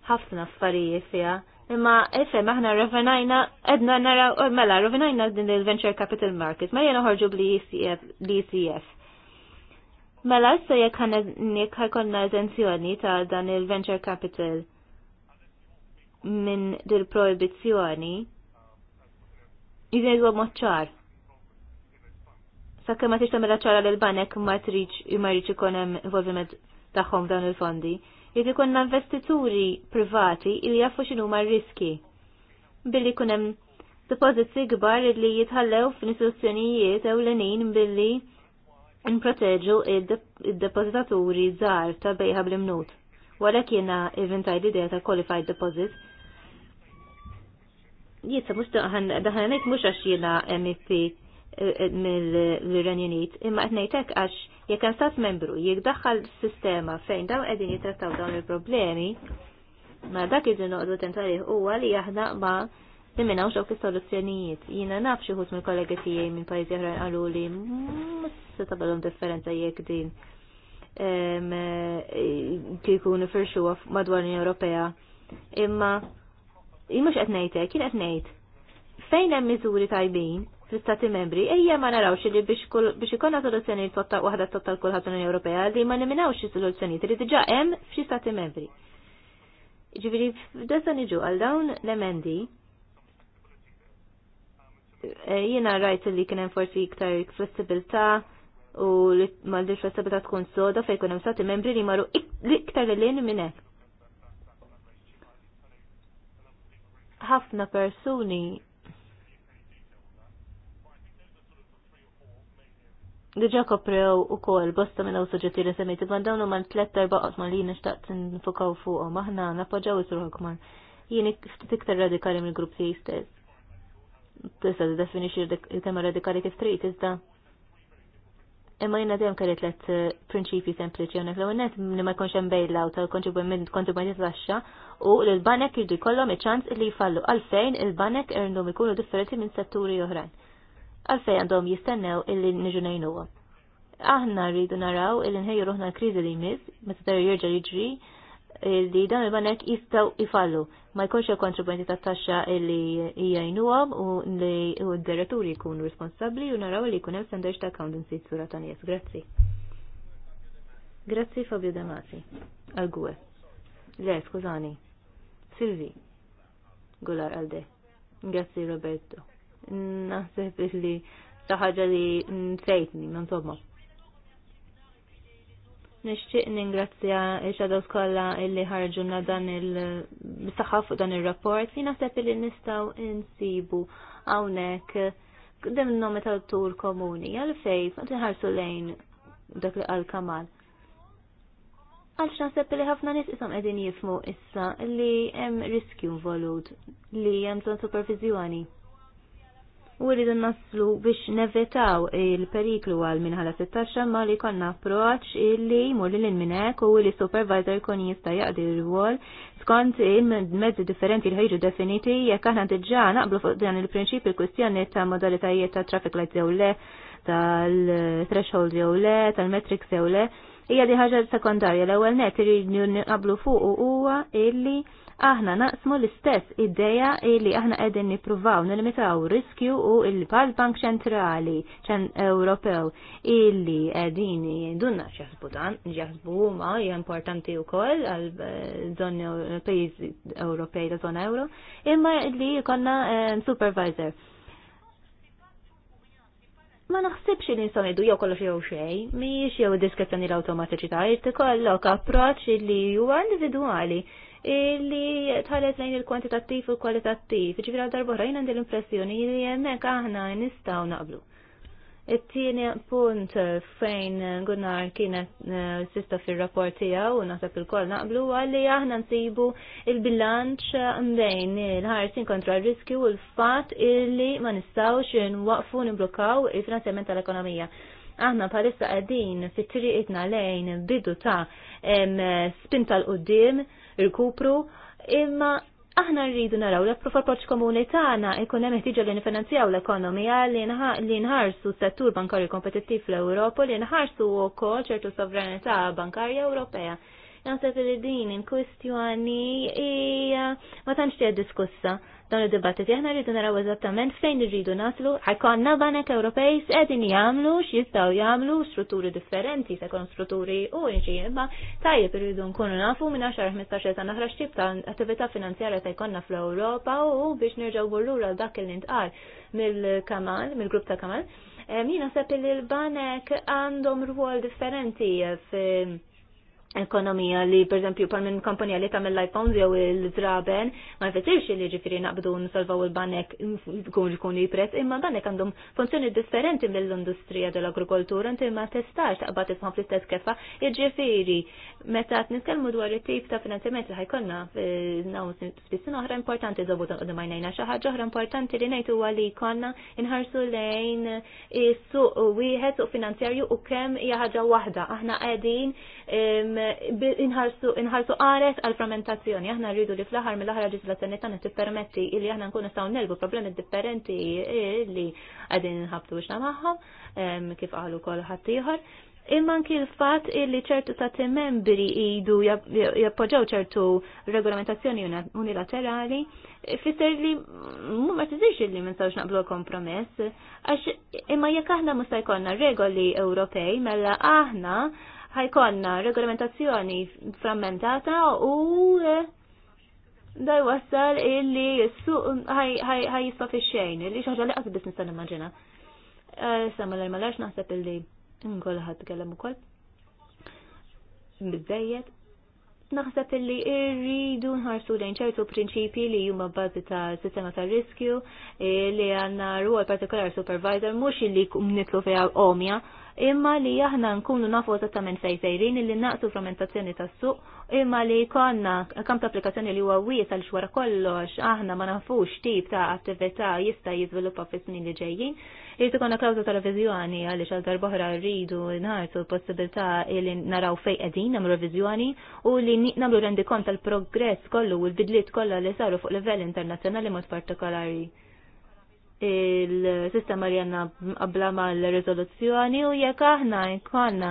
ħafna affarijiet fiha. Imma isem aħna rovinajna edna naraw eh, mela rovinajna din il-venture capital market ma jena ħorġu bl-ECF. Mela issa jekk jekk ħajkonna eżenzjoni ta' dan il-venture capital minn dil-proibizzjoni jizegħu moċċar sakke ma tix tamela ċara l-banek ma triċ ma jriċ ikon involviment tagħhom dawn il-fondi. Jrid ikunna investituri privati li jafu x'inhu ma riski billi jkun hemm depositi kbar li jitħallew f'istituzzjonijiet ewlenin billi nproteġu id-depozitaturi żgħar ta' bejħa bl-imnut. Wara kiena inventaj l-idea ta' qualified deposit, jitsa mux daħanek mhux għax jiena MEP Eh, mill-Renju Unit, imma qed ngħidlek għax jekk hemm stat membru jiddaħħal sistema fejn dawn qegħdin jitrattaw dawn il-problemi, ma dak iġi noqdu tentarih huwa li jahna ma niminaw xawk is-soluzzjonijiet. Jiena nafxie xi mill-kollegi tiegħi minn pajjiżi oħrajn qalu li se tabalhom differenza jekk din kieku nifirxuha madwar l-Unjoni Ewropea. Imma mhux qed ngħidlek, jien qed ngħid fejn hemm miżuri tajbin fl-Istati membri, ejja ma narawx li biex ikonna soluzzjoni waħda total kulħadd l-Unjoni Ewropea li ma niminawx soluzzjonijiet li diġà hemm f'xi Stati membri. Ġifieri f'desa niġu għal dawn l-emendi eh, jiena rajt li kien hemm forsi iktar flessibilità u li mal flessibilità tkun soda fejn kun hemm stati membri li maru iktar lil minn hekk. Ħafna persuni Diġa koprew u kol bosta minnaw soġġetti li semmejt ban dawnu man tlet erba qatma li nishtaqt nfukaw fuqo maħna napoġaw isru ħokman. Jien ftit iktar radikali mill grupp tiegħi stess. Tista' tiddefinixxi il-tema radikali kif trid iżda. Imma jiena dejjem kelli tlet eh, prinċipi sempliċi hawnhekk l-ewwel net li ma jkunx hemm bejlaw tal-kontribwenti taxxa u l-banek jridu jkollhom iċans li jfallu għalfejn il-banek irndhom ikunu differenti minn setturi oħrajn għalfej għandhom jistennew illi niġu nejnuwa. Aħna rridu naraw illi nħejju ruħna l-kriżi li jmiss, meta tar jirġa' jiġri, li dan il-banek jistaw ifallu. Ma jkunx il kontribwenti ta' taxxa li jajnuhom u li d-diretturi jkunu responsabbli u naraw li jkun hemm standards ta' accountancy sura ta' njess. Grazzi. Grazzi Fabio Damasi. al gwe Le, skużani. Silvi. Gular għalde. Grazzi Roberto naħseb li ħaġa li nsejtni non somma. Nixtieq ningrazzja il-xadows kollha illi ħarġuna dan il-saħħa fuq dan ir-rapport li naħseb li nistgħu insibu hawnhekk dem nomi tal-tur komuni għal fej ma ħarsu lejn dak li qal kamal. Għalx naħseb li ħafna nis isom qegħdin jifmu issa li hemm riskju involut li hemm ton supervizjoni u rridu naslu biex nevetaw il-periklu għal minħala 16 ma li konna approċ illi mulli l-minnek u li supervisor kun jista jaqdi r-rwol skont il-mezzi differenti li ħajġu definiti jekk aħna diġà naqblu fuq dan il-prinċip il-kwistjoni ta' modalitajiet ta' traffic light jew le, tal-threshold jew le, tal-metrics jew le, hija di ħaġa sekondarja l-ewwel net irid naqblu fuq huwa illi aħna naqsmu l-istess ideja illi aħna qegħdin nippruvaw nilmitaw riskju u il-Pal Bank Ċentrali ċen Ewropew illi qegħdin jindunna x'jaħsbu dan, jaħsbu huma hija importanti wkoll għal żoni eh, pajjiżi Ewropej ta' żona euro, imma li jkollna eh, supervisor ma naħsibx li nsonidu jew kollox jew xejn, mhijiex jew diskrezzjoni l-awtomatiċità, jrid ikollok approċċ li huwa individwali li tħallet lejn il-kwantitattiv u l-kwalitattiv. Ġifira darbohra jina għandi l-impressjoni li jemmek aħna nistaw naqblu. It-tieni punt fejn Gunnar kienet eh, sista fil-rapport tiegħu u naħseb il-koll naqblu għalli aħna nsibu il-bilanċ mbejn il-ħarsin kontra r-riskju u l-fatt illi ma nistgħux nwaqfu niblukkaw il-finanzjament tal-ekonomija aħna palissa għedin fit triqitna lejn bidu ta' spin tal-qoddim irkupru, imma aħna rridu naraw li f'approċċ komuni tagħna ikun hemm ħtiġa li nifinanzjaw l-ekonomija li nħarsu settur bankarju kompetittiv fl-Ewropa li nħarsu wkoll ċertu sovranità bankarja Ewropea. Naħseb li din in kwistjoni hija ma tantx diskussa dan id dibattit Aħna rridu naraw eżattament fejn irridu naslu, ħajkonna banek Ewropej s'qegħdin jagħmlu x'jistgħu jagħmlu strutturi differenti se jkun strutturi u imma tajjeb irridu nkunu nafu minn 10-15 sena naħra x'tib ta' attività finanzjarja se jkollna fl-Ewropa u biex nerġgħu lura dak li ntqal mill-Kamal, mill-grupp ta' Kamal. Mina sepp il-banek għandhom rwol differenti fi ekonomija li per eżempju par minn kompanija li tagħmel l-iPhones jew il-draben ma jfetirx li ġifiri naqbdu nsolvaw il-banek kun jkun jipress imma banek għandhom funzjoni differenti mill-industrija tal-agrikoltura inti ma testax taqbad isma' fl-istess kefa jiġifieri meta qed nitkellmu dwar it-tip ta' finanzjament li ħajkonna eh, naw ftit oħra importanti żobu ta' ma jnejna xaħġa ħaġa oħra importanti li ngħid huwa li jkollna inħarsu lejn is-suq wieħed u finanzjarju u kemm hija ħaġa waħda aħna għedin inħarsu qaret għal fermentazzjoni. Aħna rridu li fl-aħħar mill-aħħar leġislazzjoni tagħna tippermetti li aħna nkunu nistgħu nelbu problemi differenti li qegħdin inħabtu biex magħhom kif qalu wkoll ħadd ieħor. Imma anki l-fatt illi ċertu ta' membri jidu jappoġġaw ċertu regolamentazzjoni unilaterali, fisser li mu ma tiżirx li minn sawx naqblu kompromess, għax imma jekk aħna mustajkonna jkollna regoli Ewropej mela aħna ħajkonna regolamentazzjoni frammentata u eh, da jwassal illi s-suq ħaj jisfa fi xejn, illi xaġa li għazbis nistan immaġina. Eh, Samma l-malax naħseb illi nkoll ħad t-kellem u koll. Bizzejiet. Naħseb illi irridu nħarsu lejn ċertu prinċipi li huma bbażi ta' sistema ta' riskju eh, li għandna rwol partikolar supervisor mhux illi nitlu fiha omja imma li aħna nkunu nafu eżattament fejn sejrin illi naqsu frammentazzjoni tas-suq, imma li konna kam ta' applikazzjoni li huwa wiesa għal xwara kollox aħna ma nafux tip ta' attività jista' jiżviluppa fis-snin li ġejjin. Irid ikolna klawża tal-reviżjoni għaliex għal darb'oħra rridu nħarsu l-possibilità li naraw fejn qegħdin nagħmlu reviżjoni u li nagħmlu rendikont tal-progress kollu u l-bidliet kollha li saru fuq livell internazzjonali mod partikolari il-sistema li għanna qabla ma l-rezoluzzjoni u jekk aħna jkollna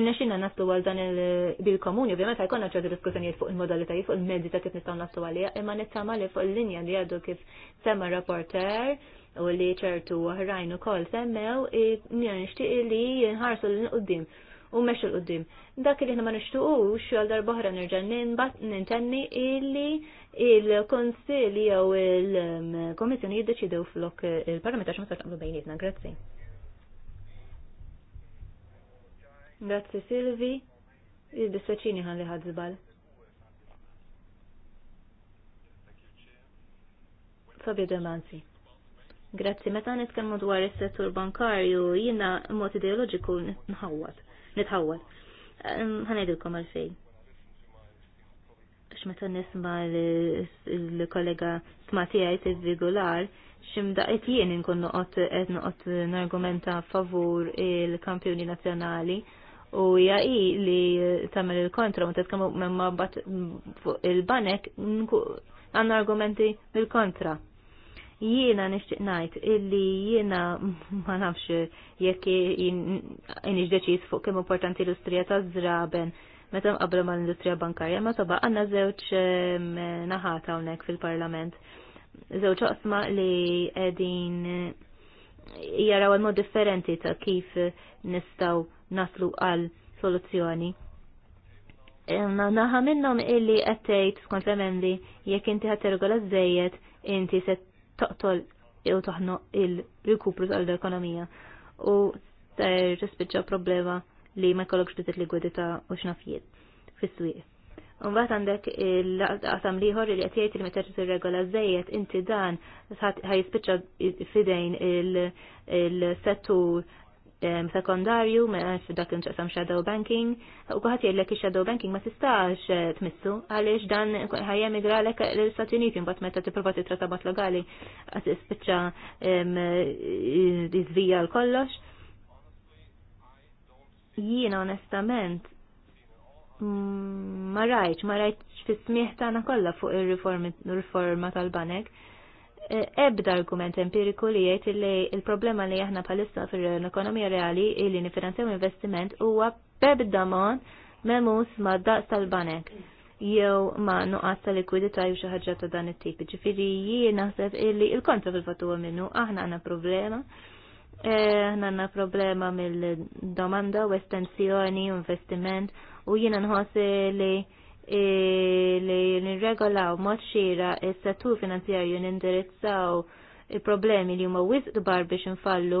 naxina naslu għal dan il-bil-komuni, ovvijament għajkonna ċertu diskussjonijiet fuq il-modalitajiet, fuq il-mezzi ta' kif nistgħu naslu għalija, imma nittama li fuq il-linja li għadu kif semma rapporter u li ċertu oħrajn ukoll semmew, nixtieq li nħarsu l qoddim u meċu l-qoddim. Dak li ħna ma nishtuqux għal darbohra nerġan ninbat nintenni illi il-Konsil jew il-Komissjoni jiddeċidew flok il-Parlament ma ma sartaqlu bejnietna. Grazzi. Grazzi Silvi. Il-bissaċini ħan li Fabio Demanzi. Grazzi, meta nitkellmu dwar is-settur bankarju jiena mod ideoloġiku nħawwad, nitħawwad. għal ehm, għalfejn x'meta nisma' l-kollega smatijaj t vigular vigular ximdaqet jien inkun noqot qed noqot n-argumenta favur il-kampjoni nazzjonali u jaqi li tagħmel il-kontra u tetkam memma il-banek għandna argumenti mill kontra Jiena nixtieq ngħid illi jiena ma nafx jekk jien deċiż fuq kemm importanti l-istrija taż-żraben meta qabla mal-industrija bankarja ma toba għanna zewċ naħat hawnhekk fil-parlament. Zewċ oqsma li qegħdin eh, jaraw mod differenti ta' kif nistaw naslu għal soluzzjoni. Naħa minnom illi għattejt skont l-emendi jekk inti ħattergola zzejiet inti se toqtol il toħno il-rikupru tal-ekonomija u ter tispiċċa problema li ma jkollokx biżet likwidità u xnafijiet fis-swieq. Unbat għandek il-qasam liħor li għatijajt li meta regola zzejiet inti dan ħajispicċa fidejn il-settur sekondarju f'dak inċaqsam shadow banking u kħat jgħidlek shadow banking ma tistax tmissu għaliex dan ħajemigra lek l-Stati Uniti mbagħad meta tipprova titrattabat logali għat ispiċċa iżvija l-kollox Jiena onestament mm, ma rajt, ma rajtx fis-smieħ tagħna kollha fuq ir-riforma tal-banek. E, ebda argument empiriku li jgħid li il-problema li aħna bħalissa fir ekonomija reali li nifinanzjaw investiment huwa bebda mon memus ma daqs tal-banek jew ma nuqqas ta' likwidita jew xi ħaġa ta' dan it-tip. Ġifieri jien naħseb illi il konta fil-fattu minnu aħna għandna problema Eh nanna problema mill-domanda u estensjoni u investiment u jiena nħossi li e, li nirregolaw mod xira il settur finanzjarju nindirizzaw il-problemi li huma wisq kbar biex nfallu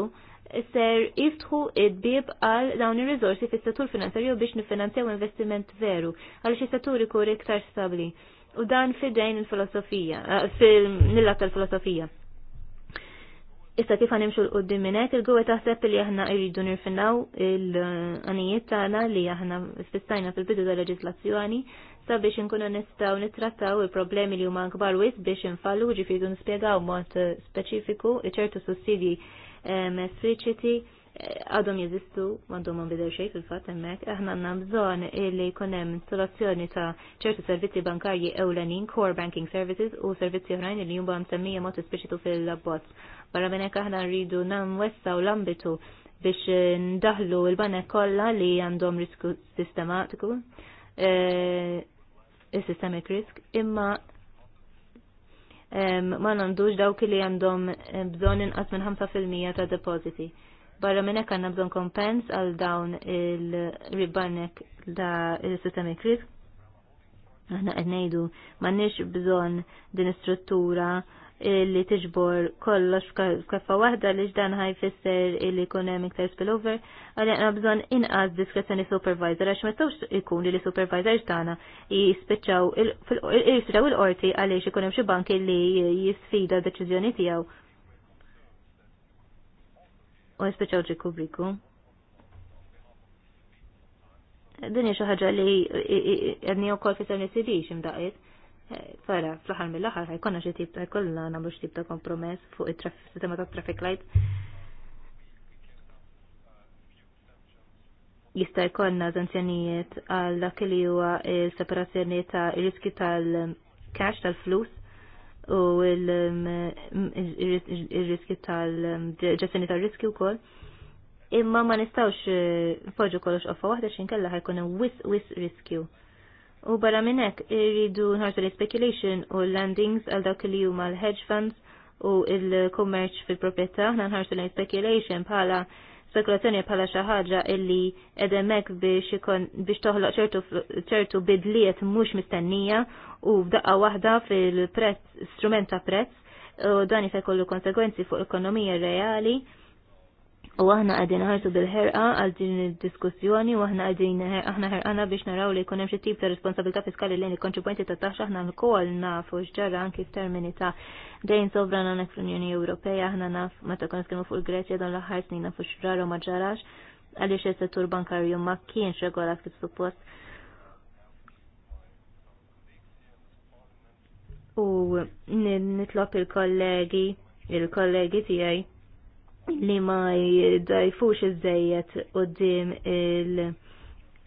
ser jiftħu id-bib għal dawn ir-riżorsi fis-settur finanzjarju biex nifinanzjaw investiment veru għaliex is-settur ikun iktar stabbli. U dan fidejn il-filosofija, eh, fil-nilla tal-filosofija. Issa kif għanimxu l-qoddim minnet, il-għuwe taħseb li aħna irridu nirfinaw il-għanijiet tagħna li aħna fistajna fil-bidu tal leġislazzjoni sabiex nkunu nistaw nittrattaw il-problemi li huma kbar wis biex infallu ġifieri nispjegaw mod speċifiku ċertu sussidji ehm, espliciti għadhom jeżistu għandhom ma bidew xejn fil-fatt hemmhekk aħna għandna bżonn li jkun hemm installazzjoni ta' ċertu servizzi bankarji ewlenin, core banking services u servizzi oħrajn li jumba msemmija mod ispeċitu fil-abbozz. Barra minn hekk aħna rridu namwessaw l-ambitu biex ndaħlu l-banek kollha li għandhom risku sistematiku, eh, systemic risk, imma ma nandux dawk li għandhom bżonn inqas minn 5% ta' depositi Barra minn hekk għandna bżonn kompens għal dawn il ribbanek da il-systemic risk. Aħna qed ngħidu m'għandniex bżonn din istruttura li tiġbor kollox f'kaffa waħda li ġdan ħajfisser li jkun hemm iktar spillover, għalli għandna bżonn inqas diskrezzjoni supervisor għax ma tawx ikun li supervisor tagħna jispiċċaw il-qorti għaliex ikun hemm xi banki li jisfida d deċiżjoni tiegħu u jispeċaw ġi kubriku. Din hija xi ħaġa li għedni wkoll fi semmi sidix imdaqqiet. Fara, fl-aħħar mill-aħħar ħajkonna xi tip ħajkonna nagħmlu xi tip ta' kompromess fuq it-sistema ta' traffic light. Jista' jkollna zanzjanijiet għal dak li huwa il-separazzjoni ta' riski tal-cash tal-flus u il-riski mm, tal mm, ġessini tal-riski u kol. Imma ma nistawx eh, poġu kollox uffa wahda xin kella ħajkun wis wis riskju. U barra minnek irridu nħarsu l-speculation u landings għal dawk li huma l-hedge funds u il-commerċ fil-proprjetà, ħna nħarsu l-speculation bħala spekulazzjoni bħala xi ħaġa illi edemek biex ikun biex toħloq ċertu, ċertu bidliet mhux mistennija u f'daqqa waħda fil-prezz strument ta' prezz u dan se jkollu konsegwenzi fuq l-ekonomija reali U aħna għadin ħarsu bil-ħerqa għal din id-diskussjoni u aħna għadin aħna ħerqana biex naraw li jkun hemm xi tip ta' responsabilità fiskali lejn il-kontribwenti ta' taxxa aħna wkoll nafu x'ġarra anki f'termini ta' dejn sovran hawnhekk fl-Unjoni Ewropea aħna naf ta' konis kienu fuq greċja dan l-aħħar snin nafu x'ġara u ma ġarax għaliex is-settur bankarju ma kienx regolat kif suppost. U nitlob il-kollegi il-kollegi tiegħi li ma jdajfux iż-żejjed qudiem il-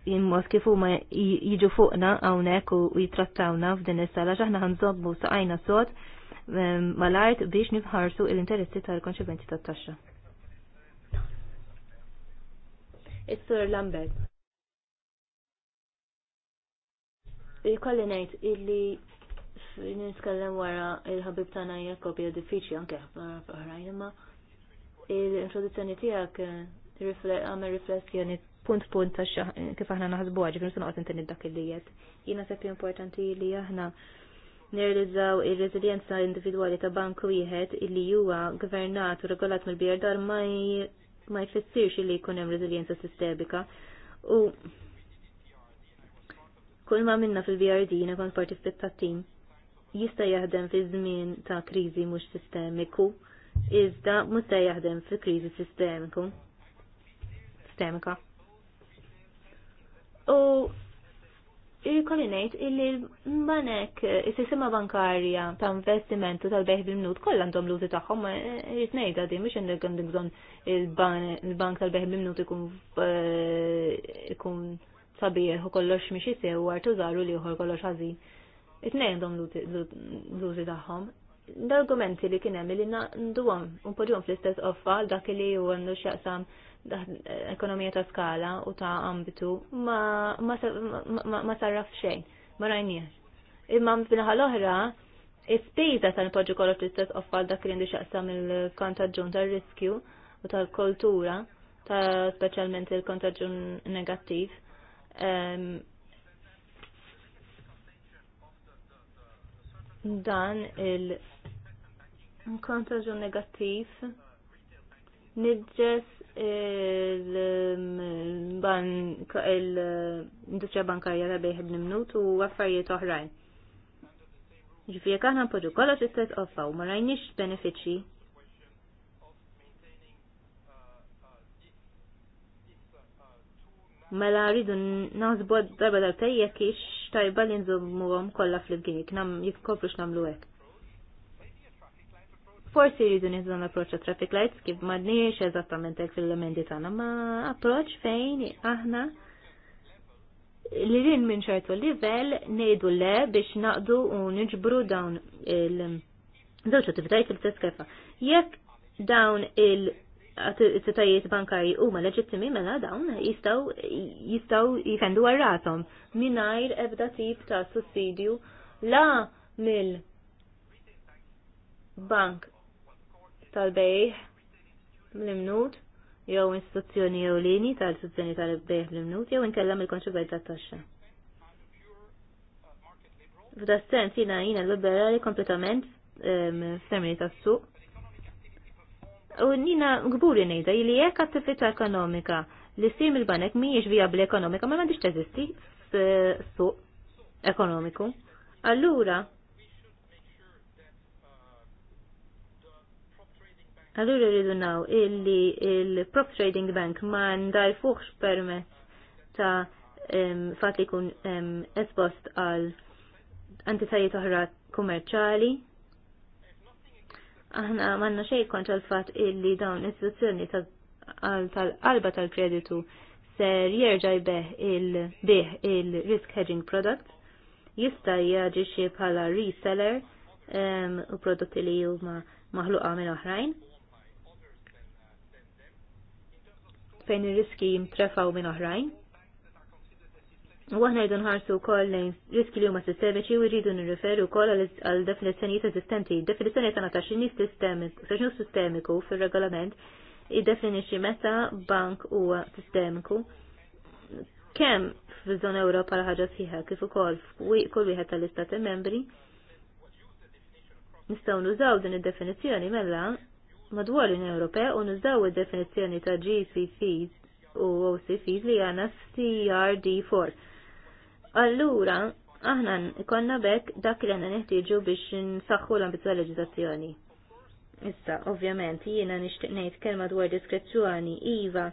jimmot kifu ma jiġu fuqna għawnek u jitrattawna f'din is-sala ġaħna għanżobbu saqajna sot ehm, mal-art biex nifħarsu l-interessi tal-konċibenti tat-taxxa. Is-Sur Lambert. Ikolli ngħid illi nitkellem wara il-ħabib tagħna hija kopja diffiċli anke ħafna ħrajn imma l introduzzjoni tijak eh, għamil riflessjoni punt punt ta' eh, kif aħna naħsbu għagġi, kif nuqot intin id-dak il-lijiet. Jina sepp importanti li aħna nirrizzaw il-rezilienza individuali ta' bank wieħed illi huwa gvernat u regolat mill-birdar ma jfissirx li jkun hemm rezilienza sistemika. U kull ma minna fil-BRD jina kont parti fit-tattim jista' jaħdem fi żmien ta' kriżi mhux sistemiku iżda mhux se jaħdem fi kriżi sistemiku. Sistemika. U jkolli ngħid illi l-banek is-sistema bankarja ta' investimentu tal-beħ bil-minut kollha għandhom l-użi tagħhom ma jrid ngħidha din mhux għandek bżonn il-bank tal-beħ bil-minut eh, ikun sabiħ u kollox mhix isew għartu żaru li ieħor kollox ħażin. It-tnejn għandhom l-użi tagħhom l-argumenti li kienem li nanduwom un podjum fl-istess offa dak li u għandu xaqsam ekonomija ta' skala u ta' ambitu ma, ma, ma, ma sarraf xejn, ma rajnijax. Imma fil-ħal oħra, ispiża ta' nipoġu kollu fl-istess offa dak li għandu xaqsam il-kontagġun tal-riskju u tal-kultura, ta' specialment il-kontagġun negattiv. Um, dan il kontraġu negattiv nidġes il-industrija mm, bankarja ta' bejħed nimnut u għaffarijiet oħrajn. Ġifiri kħana npoġu kollox istess offa u ma rajniex benefiċi Mela rridu nazbod darba dal-tejja kiex tajba li għom kollha fl-imkien nam jikkoprux nagħmlu hekk. Forsi jridu nieħdu approċċ traffic lights kif m'għadniex eżattament hekk fil lamendi tagħna, ma approċċ fejn aħna li rin minn ċertu livell ngħidu le biex naqdu u niġbru dawn il- Dawċ t fil il-teskefa. Jek dawn il- Bankari bankarji huma leġittimi mela dawn jistgħu jistgħu jifendu għarratom mingħajr ebda tip ta' sussidju la mill bank tal-bejħ l-imnut jew istituzzjoni jew lini tal-istituzzjoni tal-bejħ l-imnut jew inkella mill-kontribuzzjoni tat-taxxa. F'da sens jina jina liberali kompletament f'termini tas-suq U nina gburi nejda li jekk attività ekonomika li sim il-banek mhijiex viabli ekonomika ma m'għandix teżisti suq ekonomiku. Allura Allura rridu naw illi il-Prop Trading Bank ma fuħx permess ta' fat li kun espost għal entitajiet oħra kummerċali aħna manna xej kontra l-fat illi dawn istituzzjoni tal-qalba tal-kreditu ser jerġa' jbeħ il-beħ il-risk hedging product jista' jaġixxi bħala reseller u prodotti li huma maħluqa minn oħrajn fejn ir-riski jimtrefaw minn oħrajn U aħna nħarsu wkoll lejn riski li huma sistemiċi u jridu nirriferu wkoll għal definizzjonijiet eżistenti. Definizzjoni tagħna ta' xini sistemiku, sistemiku fir-regolament jiddefinixxi meta bank huwa sistemiku. Kemm fiż-żona Ewro bħala ħaġa sħiħa kif ukoll kull wieħed tal-istati membri nistgħu nużaw din id-definizzjoni mela madwar l-Unjoni Ewropea u nużaw id-definizzjoni ta' GCCs u OCCs li għana CRD4 Allura, aħna ikonna bekk dak li għanna neħtieġu biex nsaxħu l-ambizja leġizazzjoni. Issa, ovvjament, jiena nixtieq ngħid kelma dwar diskrezzjoni iva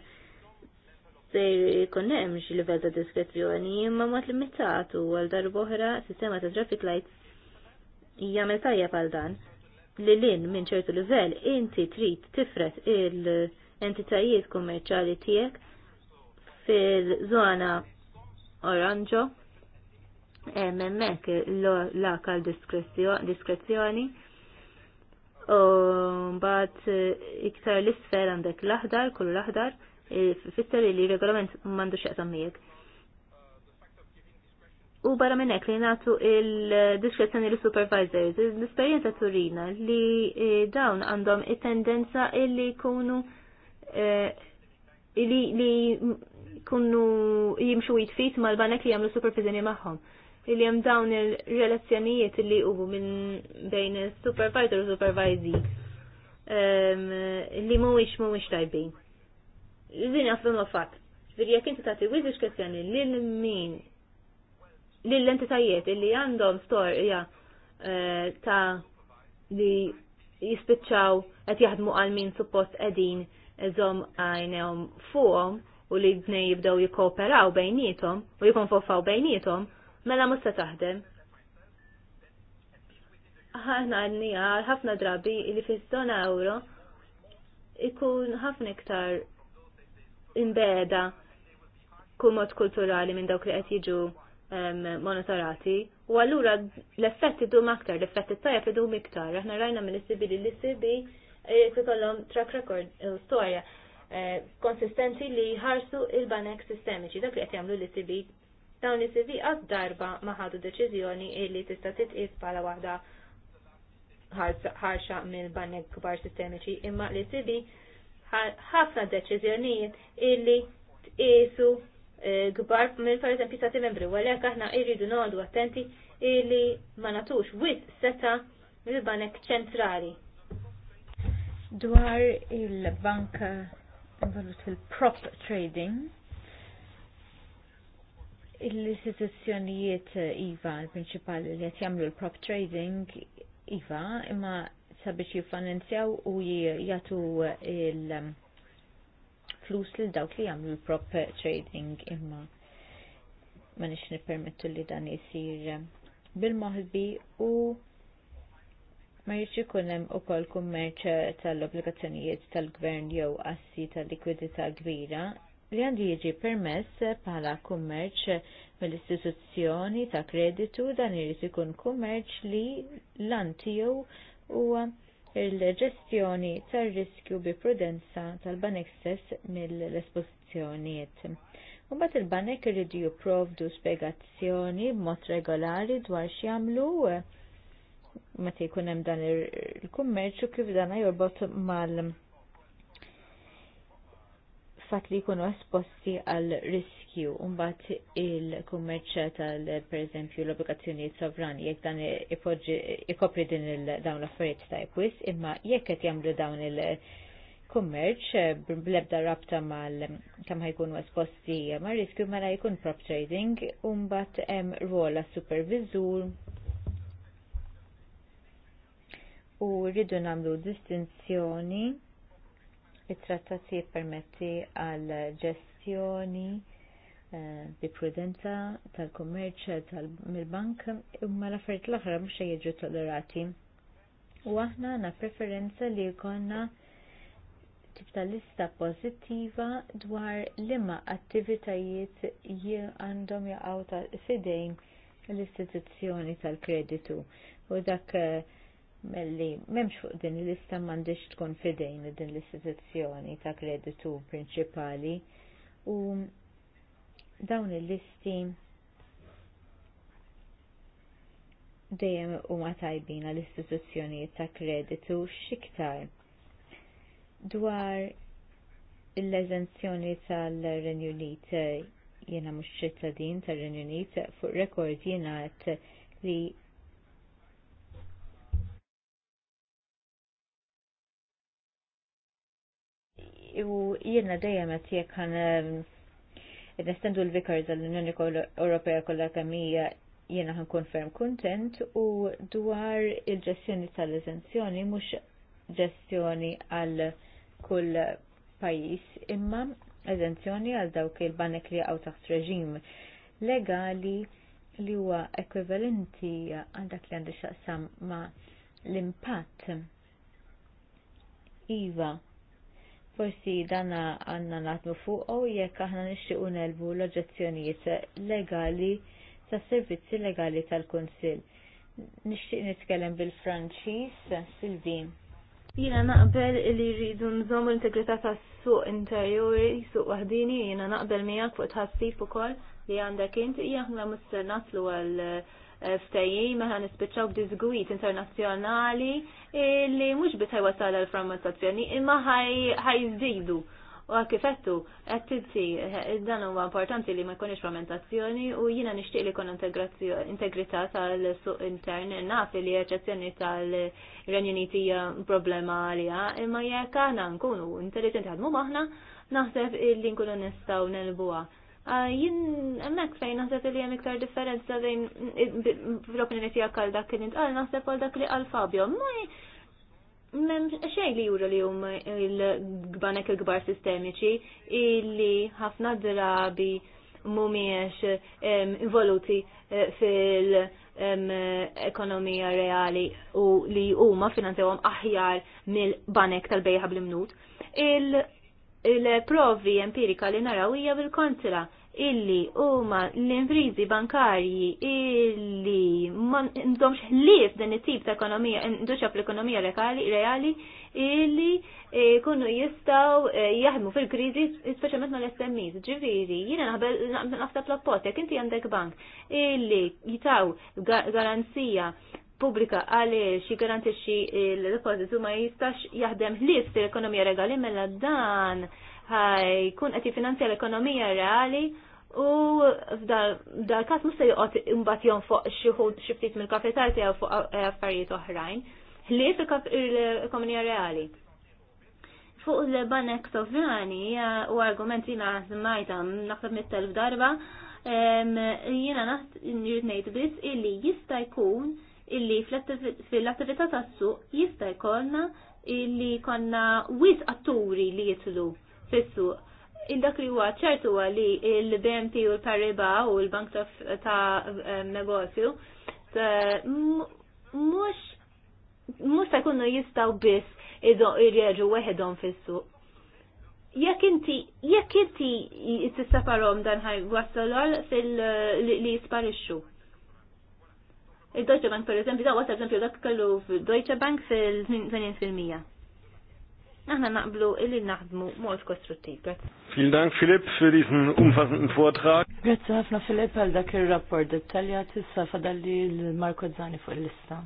se jkun hemm xi livell ta' diskrezzjoni imma mat limitatu għal darb'oħra sistema ta' traffic lights jgħamil tajjeb għal dan li lin minn ċertu livell inti trid tifret il-entitajiet kummerċjali tiegħek fil-żona oranġo memmek l-akal diskrezzjoni u mbagħad eh, iktar l isfer għandek l-aħdar, kull l ahdar eh, fisser li regolament m'għandux x'jaqsam miegħek. U barra minn hekk li nagħtu il-diskrezzjoni l supervisors l esperienza turina li eh, dawn għandhom it-tendenza illi jkunu li li kunu jimxu jitfit mal-banek li jagħmlu supervisioni magħhom li hemm dawn il-relazzjonijiet li hubu minn bejn supervisor u supervisee ehm, li mhuwiex mhuwiex tajbin. Din għaflu ma fatt. Ġifieri jekk inti tagħti wiżiġ kwestjoni lil min lil entitajiet li għandhom storja eh, ta' li jispiċċaw qed jaħdmu għal min suppost qegħdin iżom għajnehom fuqhom u li bnej jibdew jikkooperaw bejnietom u jikonfofaw bejnietom, mela mhux se taħdem. Aħna għadni għal ħafna drabi li fiż-żona euro ikun ħafna iktar imbeda kull mod kulturali minn dawk li qed jiġu monitorati u allura l-effetti idum aktar, l-effetti tajjeb idum iktar. Aħna rajna mill-sibi li l-sibi ikollhom track record u eh, storja eh, konsistenti li ħarsu il-banek sistemiċi dak li qed jagħmlu l-sibi dawn is-CV għad darba ma ħadu deċiżjoni illi tista' titqis bħala waħda ħarxa minn banek kbar sistemiċi imma li sibi ħafna deċiżjonijiet illi tqisu eh, kbar minn per eżempju stati membri u għalhekk aħna irridu noqogħdu attenti illi ma natux wis seta mill-banek ċentrali. Dwar il banka involut fil-prop trading, l-istituzzjonijiet IVA l-prinċipali li qed jagħmlu l-prop trading IVA imma sabiex jiffinanzjaw u jagħtu l flus lil dawk li jagħmlu l-prop trading imma ma nix nippermettu li dan jisir bil moħħbi u ma jirċi ikun u kol kummerċ tal-obbligazzjonijiet tal-gvern jew assi tal-likwidità kbira li għandi jiġi permess bħala kummerċ mill-istituzzjoni ta' kreditu dan irid ikun kummerċ li l-antiju u il-ġestjoni tar-riskju bi prudenza tal-banek stess mill esposizjonijiet U bat il-banek irridu jipprovdu spjegazzjoni b'mod regolari dwar x'jagħmlu eh, meta jkun hemm dan il-kummerċ u kif dan jorbot mal- fatt li jkunu esposti għal riskju mbagħad il-kummerċ tal pereżempju l-obbligazzjonijiet sovrani jekk dan ikopri din dawn l-affarijiet ta' jkwis, imma jekk qed jagħmlu dawn il-kummerċ bl-ebda rabta mal kam ħajkunu esposti ma' riskju mela jkun prop trading u mbagħad hemm rwol supervizur u rridu nagħmlu distinzjoni Il-trattat permetti għal ġestjoni bi eh, prudenza tal-kummerċ tal-bank imma l-affarijiet l-oħra mhux se jiġu tollerati. U aħna għandna preferenza li jkollna tip ta' lista pożittiva dwar liema attivitajiet għandhom jaqgħu ta' fidejn l-istituzzjoni tal-kreditu. U dak uh, melli memx fuq din l-lista mandiċ tkun fidejn din l-istituzzjoni ta' kreditu prinċipali u dawn il-listi dejjem huma tajbin għall istituzzjonijiet ta' kreditu xiktar dwar l-eżenzjoni tal-Renju Unit eh, jiena mhux ċittadin tar-Renju Unit fuq rekord jena li u jiena dejjem qed jekk ħan nestendu l-vikar tal-Unjoni Ewropea kollha kemm jiena ħankun ferm kuntent u dwar il-ġestjoni tal-eżenzjoni mhux ġestjoni għal kull pajjiż imma eżenzjoni għal dawk il-banek li għaw taħt reġim legali li huwa ekwivalenti għal dak li għandi xaqsam ma l-impatt. Iva, Forsi dana għanna natmu fuq u jekk aħna nixtiequ nelbu l-oġezzjonijiet legali ta' servizzi legali tal-Kunsill. Nixtieq nitkellem bil-Franċiż Silvi. Jina naqbel li rridu nżomm l-integrità tas-suq interjuri, suq wahdini, jina naqbel miegħek fuq tħassib ukoll li għandek inti hija aħna mister naslu għal Eh, ftejji meħna nispiċċaw b'diżgwit internazzjonali li mhux bit ħajwasal l frammentazzjoni imma ħajżidu. U kifettu, għattinti, dan huwa importanti li ma jkunx frammentazzjoni u jina nixtieq li kon integrità tal-suq intern naf li eċezzjoni tal hija problema għalija, imma jekk aħna nkunu intelligenti ħadmu maħna, naħseb li nkunu nistgħu nelbuha. Ah, jien hemmhekk fejn naħseb li hemm iktar differenza bejn l opinjoni tija għal dak li għal naħseb għal dak li qal Fabio. Mem xejn li juru li jum il-gbanek il-gbar sistemiċi illi ħafna drabi mumiex involuti eh, fil- ekonomija reali u li huma finanzjawhom aħjar mill-banek tal-bejħa bl-imnut il-provi empirika li narawija bil-kontra illi huma l-imprizi bankarji illi m'għandhomx ħlief dan it-tip ta' ekonomija induċa fl-ekonomija reali illi jkunu jistgħu jaħdmu fil-kriżi speċjalment mal smis Ġifieri, jiena naħseb l-oppost jekk inti għandek bank illi jitaw garanzija pubblika għaliex jiggarantixxi l depozitu ma jistax jaħdem ħlief fil-ekonomija regali mela dan ħajkun qed jiffinanzja l-ekonomija reali u f'dal każ mhux se joqgħod jom fuq xi xiftit ftit mill-kapital tiegħu fuq affarijiet oħrajn. Ħlief l-ekonomija reali. Fuq l-banek sovrani u argumenti ma zmajta naħseb mit-telf darba jiena naħt nirrid ngħid biss illi jista' jkun illi fil-attività tas-suq jista' jkollna illi konna wis atturi li jitlu fis-suq. Dak li huwa ċertu li l-BMT u l-Pariba u l-Bank ta' eh, Negozju mhux mhux se jkunu jistgħu biss irreġu weħedhom fis-suq jekk inti jekk inti tisseparhom dan ħaj wassalol fil li jisparixxu. Il-Deutsche Bank per eżempju, dawa per eżempju dak kellu fil-Deutsche Bank fil mija Aħna naqblu illi naħdmu mod kostruttiv. Vielen Dank Philipp für diesen umfassenden Vortrag. Grazie ħafna Philipp għal dak ir-rapport dettaljat issa fadalli l-Marko Zani fuq il-lista.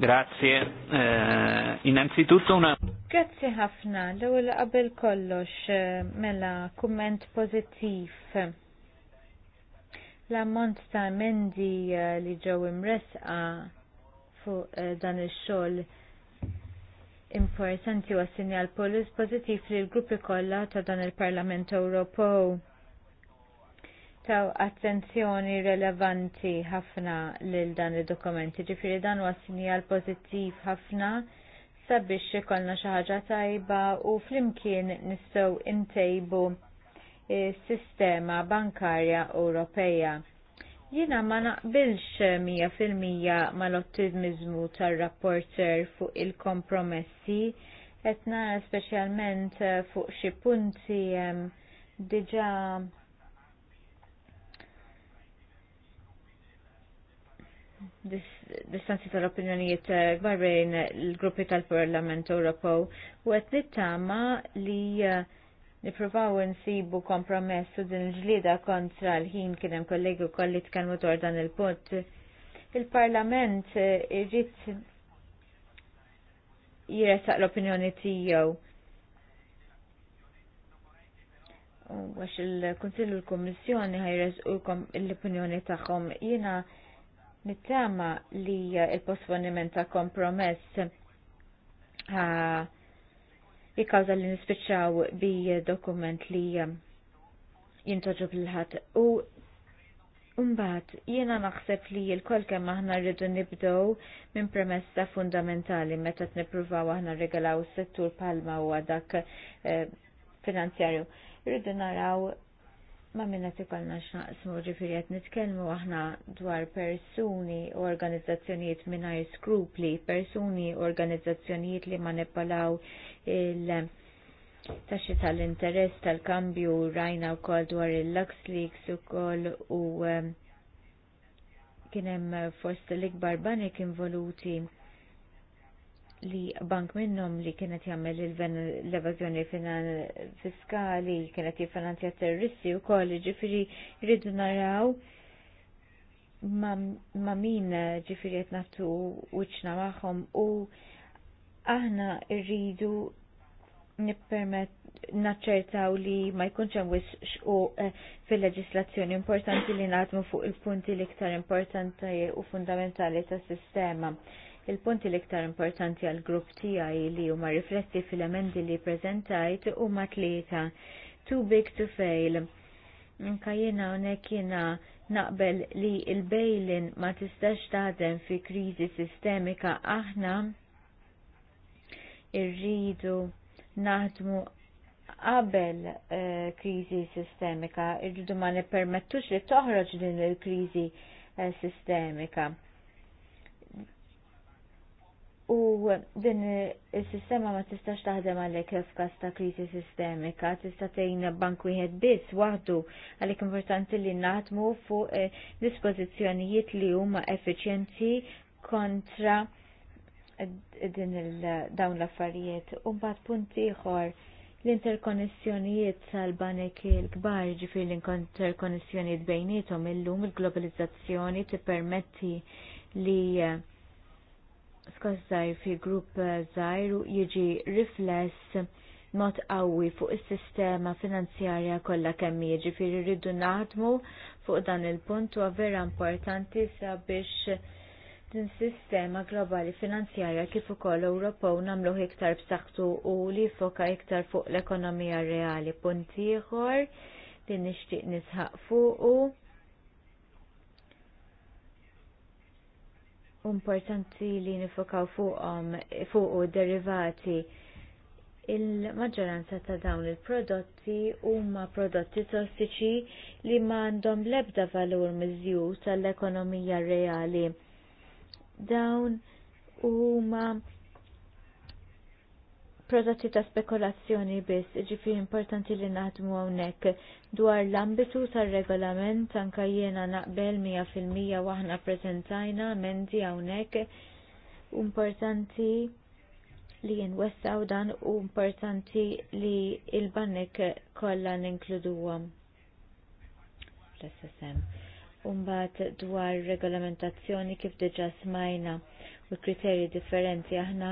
Grazie. Uh, innanzitutto una Grazie ħafna. L-ewwel qabel kollox eh, mela kumment pożittiv L-ammont ta' emendi eh, li ġew imresqa fuq eh, dan ix-xogħol importanti u għas-sinjal polis pozittiv li l-gruppi kollha ta' dan il-Parlament Ewropew taw attenzjoni relevanti ħafna lil dan id-dokumenti. Ġifieri dan huwa sinjal pożittiv ħafna sabiex ikollna xi ħaġa tajba u flimkien nistgħu intejbu sistema bankarja Ewropeja. Jina ma naqbilx 100% mal-ottimizmu tar-rapporter fuq il-kompromessi, etna specialment fuq xi punti diġa distanzi tal-opinjonijiet gbar bejn l-gruppi tal-Parlament Ewropew u qed nittama li uh, Nipruvaw nsibu kompromess u din il-ġlida kontra l-ħin kien hemm kollegi wkoll li tkellmu dwar dan il-punt. Il-Parlament eh, irrid jiresaq l-opinjoni tiegħu. għax il-Konsillu l ħajres u l-opinjoni taħħom Jiena nittama li il-posponiment ta' kompromess ah, jikkawza li nispiċċaw bi dokument li um, jintoġu bil-ħat. U Umbat, jiena naħseb li l-kol kemm aħna rridu nibdow minn premessa fundamentali meta t-nipruvaw aħna regalaw settur palma u dak eh, finanzjarju. Rridu naraw ma minna ikollna xnaqsmu ġifiri qed nitkelmu aħna dwar persuni u organizzazzjonijiet mingħajr skrupli, persuni u organizzazzjonijiet li ma il- taxxi tal-interess tal-kambju rajna u kol dwar il-Lux Leaks u kol u um, kienem forst l-ikbar banek involuti li bank minnom li kienet jagħmel l-evażjoni fiskali kienet jiffinanzja terroristi u kol ġifiri jridu naraw ma min ġifiri qed nagħtu wiċċna magħhom u aħna rridu nippermet naċċertaw li ma jkunx hemm wisq eh, fil-leġislazzjoni importanti li naħdmu fuq il-punti l-iktar importanti u fundamentali tas-sistema. Il-punti l-iktar importanti għal grupp tiegħi li huma rifletti fil-emendi li preżentajt huma tlieta. Too big to fail. Nka jiena hawnhekk jiena naqbel li l-bejlin ma tistax taħdem fi kriżi sistemika aħna irridu naħdmu qabel eh, kriżi sistemika, irridu ma nippermettux li toħroġ din il-kriżi eh, sistemika. U din il-sistema ma tistax taħdem għalek f'kas ta' krizi sistemika, tista' tgħin bank wieħed biss waħdu għalik importanti li naħdmu fuq eh, dispożizzjonijiet li huma effiċjenti kontra din il dawn l-affarijiet. U mbagħad punt ieħor l-interkonnessjonijiet tal-banek il-kbar ġifir l-interkonnessjonijiet bejnietom illum il-globalizzazzjoni tippermetti li eh, skos zaħir fi grupp zaħir eh, jiġi rifless mod qawwi fuq is-sistema finanzjarja kollha kemm jiġifieri rridu naħdmu fuq dan il-punt huwa vera importanti sabiex din sistema globali finanzjarja kif ukoll Ewropew nagħmluh iktar b'saħħtu u li foka iktar fuq l-ekonomija reali punt ieħor li nixtieq nisħaq fuqu. Importanti li nifokaw fuqhom fuq derivati il-maġġoranza ta' dawn il-prodotti huma prodotti tossiċi li m'għandhom l-ebda valur miżjud tal-ekonomija reali dawn huma prodotti ta' spekulazzjoni biss, ġifiri importanti li naħdmu hawnhekk dwar l-ambitu tar-regolament anka jiena naqbel 100% waħna preżentajna mendi hawnhekk importanti li jinwessaw dan u importanti li il-bannek kollha ninkluduhom. L-SSM. Umbat dwar regolamentazzjoni kif diġa smajna u kriterji differenti aħna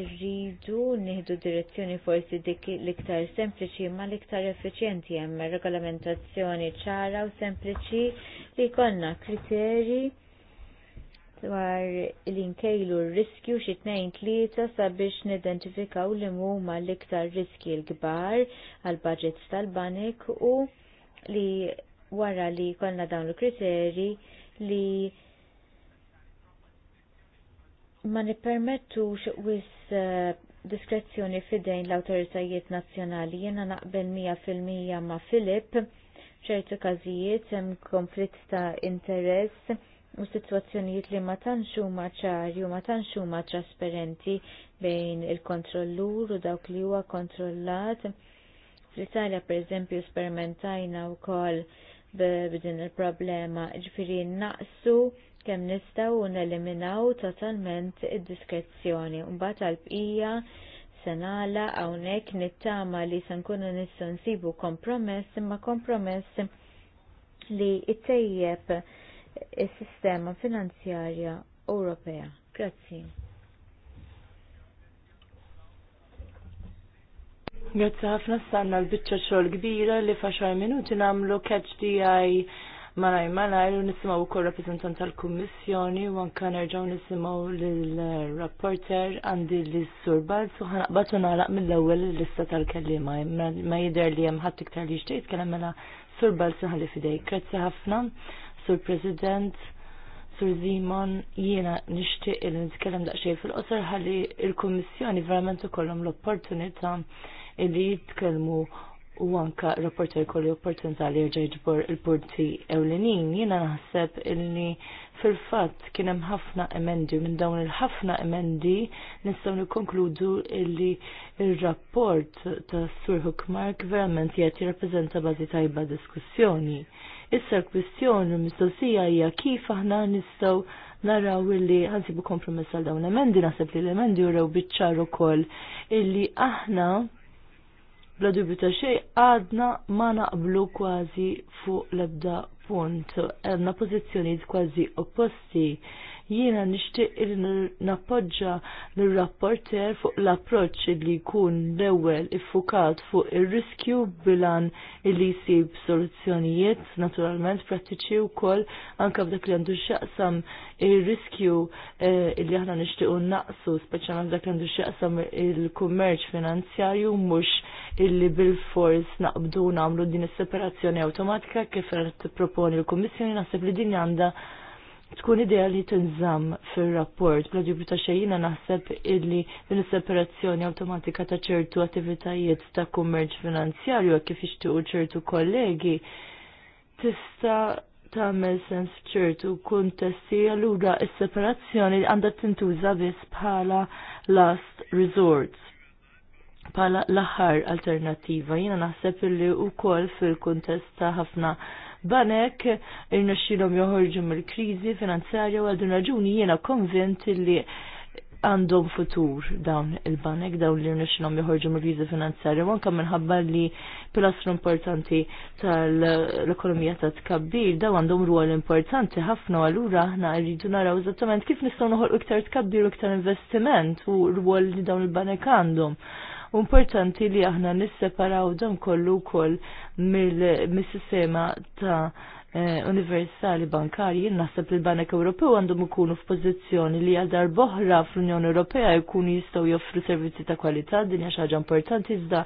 irridu nieħdu direzzjoni forsi dik l-iktar sempliċi ma l-iktar effiċjenti hemm regolamentazzjoni ċara u sempliċi li jkollna kriterji dwar l-inkejlu r-riskju xi tnejn tlieta sabiex nidentifikaw li huma l-iktar riski l-kbar għall budgets tal-banek u li wara li konna dawn il-kriteri li ma nippermettux wis eh, diskrezzjoni fidejn l-autoritajiet nazzjonali jena naqbel 100% ma' Filip ċertu każijiet hemm konflitt ta' interess u sitwazzjonijiet li ma tantx huma ċari u ma tantx huma trasparenti bejn il-kontrollur u dawk li huwa kontrollat. Fl-Italja pereżempju sperimentajna wkoll b'din il-problema, ġifiri naqsu kemm nistgħu un neliminaw totalment id-diskrezzjoni. Mbagħad għall-bqija senala hawnhekk nittama li se nkunu nistgħu nsibu kompromess imma kompromess li it-tejjeb is-sistema finanzjarja Ewropea. Grazzi. Grazzi ħafna stanna l-bicċa xogħol kbira li fa' xar minuti nagħmlu catch DI malaj malaj u nisimgħu wkoll rappreżentant tal-Kummissjoni u anke nerġgħu nisimgħu lill-rapporter għandi lis sur Balz u ħanaqbad u nagħlaq mill-ewwel lista tal-kellima ma jidher li hemm ħadd iktar li xtejt kellem mela Sur Balz ħalli fidejk. Grazzi ħafna, Sur President. Sur Zimon, jiena nishtiq il nitkellem daqxej fil qosar ħalli il-Kommissjoni verament ukollhom l opportunita illi jitkellmu u anka rapporter kolli opportunità li jirġa jġbor il-porti ewlenin, jina naħseb illi fil-fat kienem ħafna emendi, minn dawn il-ħafna emendi nistaw nikonkludu illi il-rapport ta' Sur Hookmark verament qed jirrappreżenta bazi tajba diskussjoni. Issa l-kwistjoni mistoqsija hija kif aħna nistgħu naraw illi ħansibu kompromess għal dawn emendi, naħseb li l-emendi u biċċar ukoll illi aħna bla dubju ta' xej għadna ma naqblu kważi fuq l-ebda punt. Għadna pozizjoniet kważi opposti jiena nixtieq li nappoġġa l rapporter fuq l-approċċ li jkun l-ewwel iffukat fuq ir-riskju bilan li jsib soluzzjonijiet naturalment prattiċi wkoll anke f'dak li għandu x'jaqsam ir-riskju eh, li aħna nixtiequ naqsu speċjalment dak li għandu x'jaqsam il-kummerċ finanzjarju mhux illi bil-fors naqbdu nagħmlu din is-separazzjoni awtomatika kif qed tipproponi l-Kummissjoni naħseb li din għandha tkun idea li tinżamm fir-rapport bla ġibru ta' xejjina naħseb illi din is-separazzjoni awtomatika ta' ċertu attivitajiet ta' kummerċ finanzjarju kif jixtiequ ċertu kollegi tista' tagħmel sens f'ċertu kuntesti allura is-separazzjoni għandha tintuża biss bħala last resort bħala l-aħħar alternattiva. Jiena naħseb illi wkoll fil-kuntest ta' ħafna banek irnexxilhom joħorġu mill-kriżi finanzjarja u għadun raġuni jiena konvint li għandhom futur dawn il-banek, dawn li rnexnom joħorġu mill krizi finanzjarja, u anka minħabba li pilastru importanti tal-ekonomija ta' tkabbir, daw għandhom ruol importanti ħafna għallura ħna rridu naraw eżattament kif nistgħu noħolqu iktar tkabbir u iktar investiment u rwol li dawn il-banek għandhom. Importanti li aħna nisseparaw dan kollu wkoll mill-sistema ta' eh, universali bankarji, naħseb li l-Banek Ewropew għandhom ikunu f'pożizzjoni li għal boħra fl-Unjoni Ewropea jkunu jistgħu joffru servizzi ta' kwalità din hija xi ħaġa importanti iżda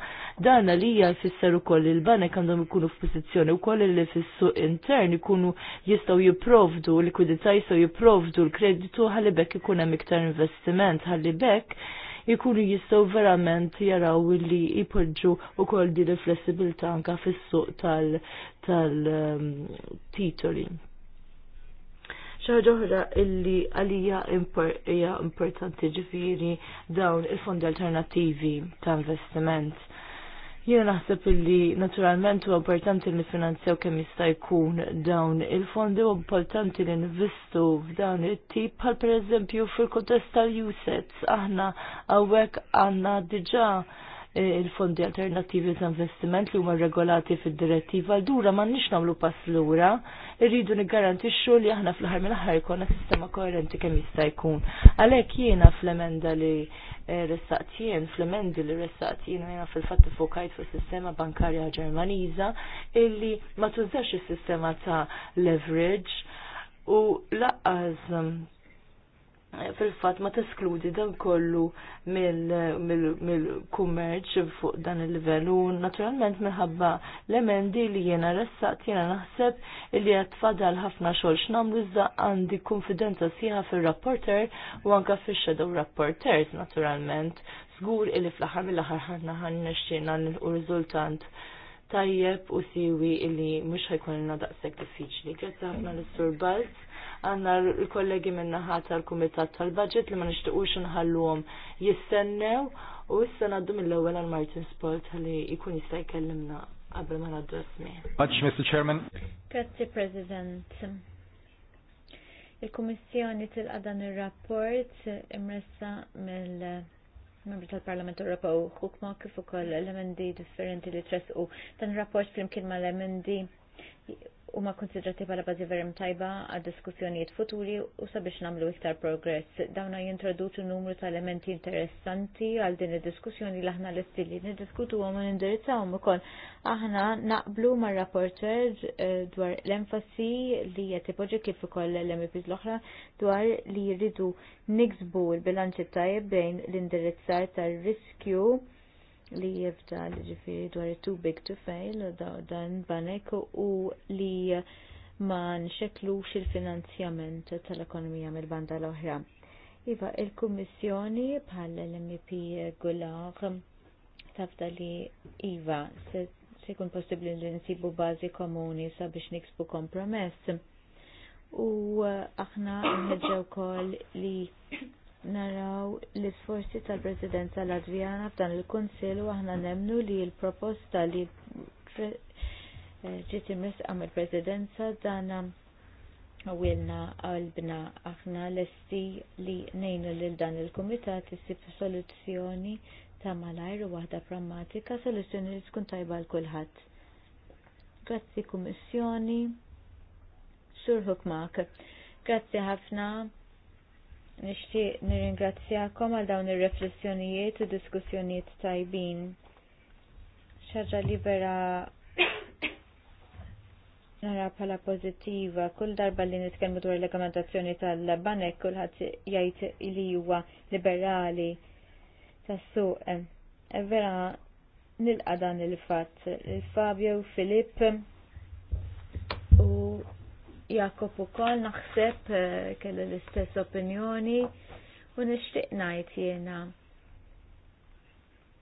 dan li hija jfisser ukoll il l-banek għandhom ikunu f'pożizzjoni wkoll li fis-suq intern ikunu jistgħu jipprovdu likwidità jistgħu jipprovdu l-kreditu ħalli bekk ikun hemm iktar investiment ħalli bekk ikunu jistgħu verament jaraw li jpoġġu wkoll din di flessibilità anke fis-suq tal-titoli. Um, Xaħġoħra oħra illi għalija hija importanti ġifieri dawn il-fondi alternattivi ta' investiment Jien naħseb illi naturalment huwa importanti li finanzjaw kemm jista' jkun dawn il-fondi u importanti li nvistu f'dawn it-tip bħal pereżempju fil-kuntest tal-usets aħna hawnhekk għandna diġà il-fondi alternativi ta' investiment li huma regolati fid-direttiva l-dura ma nix nagħmlu pass lura, irridu niggarantixxu li aħna fl-aħħar mill-aħħar jkollna sistema koerenti kemm jista' jkun. Għalhekk jiena fl-emenda li eh, ressaqt jien, fl-emendi li ressaqt jien jiena fil-fatt fokajt fuq sistema bankarja Ġermaniża illi ma tużax is-sistema ta' leverage u laqqas fil-fat ma teskludi dan kollu mill-kummerċ fuq dan il-livell u naturalment minħabba l-emendi li jena ressaqt jena naħseb li jena fadal ħafna xol x'namlu iżda għandi konfidenza siħa fil-rapporter u anka fil-shadow rapporters naturalment zgur illi fl-ħar mill-ħar ħarna ħanna xina u rizultant tajjeb u siwi illi mux ħajkun l-na daqseg diffiċli. Grazie ħafna l-Sur Balz għanna l-kollegi minnaħat tal-Kumitat tal-Budget li ma nishtiqux nħalluhom jistennew u issa għaddu mill-ewwel għal Martin Sport li jkun jista' jkellimna qabel ma naddu ismi. Mr. Chairman. Grazzi, President. Il-Kummissjoni tilqa dan ir-rapport imressa mill membri tal-Parlament Ewropew ħukma kif ukoll elementi differenti li tresqu dan rapport flimkien mal emendi ma konsidrati bħala bażi verim tajba għad diskussjonijiet futuri u sabiex nagħmlu iktar progress. Dawna jintroduċu numru ta' elementi interessanti għal din id-diskussjoni li aħna lesti li niddiskutu għom u nindirizzawhom ukoll. Aħna naqblu mar rapporter eh, dwar l-enfasi li qed ipoġġi kif ukoll l-MPs l-oħra dwar li jridu niksbu l-bilanċi tajjeb bejn l-indirizzar tar-riskju li jibda li ġifiri dwar too big to fail dan banek u li ma nxeklu il-finanzjament tal-ekonomija mill-banda l-oħra. Iva, il-Kummissjoni bħal l-MP Gulag tafda li Iva se jkun possibbli li nsibu bażi komuni sabiex niksbu kompromess. U aħna nħedġaw kol li naraw l-isforzi tal-Presidenza Latvjana f'dan il-Kunsill u aħna nemnu li l-proposta li eh, ġiet imrisqa mill-Presidenza dana għawilna għalbna aħna lesti li nejnu lil dan il-Kumitat isib soluzzjoni ta' malajr u waħda prammatika soluzzjoni li tkun tajba l kulħadd. Grazzi Kummissjoni, xurħuk mak. Grazzi ħafna Nixtieq nirringrazzjakom għal dawn ir-reflessjonijiet u diskussjonijiet tajbin. Xaġa li vera nara pala pozittiva, kull darba li nitkellmu dwar l-rekomendazzjoni tal-banek, kullħat jgħid li huwa liberali tas-suq. E, e, vera nilqa dan il-fatt. Fabio, Filipp, Jakob ukoll naħseb eh, kellu l-istess opinjoni u nixtieq ngħid jiena.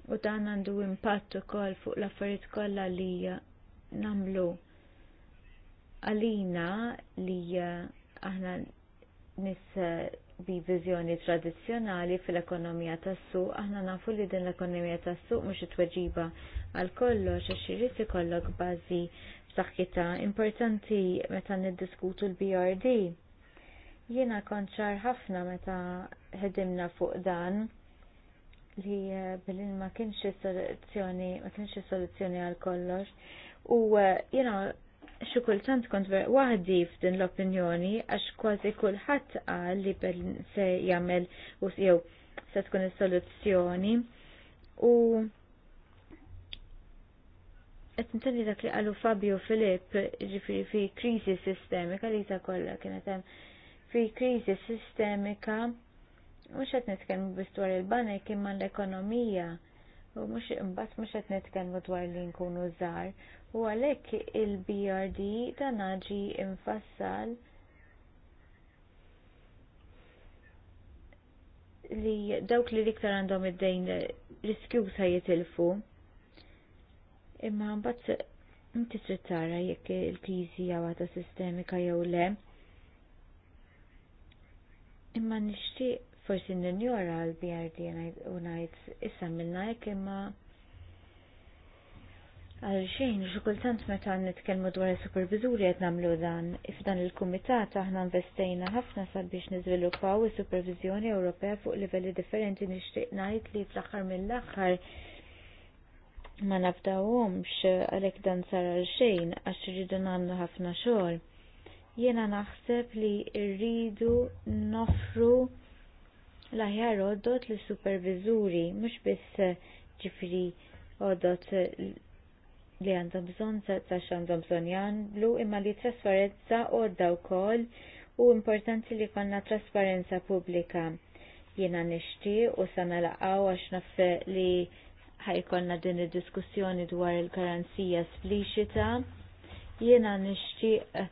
U dan għandu impatt ukoll fuq l-affarijiet kollha li nagħmlu għalina li eh, aħna nis eh, bi vizjoni tradizjonali fil-ekonomija tas-suq, aħna nafu li din l-ekonomija tas-suq mhux it-tweġiba għal kollox għax irid ikollok bażi saħħita importanti meta niddiskutu l-BRD. Jiena kont ċar ħafna meta ħedimna fuq dan li eh, bilin ma kienx soluzzjoni ma kienx soluzzjoni għal kollox u eh, jiena xi kultant kont waħdi f'din l-opinjoni għax kważi kulħadd qal li se jagħmel u jew se tkun is-soluzzjoni u Et ntenni dak li għallu Fabio Filip ġifiri fi krizi sistemika li ta' kolla kienet hemm fi krizi sistemika mhux qed nitkellmu biss dwar il-banek imma l-ekonomija u mhux imbagħad mhux qed nitkellmu dwar li nkunu żgħar u għalhekk il-BRD dan ġi infassal li dawk li liktar għandhom id-dejn riskju sa jitilfu imma mbagħad inti trid tara jekk il-kriżi jew waħda sistemika jew le. Imma nixtieq forsi ninjora l-BRD u ngħid issa minna jekk imma għal xejn kultant meta nitkellmu dwar is-supervizuri qed nagħmlu dan. F'dan il-kumitat aħna investejna ħafna sabiex niżviluppaw is-supervizjoni Ewropea fuq livelli differenti nixtieq ngħid li fl-aħħar mill-aħħar ma nafdawhomx għalhekk dan sara xejn għax rridu nagħmlu ħafna xogħol. Jena naħseb li rridu nofru l-aħjar għoddot li supervizuri mhux biss ġifri għoddot li għandhom bżonn ta' għandhom bżonn jagħmlu imma li trasparenza għoddaw wkoll u importanti li konna trasparenza pubblika. Jiena nishti u sa nalaqgħu għax naf li ħajkonna din id-diskussjoni dwar il karanzija spliċita. Jiena nixtieq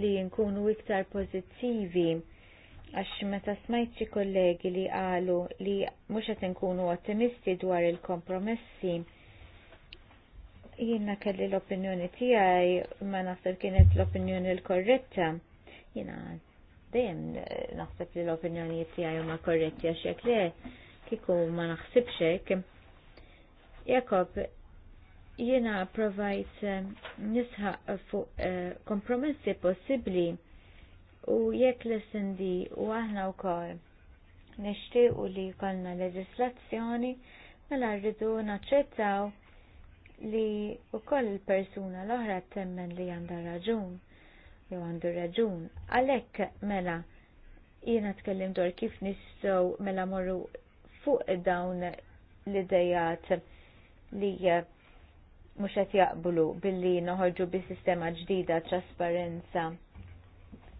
li nkunu iktar pożittivi għax meta smajt xi kollegi li qalu li mhux qed inkunu ottimisti dwar il-kompromessi jiena kelli l-opinjoni tiegħi ma naħseb kienet l-opinjoni l-korretta. Jiena dejjem naħseb li l-opinjoni tiegħi huma korretti għax jekk le kieku ma naħsibx hekk Jakob, jiena provajt eh, nisħaq fuq eh, kompromessi possibli u jekk l sindi u aħna u kol u li kolna leġislazzjoni mela rridu naċċettaw li u koll il-persuna l-oħra temmen li għandha raġun jew għandu raġun. Għalhekk mela jiena tkellim dwar kif nistgħu mela morru fuq dawn l-idejat li eh, mhux qed jaqblu billi noħorġu bi sistema ġdida trasparenza.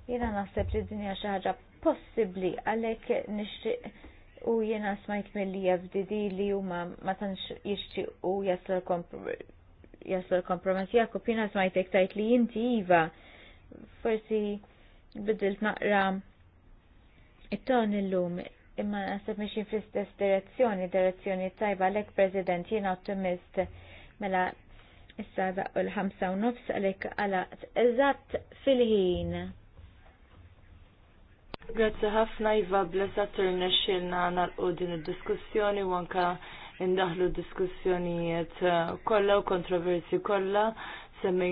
Jiena naħseb li dinja xi ħaġa possibbli għalhekk u jiena smajt mill-FDD li huma ma tantx jixtiequ jaslu l-kompromess jakob jiena smajtek tajt li inti iva forsi bidilt naqra it-ton illum imma nasib miexin fl-istess direzzjoni, direzzjoni tajba għalek President, jena ottimist mela issa daqqu l-ħamsa u nofs għalek għalaqt eżatt fil-ħin. Grazzi ħafna Iva blezzat irnexxilna nalqu din id-diskussjoni u anka indaħlu diskussjonijiet uh, kollha u kontroversi kollha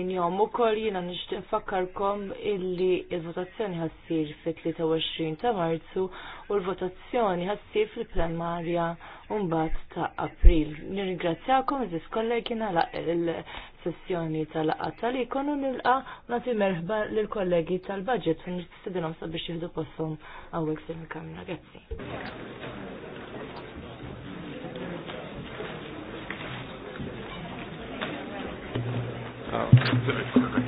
jom u koll jina nishtin fakkarkom illi il-votazzjoni għassir fit-23 ta' marzu u l-votazzjoni ħassir fil un-bat ta' april. Nirringrazzjakom iżis kollegi la' il-sessjoni tal-laqqa tal-ikon u nilqa nati merħba l-kollegi tal-budget u nistidilom sabiex jihdu possom għawek il kamra Grazzi. Uh,